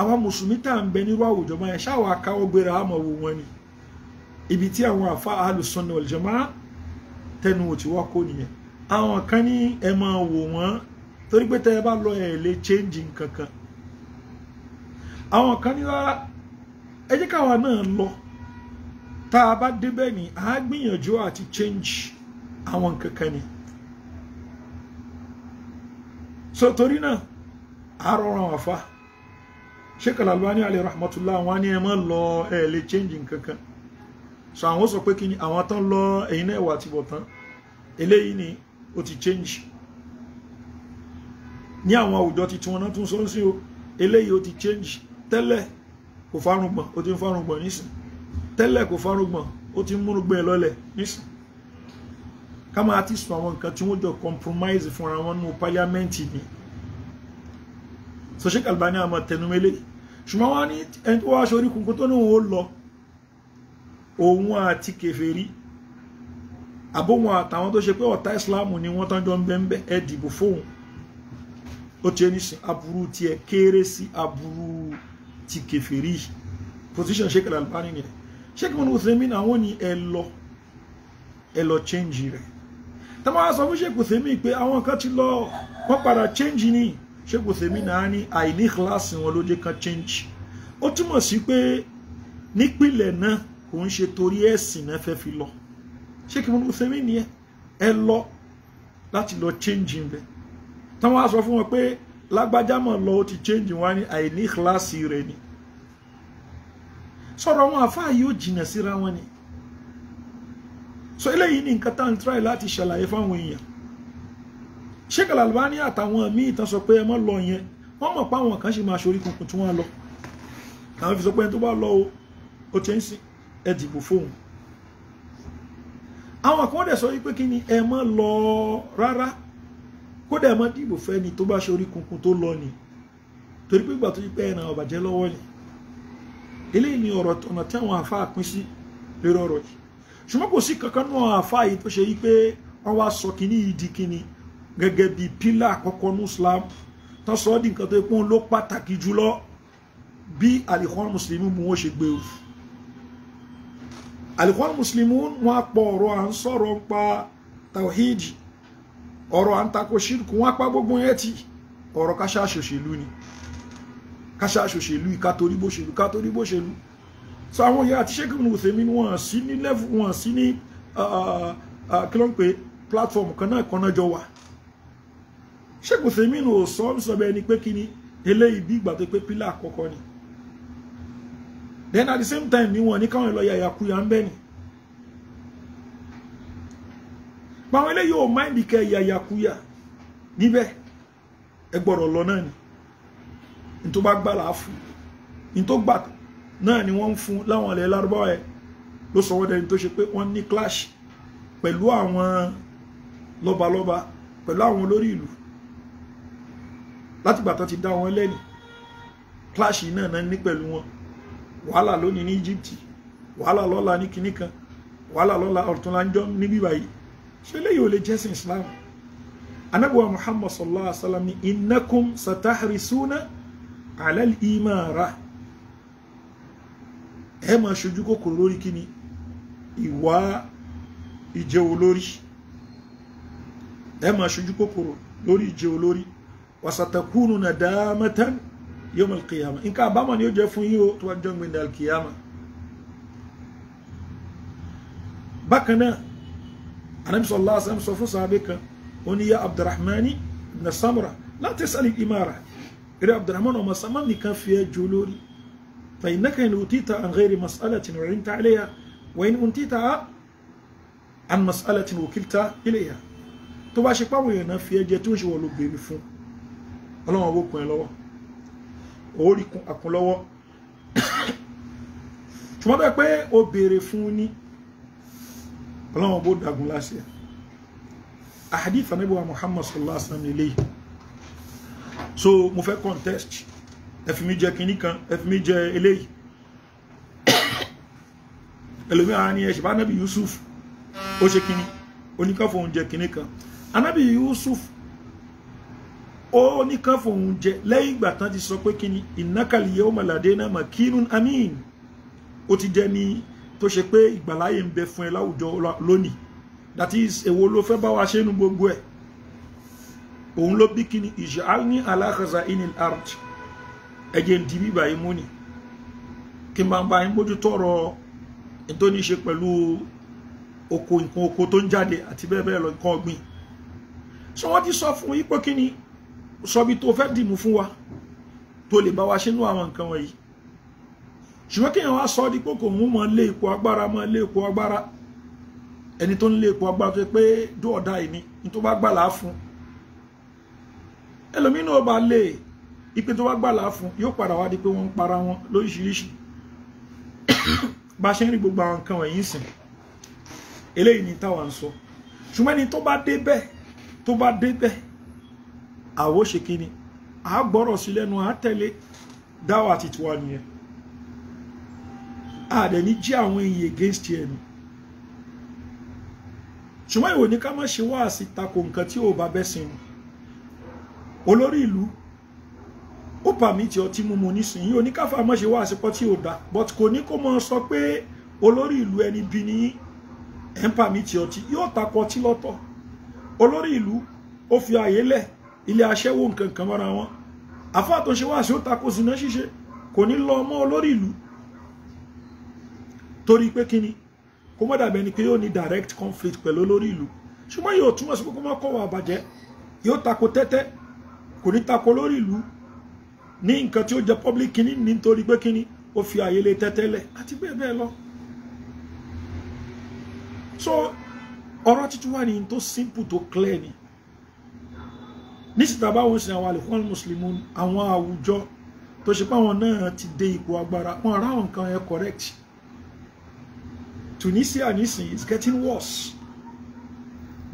àwọn mùsùlùmí tá à ń bẹ nírú àwùjọ máa ṣá àwọn akáwọ́ gbéra àmọ́ wo wọn ni ibi tí àwọn àfa alùsọ̀nà ọ̀lẹ́jọ̀má tẹnu ò ti wá kó nìyẹn àwọn kan ní ẹ máa wò wọ́n torí pé tẹ́ ẹ bá lọ ẹ̀ lè chẹ́ǹjì kankan àwọn kan ní rárá ẹ jẹ́ káwa náà lọ tá a bá débẹ̀ ni a gbìyànjú àti chẹ́ǹjì àwọn kankan ni so torí náà àárọ̀ ràn wá fa Sheikh Al-Albani alayhi rahmatullah àwọn ni ẹ má lọ ẹ lè change nkankan so àwọn sọ pé kí ni àwọn tán lọ ẹ̀yin náà wà tìbọ̀ tán eléyìí ni ó ti change ní àwọn àwùjọ ti tún wọn náà tún sọ sí o eléyìí ó ti change tẹ́lẹ̀ kò fárùngbọ̀n ó ti ń fárùngbọ̀n nísìn tẹ́lẹ̀ kò fárùngbọ̀n ó ti ń múrùgbọ̀n ẹ̀ e lọ́lẹ̀ nísìn ká máa ti sọ àwọn nǹkan tí wọ́n jọ compromise fúnra wọn nínú pálíámẹ́ǹtì ni. No so Sheikh Albani àmọ́ tẹnumẹ́lẹ́ ṣùgbọ́n wọ́n ní ẹni tó wá aṣọ orí kunkun tó ní òun lọ òun àti kèfèrí àbóhun àtàwọn tó ṣe pé ọ̀tá ìsìláàmù ni wọ́n tán jọ ń bẹ́ẹ̀ ẹ dìbò fóun ó ti ẹni sìn aburú tiẹ̀ kéré sí aburú ti kèfèrí position Sheikh Albani nìyẹn Sheikh Ibn Uthaymin àwọn ni ẹ lọ ẹ lọ change rẹ̀ tẹ́ máa sọ fún Sheikh Uthaymin pé àwọn kan ti lọ wọ́n padà change ni ṣégun tèmi náà ní àìní kíláàsì wọn ló jẹ́ kan change ó túmọ̀ sí pé nípìnlẹ̀ náà kò ń ṣe torí ẹ̀sìn náà fẹ́ fi lọ ṣégun tèmi ní ẹ lọ láti lọ change ń bẹ táwọn á sọ fún wọn pé lágbájámọ̀ lọ ó ti change wọn ní àìní kíláàsì rẹ̀ ni sọ̀rọ̀ wọn àfáà yóò jìnà síra wọn ni so eléyìí ni nǹkan tá à ń try láti ṣàlàyé fáwọn èèyàn Sheikh Al-Albani àtàwọn míì tán sọ pé ẹ mọ́ lọ yẹn wọ́n mọ̀ pé àwọn kan sì máa ṣorí kunkun tí wọ́n lọ àwọn fi sọ pé ẹni tó bá lọ o ó ti ń sìn ẹ dìbò fóun àwọn kan dẹ̀ sọ wípé kí ni ẹ mọ́ lọ rárá kódà ẹ mọ́ dìbò fẹ́ni tó bá ṣorí kunkun tó lọ ni torí pé ìgbà tó yí pé ẹ̀nà ọ̀bàjẹ́ lọ́wọ́ ni eléyìí ni ọ̀rọ̀ ọ̀nà tí àwọn àfáà pín sí lérò ọ̀rọ̀ yìí ṣùgbọ́n kò sí kankan náà àfáà yìí tó ṣe yí pé wọ́n wá sọ kíní yìí di kíní gẹ́gẹ́ bí pílà àkọ́kọ́ ní Islam tán sọ ọ́ di nǹkan tó yẹ pọ́n ló pàtàkì jùlọ bí Al-Ikhwan Muslimun mú wọn ṣe gbé o Al-Ikhwan Muslimun wọn apọ̀ ọ̀rọ̀ à ń sọ̀rọ̀ ń pa tawhid ọ̀rọ̀ à ń takò ṣírkù wọn apá gbogbo yẹn ti ọ̀rọ̀ káṣá ṣòṣèlú ni káṣá ṣòṣèlú ìkátorí bóṣèlú kátorí bóṣèlú so àwọn ìyá àti ṣẹ́gun òsèmí ni sí ní level wọ́n sí ní uh, uh, uh, kí ló ń pè platform kan náà kan náà jọ wà ṣékù sèmínú ò sọ ọ́ sọ ẹni pé kí ni eléyìí bí ìgbà tó pé pílà àkọ́kọ́ ni then at the same time ni wọn ní káwọn lọ yàyà kuyà ń bẹ́ ni pàwọn eléyìí ò máìndì kẹ yàyà kuyà níbẹ̀ ẹ gbọ́dọ̀ lọ náà ni ní tó bá gbà là á fún ní tó gbà náà ni wọ́n ń fún láwọn ilẹ̀ lárúbáwá ẹ ló sọ wọ́n tó ṣe pé wọ́n ní clash pẹ̀lú àwọn lọ́balọ́ba pẹ̀lú àwọn olórí ìlú látìgbà tán ti dá wọn lẹ́nu kíláàsì náà náà ní pẹ̀lú wọn wàhálà lónìí ní Egypt wàhálà lọ́la ní kinní kan wàhálà lọ́la ọ̀túnlájọ́ níbí báyìí ṣé eléyìí ò lè jẹ́sìn Islam anabuwa Muhammad sallallahu alaihi wa sallam ni innakum satahrisuna ala al-imara ẹ máa ṣojú kòkòrò lórí kíni ìwà ìjẹ olórí ẹ máa ṣojú kòkòrò lórí ìjẹ olórí wasatakunu nadamatan yawm alqiyama nǹkan àbámọ̀ ni ó jẹ́ fún yín o tó wá jọ́ gbẹ̀ndẹ̀ alqiyama bákan náà anabi sallallahu alaihi wasallam sọ fún sàábé kan ó ní ya abdulrahmani ibn samura la tas'al al-imara eré abdulrahman ọmọ samman nìkan fi ẹ́ jó lórí fa innaka in utita an ghairi mas'alatin u'inta 'alayha wa in utita an mas'alatin wukilta ilayha tó bá ṣe pàwọn èèyàn náà jẹ tó ń ṣe wọ́n mi fún ọlọ́run owó kun ẹ lọ́wọ́ owó rí kun lọ́wọ́ ṣùgbọ́n bẹ́ẹ̀ pé o béèrè fún ní ọlọ́run owó dagun láṣẹ àhàdìfà níbi wa Muhammad sallallahu alaihi wa sallam lélẹ́yìí so mo fẹ́ contest ẹ fi mi jẹ kinní kan ẹ fi mi jẹ eléyìí ẹlòmí ara ni ẹ̀ṣẹ̀ bá nábì Yusuf ó ṣe kinní oníkàfọ̀ oúnjẹ kinní kan anábì Yusuf ó ní kán fòun jẹ lẹ́yìn ìgbà tán ti sọ pé kí ni ìnákàlì yẹ́ ọmọlàdé náà mà kínú amin ó ti jẹ́ ni tó ṣe pé ìgbàláyè ń bẹ fún ẹ láwùjọ lónìí that is èwo ló fẹ́ bá wa ṣe nu gbogbo ẹ̀ òun ló bí kí ni ìṣàlní aláhàzà inil art ẹ̀jẹ̀ ń di bíbà yìí mú ni kí n bá ń bá yín bójú tọrọ tó ní ṣe pẹ̀lú oko nǹkan oko tó ń jáde àti bẹ́ẹ̀ bẹ́ẹ̀ lọ nǹkan ọ̀gbìn so wọ́n ti sọ fún yípo kí ni sọbi tó fẹ́ dìmú fún wa tó lè bá wa ṣe nú àwọn nǹkan wọ̀nyí ṣùgbọ́n kéèyàn wá sọ dípò kò mú mọ́ lé ipò agbára mọ́ lé ipò agbára ẹni tó ń lé ipò agbára tó pé dó ọ̀dà yìí ni ní tó bá gbà fún ẹlòmínú ọba lè ipe tó bá gbà fún yóò padà wá di pé wọ́n ń para wọn lóríṣiríṣi bá ṣe ń rí gbogbo àwọn nǹkan wọ̀nyí sìn eléyìí ni táwọn ń sọ ṣùgbọ́n ẹni tó bá débẹ̀ tó bá débẹ̀ àwo ṣe kíni à á gbọ́rọ̀ sí lẹ́nu à á dáwà àti tiwa nìyẹn a dẹ̀ ní jí àwọn èyí against ẹ̀ ni ṣùgbọ́n ìwò ní ká má ṣe wáàsí tako nǹkan tí ò bá bẹ́ sí mu olórí ìlú ó pàmìtì ọtí mímu nísìnyí oníkàfà má ṣe wáàsí pọ́ tí ò dá but kò ní kó mọ sọ pé olórí ìlú ẹni bí ní ẹ̀ ń pàmìtì ọtí yóò tako ọtí lọ́tọ̀ olórí ìlú ó fi àyè lẹ̀ ilé aṣẹ́wó nǹkan kan mọ́ra wọn àfáà tó ń ṣe wá sí ó takò zina ṣíṣe kò ní lọ ọmọ olórí ìlú torí pé kí ni kó mọ́ dàbẹ̀ ni pé yóò ní direct conflict pẹ̀lú olórí ìlú ṣùgbọ́n yóò túmọ̀ sí kókó mọ́ kọ́ wà bàjẹ́ yóò takò tẹ́tẹ́ kò ní takò olórí ìlú ní nǹkan tí ó jẹ́ public kínní nítorí pé kínní ó fi àyè lé tẹ́tẹ́ lẹ̀ àti bẹ́ẹ̀ bẹ́ẹ̀ lọ so ọ̀rọ̀ títí wà ní tó simple tó clear ni nísìta báwo sin àwọn àlùfọ́n mùsùlùmí àwọn àwùjọ tó ṣe páwọn náà ti dé ipò agbára wọn ará nǹkan yẹn correct Tunisia nísìn is getting worse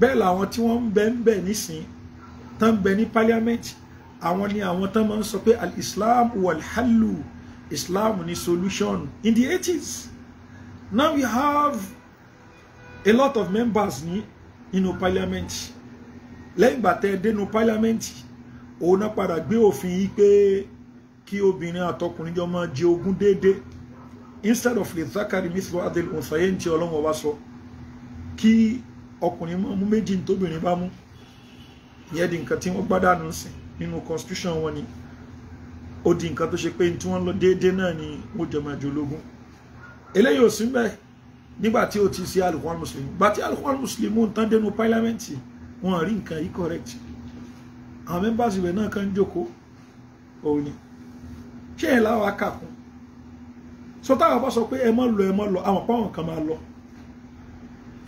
bẹ́ẹ̀ làwọn tí wọ́n ń bẹ ń bẹ nísìn tán bẹ ní parliament àwọn ni àwọn tán máa ń sọ pé al-islam wal-hallu islam ni solution in the eighties, now we have a lot of members ní nínú parliament lẹ́yìn ìgbà tẹ́ dénú pálámẹ́ǹtì òun náà padà gbé òfin yìí pé kí obìnrin àtọkùnrin jọ máa jẹ ogún déédé instead of lizakari mislo adil onsayen tí ọlọ́wọ́ bá sọ kí ọkùnrin máa mú méjì tóbìnrin bá mú ìyẹn di nǹkan tí wọ́n gbádànù sí nínú constitution wọn ni ó di nǹkan tó ṣe pé tí wọ́n lọ déédé náà ni wọ́n jọ máa jẹ ológun eléyìí ò sí mbẹ́ nígbà tí ó ti ṣe alukwan muslim gbà tí alukwan muslim ń tán dénú pálámẹ́ǹtì wọn rí nǹkan yìí correct àwọn members ibẹ̀ náà kàn ń jókòó òun ni ṣé ẹ̀ láwọn akàkùn so táwọn bá sọ pé ẹ mọ́ lọ ẹ mọ́ lọ àwọn pọ́wọ̀n kan máa lọ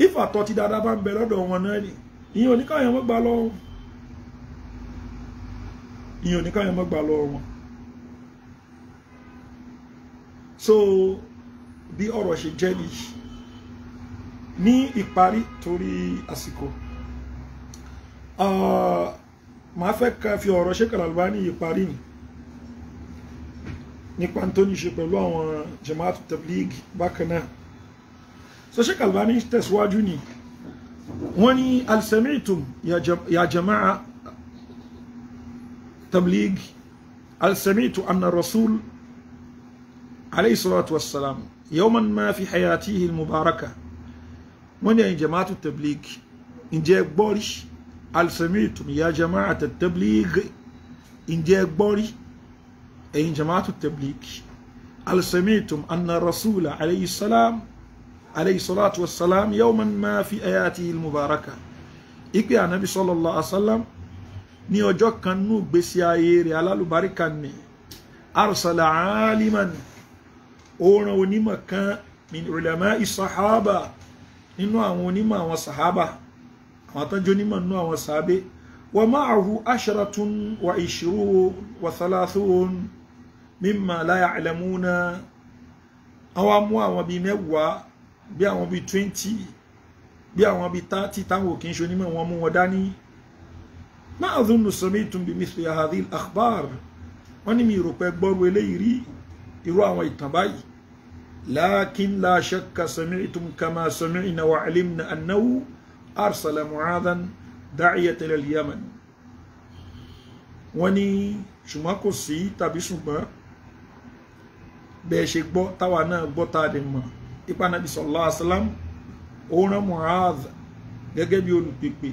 ifá tọ́ ti dáadáa bá ń bẹ lọ́dọ̀ wọn náà ni ìyẹn oníkàwé mọ́ gbà lọ́wọ́ ìyẹn oníkàwé mọ́ gbà lọ́wọ́ wọn so bí ọ̀rọ̀ ṣe jẹ́ nìyí ní ìparí torí àsìkò. màá fẹ́ ká fi ọ̀rọ̀ Sheikh Al-Albani yìí parí ni nípa tó ní ṣe pẹ̀lú àwọn Jamaat Tabligh bákan náà so Sheikh Al-Albani tẹ̀síwájú ni wọ́n ní al-sami'tum ya jama'a Tabligh al-sami'tu anna rasul alayhi salatu wassalam yawman ma fi hayatihi al-mubaraka wọ́n ní Jamaat Tabligh ǹjẹ́ gbọ́rí هل سمعتم يا جماعة التبليغ إن دي أكبري أي جماعة التبليغ هل سمعتم أن الرسول عليه السلام عليه الصلاة والسلام يوما ما في آياته المباركة إكي النبي صلى الله عليه وسلم ní ọjọ́ kan nú gbèsè ayé rẹ̀ alálùbáríkà ni arsala aliman oran onímọ̀ kan min ulama isahaba nínú àwọn tó jó nímọ̀ nú àwọn sàábé wa ma'ahu asharatun wa ishirun wa thalathun mimma la ya'lamuna àwọn amú àwọn bíi mẹ́wàá bí àwọn bíi twenty bí àwọn bíi thirty táwọn òkè ń ṣe onímọ̀ wọn mú wọn dání ma adhunnu sami'tum bimithli hadhihi al-akhbar wọ́n ní mi rò pé gbọ́rú eléyìí rí irú àwọn ìtàn báyìí lakin la shakka sami'tum kama sami'na wa 'alimna annahu أرسل mu'adhan دعية إلى اليمن، وني wọ́n ní ṣùgbọ́n kò sí tàbí ṣùgbọ́n bẹ́ẹ̀ ṣe gbọ́ táwa náà gbọ́ tá a dẹ̀ أونا ipa nàbí sallallahu alaihi wasallam ó rán mu'adh gẹ́gẹ́ bí olùpèpè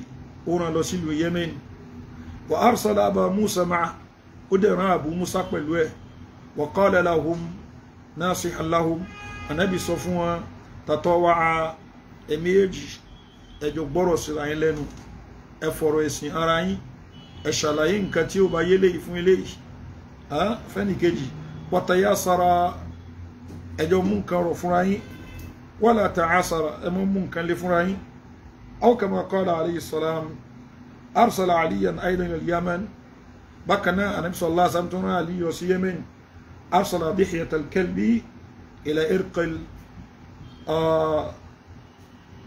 ó rán lọ sílùú yemen wa arsala aba musa ma'a ó dẹ̀ rán abu musa pẹ̀lú ẹ̀ wa qala lahum nasihan lahum ànábì sọ fún wọn tàtọ́ wa ẹ̀mí èjì ẹ jọ gbọ́rọ̀ síra yín lẹ́nu ẹ fọ̀rọ̀ ẹ̀sìn ara yín ẹ ṣàlàyé nǹkan tí ó bá yé léyìí fún eléyìí fẹ́nìkejì pàtàyà sara ẹ jọ mú nǹkan rọ̀ fúnra yín wala ta'asara ẹ mọ́ mú nǹkan lé fúnra yín aw kama qala alayhi salam arsala aliyan aydan yaman bákan náà anabi sallallahu alaihi aliyu sí yemen arsala dihiyat alkalbi ila irqil ah,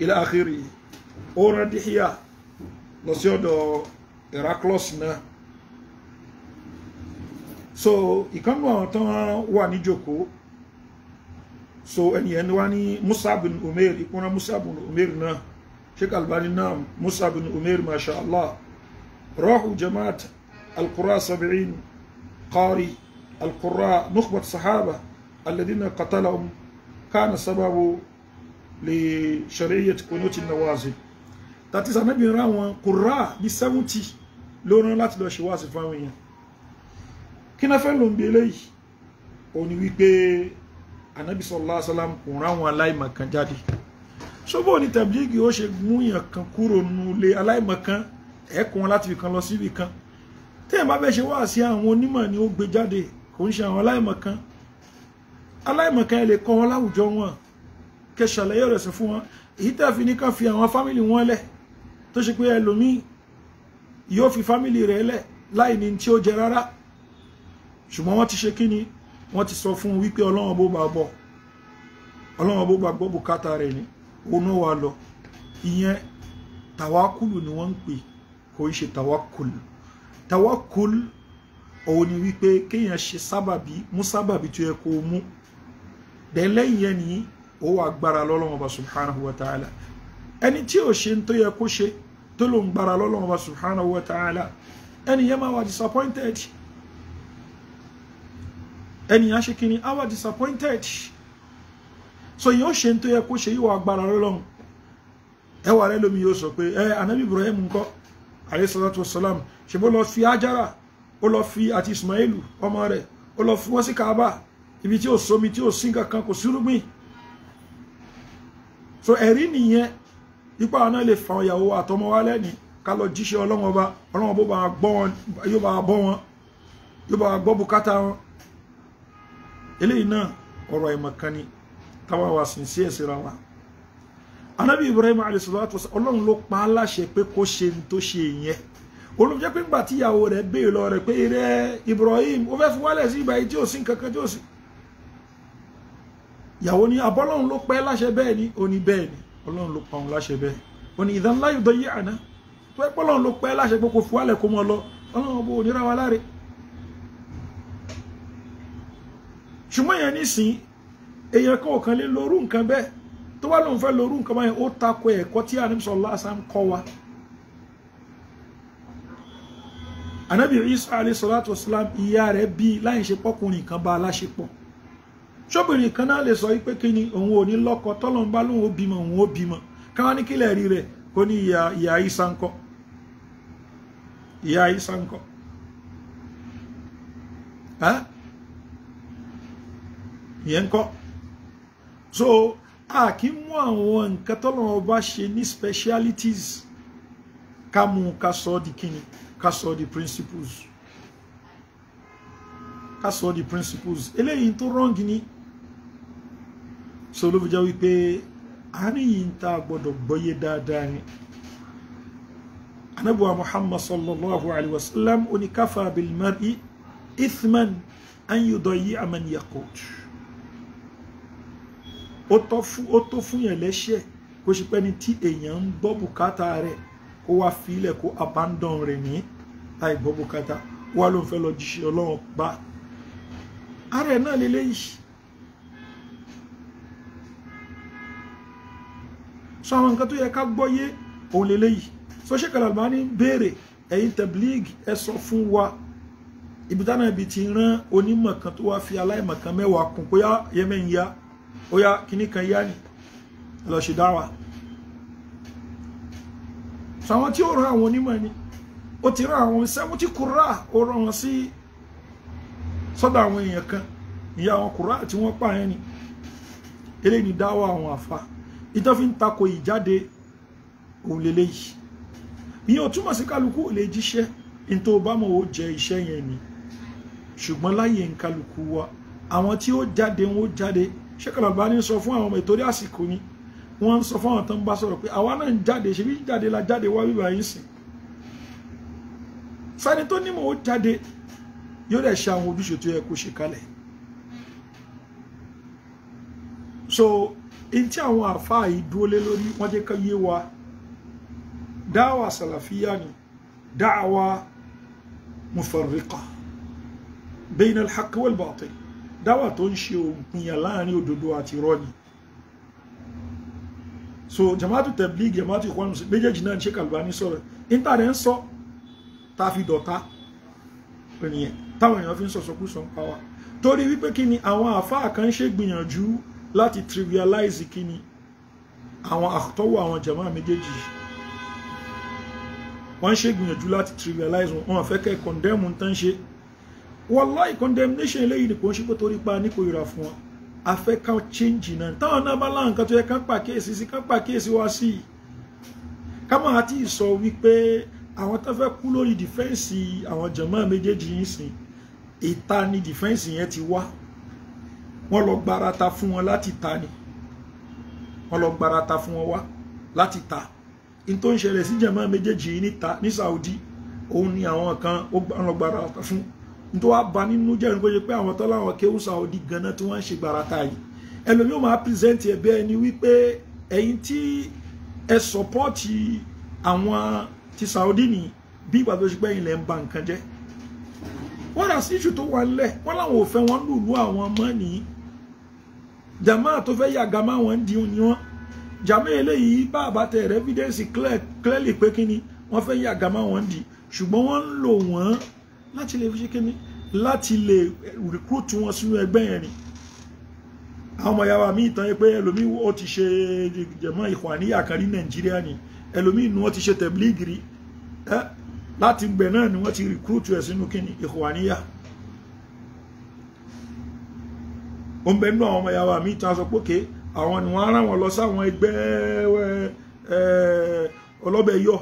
ila akhirihi oradi hia no si ọdọ close na so kan wa to wà joko so ẹni ẹni wá ní musa bin umair kona musa bin umair náà sheikh albani na musa bin umair sha allah راحوا جماعة القراء سبعين قاري القراء نخبة صحابة الذين قتلهم كان سبب لشرعية كنوت النوازل tàti sànàbí ń kura kùrá bíi seventy ló rán láti lọ ṣe wáàsí fáwọn èèyàn kí náà fẹ́ ló ń bi eléyìí ó ní wípé anabi sallallahu alaihi wasallam kò ráwọn aláìmọ̀kan jáde ṣọ́bọ̀ ní tàbílígì ó ṣe múyàn kan kúrò nulẹ̀ aláìmọ̀kan ẹ̀kùn láti fi kan lọ síbi kan tẹ́yìn bá bẹ́ ṣe wá sí àwọn onímọ̀ ni ó gbé jáde kò ń ṣe àwọn aláìmọ̀kan aláìmọ̀kan ẹ lè kọ́ wọn láwùjọ wọn kẹ́ rẹ̀ sí fún wọn èyí tẹ́ fi ní ká fi àwọn fámìlì wọn lẹ̀ tó ṣe pé ẹlòmíì yóò fi fámìlì rẹ̀ lẹ̀ láì ní tí ó jẹ rárá ṣùgbọ́n wọ́n ti ṣe kí ni wọ́n ti sọ fún un wípé ọlọ́run bó bá bọ̀ ọlọ́run bó bá gbọ́ bùkátà rẹ̀ ni òun náà wà lọ ìyẹn tàwákùlù ni wọ́n ń pè kò ń ṣe tàwákùlù tàwákùlù òun ni wípé kéèyàn ṣe sábàbí mú sábàbí tó yẹ kó mú dẹ̀ yẹn ni ó wà gbára lọ́lọ́run ọba subhanahu wa ta'ala ẹni tí ò ṣe tó yẹ kó ṣe tó ló ń gbára lọ́lọ́run wa subhanahu wa ta'ala ẹni yẹn máa wà disappointed ẹni yẹn á ṣe kíni á disappointed so yẹn ó ṣe tó yẹ kó ṣe yíwọ agbára lọ́lọ́run ẹ rẹ lómi yóò sọ pé ẹ anabi Ibrahim ńkọ́ alayhi salatu wassalam ṣe bó lọ fi Ajara ó lọ fi àti Ismailu ọmọ rẹ̀ ó lọ fi wọ́n sí Kaaba ibi tí ò sómi tí ò sí nǹkan kò sírúgbìn so ẹ̀rí nìyẹn ipa àwọn náà lè fa àwọn ìyàwó àtọmọ wa lẹ́ni ká lọ jíṣẹ́ ọlọ́wọ́n bá ọlọ́wọ́n bó bá gbọ́ wọn yóò bá bọ́ wọn yóò bá gbọ́ bùkátà wọn eléyìí náà ọ̀rọ̀ àìmọ̀kan táwọn wa sì ń sí ẹ̀sìn ra wa anabi ibrahim alayisalaatu wasa ọlọ́run ló pa á láṣẹ pé kó ṣe ní tó ṣe yẹn olùjẹ́ pé ńgbà tíyàwó rẹ̀ béèrè lọ rẹ̀ pé rẹ̀ ibrahim ó fẹ́ fi wálẹ̀ sí ibà yìí tí ò sí nǹkan tí ò sí ìyàwó ni abọ́lọ́run ló pẹ́ láṣẹ bẹ́ẹ̀ ni ó bẹ́ẹ̀ ni ọlọ́run ló pa òun láṣẹ bẹ́ẹ̀ ó ní ìdán láyò dọ́ yí àná tó ẹ pọ́lọ́run ló pẹ́ láṣẹ pé kò fi wálẹ̀ kó mọ́ lọ ọlọ́run bó onírà wa láre ṣùgbọ́n yẹn nísìn èèyàn kan ò kan lè lorú nǹkan bẹ́ẹ̀ tó wá lóun fẹ́ lorú nǹkan báyẹn ó takò ẹ̀kọ́ tí àníbísọ̀ lásán kọ́ wa anabi isa alayhi salatu wasalam ìyá rẹ̀ bí láyìn ṣe pọ́kùnrin kan bá aláṣepọ̀ ṣóbìnrin kan náà lè sọ wípé kí ni òun ò ní lọ́kọ tọ́lọ́n bá lóun ó bímọ òun ó bímọ káwọn ní kílẹ̀ rí rẹ̀ kó ní ìyá ìyá isa ńkọ́ ìyá isa ńkọ́ ìyẹn ńkọ́ so a kì í mú àwọn nǹkan tọ́lọ́n bá ṣe ní specialities ká mú ká sọ ọ́ di kíni ká sọ ọ́ di principles ká sọ ọ́ di principles eléyìí tó wrong ni so ló fi jẹ́ wípé àárín yìí ń ta gbọ́dọ̀ gbọ́yé dáadáa ni anabuwa muhammad sallallahu alaihi wasallam ó ní káfà bilmari ithman an yudayi aman yaqut ó tó fún yẹn lẹ́ṣẹ̀ kó ṣe pẹ́ni tí èèyàn ń gbọ́ bùkátà rẹ̀ kó wá filẹ̀ kó abandon rẹ̀ ní láì gbọ́ bùkátà wá ló ń fẹ́ lọ jíṣẹ́ ọlọ́run bá ààrẹ náà lélẹ́yìí so àwọn nǹkan tó yẹ ká gbọ́yé òun lélẹ́yìí so Sheikh Al-Albani béèrè ẹ̀yin tablig ẹ sọ fún wa ibi táwọn ibi ti rán onímọ̀ kan tó wá fi aláìmọ̀ kan mẹ́wàá kún bóyá yẹmẹ́ ń ya bóyá kíní kan yá ni lọ ṣe dáwà so àwọn tí ó rán àwọn onímọ̀ ni ó ti rán àwọn sẹ́wọ́n tí kúrà ó rán wọn sí sọ́dọ̀ àwọn èèyàn kan ìyá àwọn kúrà tí wọ́n pààyàn ni eléyìí ni dáwà àwọn àfa ìtàn fi ń takò ìjáde òun lélẹ́yìí ìyẹn ò túmọ̀ sí kálukú ò lè jíṣẹ́ ní tó bá mọ̀ ó jẹ iṣẹ́ yẹn ni ṣùgbọ́n láyé ń kálukú wa àwọn tí ó jáde wọn ó jáde ṣẹ́kọ̀lọ́gbà ní sọ fún àwọn ọmọ ìtorí àsìkò ni wọ́n ń sọ fún àwọn tó ń bá sọ̀rọ̀ pé àwa náà ń jáde ṣe bí jáde la jáde wá bíbá yín sìn sani tó nímọ̀ ó jáde yóò dẹ̀ ṣe àwọn ojúṣe tó yẹ kó ṣe kalẹ̀ so èyí tí àwọn àfáà yìí dúró lé lórí wọ́n jẹ́ ká yé wa dáwà sàlàfíà ni dáwà mufarriqa bayna al-haqq dáwà tó ń ṣe òpinya láàrin òdodo àti irọ́ so jamaatu tabligh jamaatu ikhwan muslim méjèèjì náà ń ṣe kàlùbání sọ̀rọ̀ níta rẹ̀ ń sọ tá a fi dọ̀ta ènìyàn táwọn èèyàn fi ń sọ̀sọ̀kú sọ̀ ń pa wa torí wípé kí ni àwọn àfáà kan ṣe gbìyànjú láti trivialize kíni àwọn àtọ́wọ̀ àwọn jama méjèèjì wọ́n ṣe gbìyànjú láti trivialize wọn wọ́n fẹ́ kẹ́ condemn ń tán ṣe wallahi condemnation eléyìí nìkan ṣe pé torí pa ní kò ìrà fún wọn a change náà táwọn náà bá láǹkan tó yẹ ká pàkíyèsí sí ká pàkíyèsí wá sí i ká máa ti sọ wípé àwọn tó fẹ́ kú lórí dìfẹ́ǹsì àwọn jama méjèèjì yìí sìn ìta ni dìfẹ́ǹsì yẹn ti wá wọ́n lọ gbarata fún wọn láti ta ni wọ́n lọ gbarata fún wọn wá láti ta in tó ń ṣẹlẹ̀ sí jàmá méjèèjì yìí níta ní Saudi òun ni àwọn kan ó lọ gbarata fún n tó wá ba nínú jẹ́ ní pé àwọn tó láwọn kéwù Saudi ganan tí wọ́n ń ṣe gbarata yìí ẹlòmíì ó máa pírẹsẹ̀ntì ẹ̀ bẹ́ẹ̀ ni wípé ẹ̀yin tí ẹ sọ́pọ́ọ̀tì àwọn ti Saudi ni bí ìgbà tó ṣe pé ilẹ̀ ń ba nǹkan jẹ́ wọ́n rà sí ìṣù tó wà nílẹ̀ wọ́n láwọn ò fẹ́ wọn lùlù àwọn ọmọ nìyí jama tó fẹ́ yàgà má wọn ń di ni wọn jama eléyìí bá àbátẹ rẹ evidence clearly pé kí ni wọ́n fẹ́ yàgà má wọn ń di ṣùgbọ́n wọ́n ń lò wọ́n láti lè fi ṣe kí ni láti lè recruit wọn sínú ẹgbẹ́ yẹn ni àwọn ọmọ yàrá mi ìtàn yẹ pé ẹlòmíì ó ti ṣe jama ìkwàníyà kan ní nàìjíríà ni ẹlòmíì ni wọ́n ti ṣe tẹ̀blígìrì láti gbẹ̀ náà ni wọ́n ti recruit ẹ̀ sínú kí ni ìkwàníyà. ó ń bẹ nínú àwọn ọmọ yàrá mi tán sọ pé àwọn ni wọ́n á wọn lọ sáwọn ẹgbẹ́ ọlọ́bẹ̀ yọ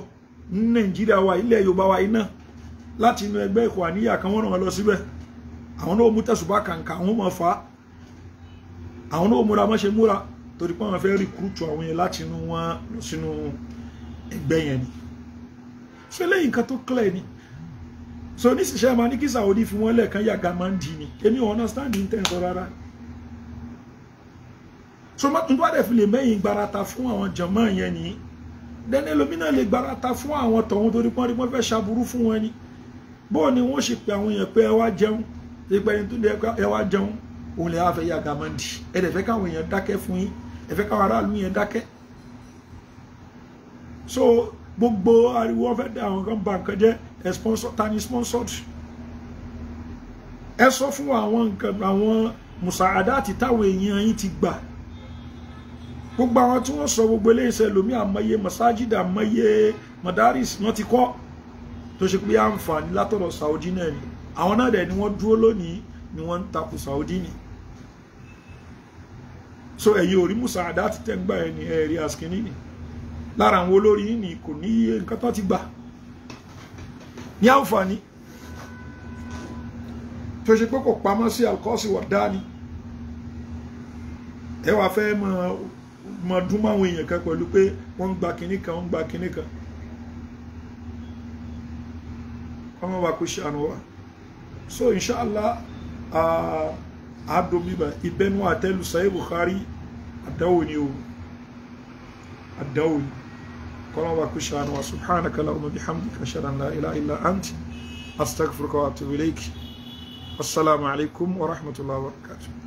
ní nàìjíríà wa ilẹ̀ yorùbá wa iná láti inú ẹgbẹ́ ìkọ̀ àníyà kan wọ́n rán wọn lọ síbẹ̀ àwọn náà mú tẹ̀sùbá kàǹkà àwọn mọ̀ fà àwọn náà múra mọ́ṣe múra torí pé àwọn fẹ́ rìkúrútù àwọn yẹn láti inú wọn lọ sínú ẹgbẹ́ yẹn ni so eléyìí nǹkan tó clear ni so nísìsiyẹ́ máa ní kí Saudi fi wọ́n lẹ̀ yàgà máa ń dì ní èmi ò understand ní tẹ̀sán rárá so mo tún tó wá dẹ̀ fi lè mẹ́yìn gbarata fún àwọn jọ̀mọ́ yẹn nìyí dẹ́ni lómìnà lè gbarata fún àwọn tọ̀hún torí pọ́n rí wọ́n fẹ́ ṣaburú fún wọn ni bóò ni wọ́n ṣe pe àwọn èèyàn pé ẹ wá jẹun ìpẹ́ ẹni tó ẹ wá jẹun òun lè wá fẹ́ yá gàmọ́ndì ẹ dẹ̀ fẹ́ káwọn èèyàn dákẹ́ fún yín ẹ fẹ́ káwọn aráàlú yẹn dákẹ́ so gbogbo ariwo fẹ́ dẹ àwọn kan ba nǹkan jẹ́ ẹ sponsor ta ni sponsored ẹ sọ fún àwọn nǹkan àwọn mùsàádá àti táwọn èèyàn yín ti gbà gbogbo àwọn tí wọ́n sọ gbogbo eléyìí ṣe lómi àmọye masajid àmọye madaris wọ́n ti kọ́ tó ṣe pé àǹfààní látọ̀rọ̀ Saudi náà ni àwọn náà dẹ̀ ni wọ́n dúró lónìí ni wọ́n ń takò Saudi ni so ẹ̀yin orí musa àdá ti tẹ́ ń gbà ẹni ẹ̀rí àsìkíní ni lára àwọn olórí yìí ni kò ní iye nǹkan tó ti gbà ní àǹfààní tó ṣe pé kò pamọ́ sí alkọ́sì wọ̀dá ni ẹ wàá fẹ́ mọ máa dún máwọn èèyàn kan pẹ̀lú pé wọ́n ń gba kinní kan wọ́n ń gba kinní kan ọmọ wa kò ṣe àná wa so inshallah àádọ́míbà ìbẹ́nu àtẹ́lù sahih Bukhari àdáwò ni o àdáwò ni kọ́lọ́ wa kò ṣe àná wa subhanaka Allahumma bihamdika ashhadu an la ilaha illa anti astaghfiruka wa atubu ilayk assalamu alaikum wa rahmatullahi wa barakatuh.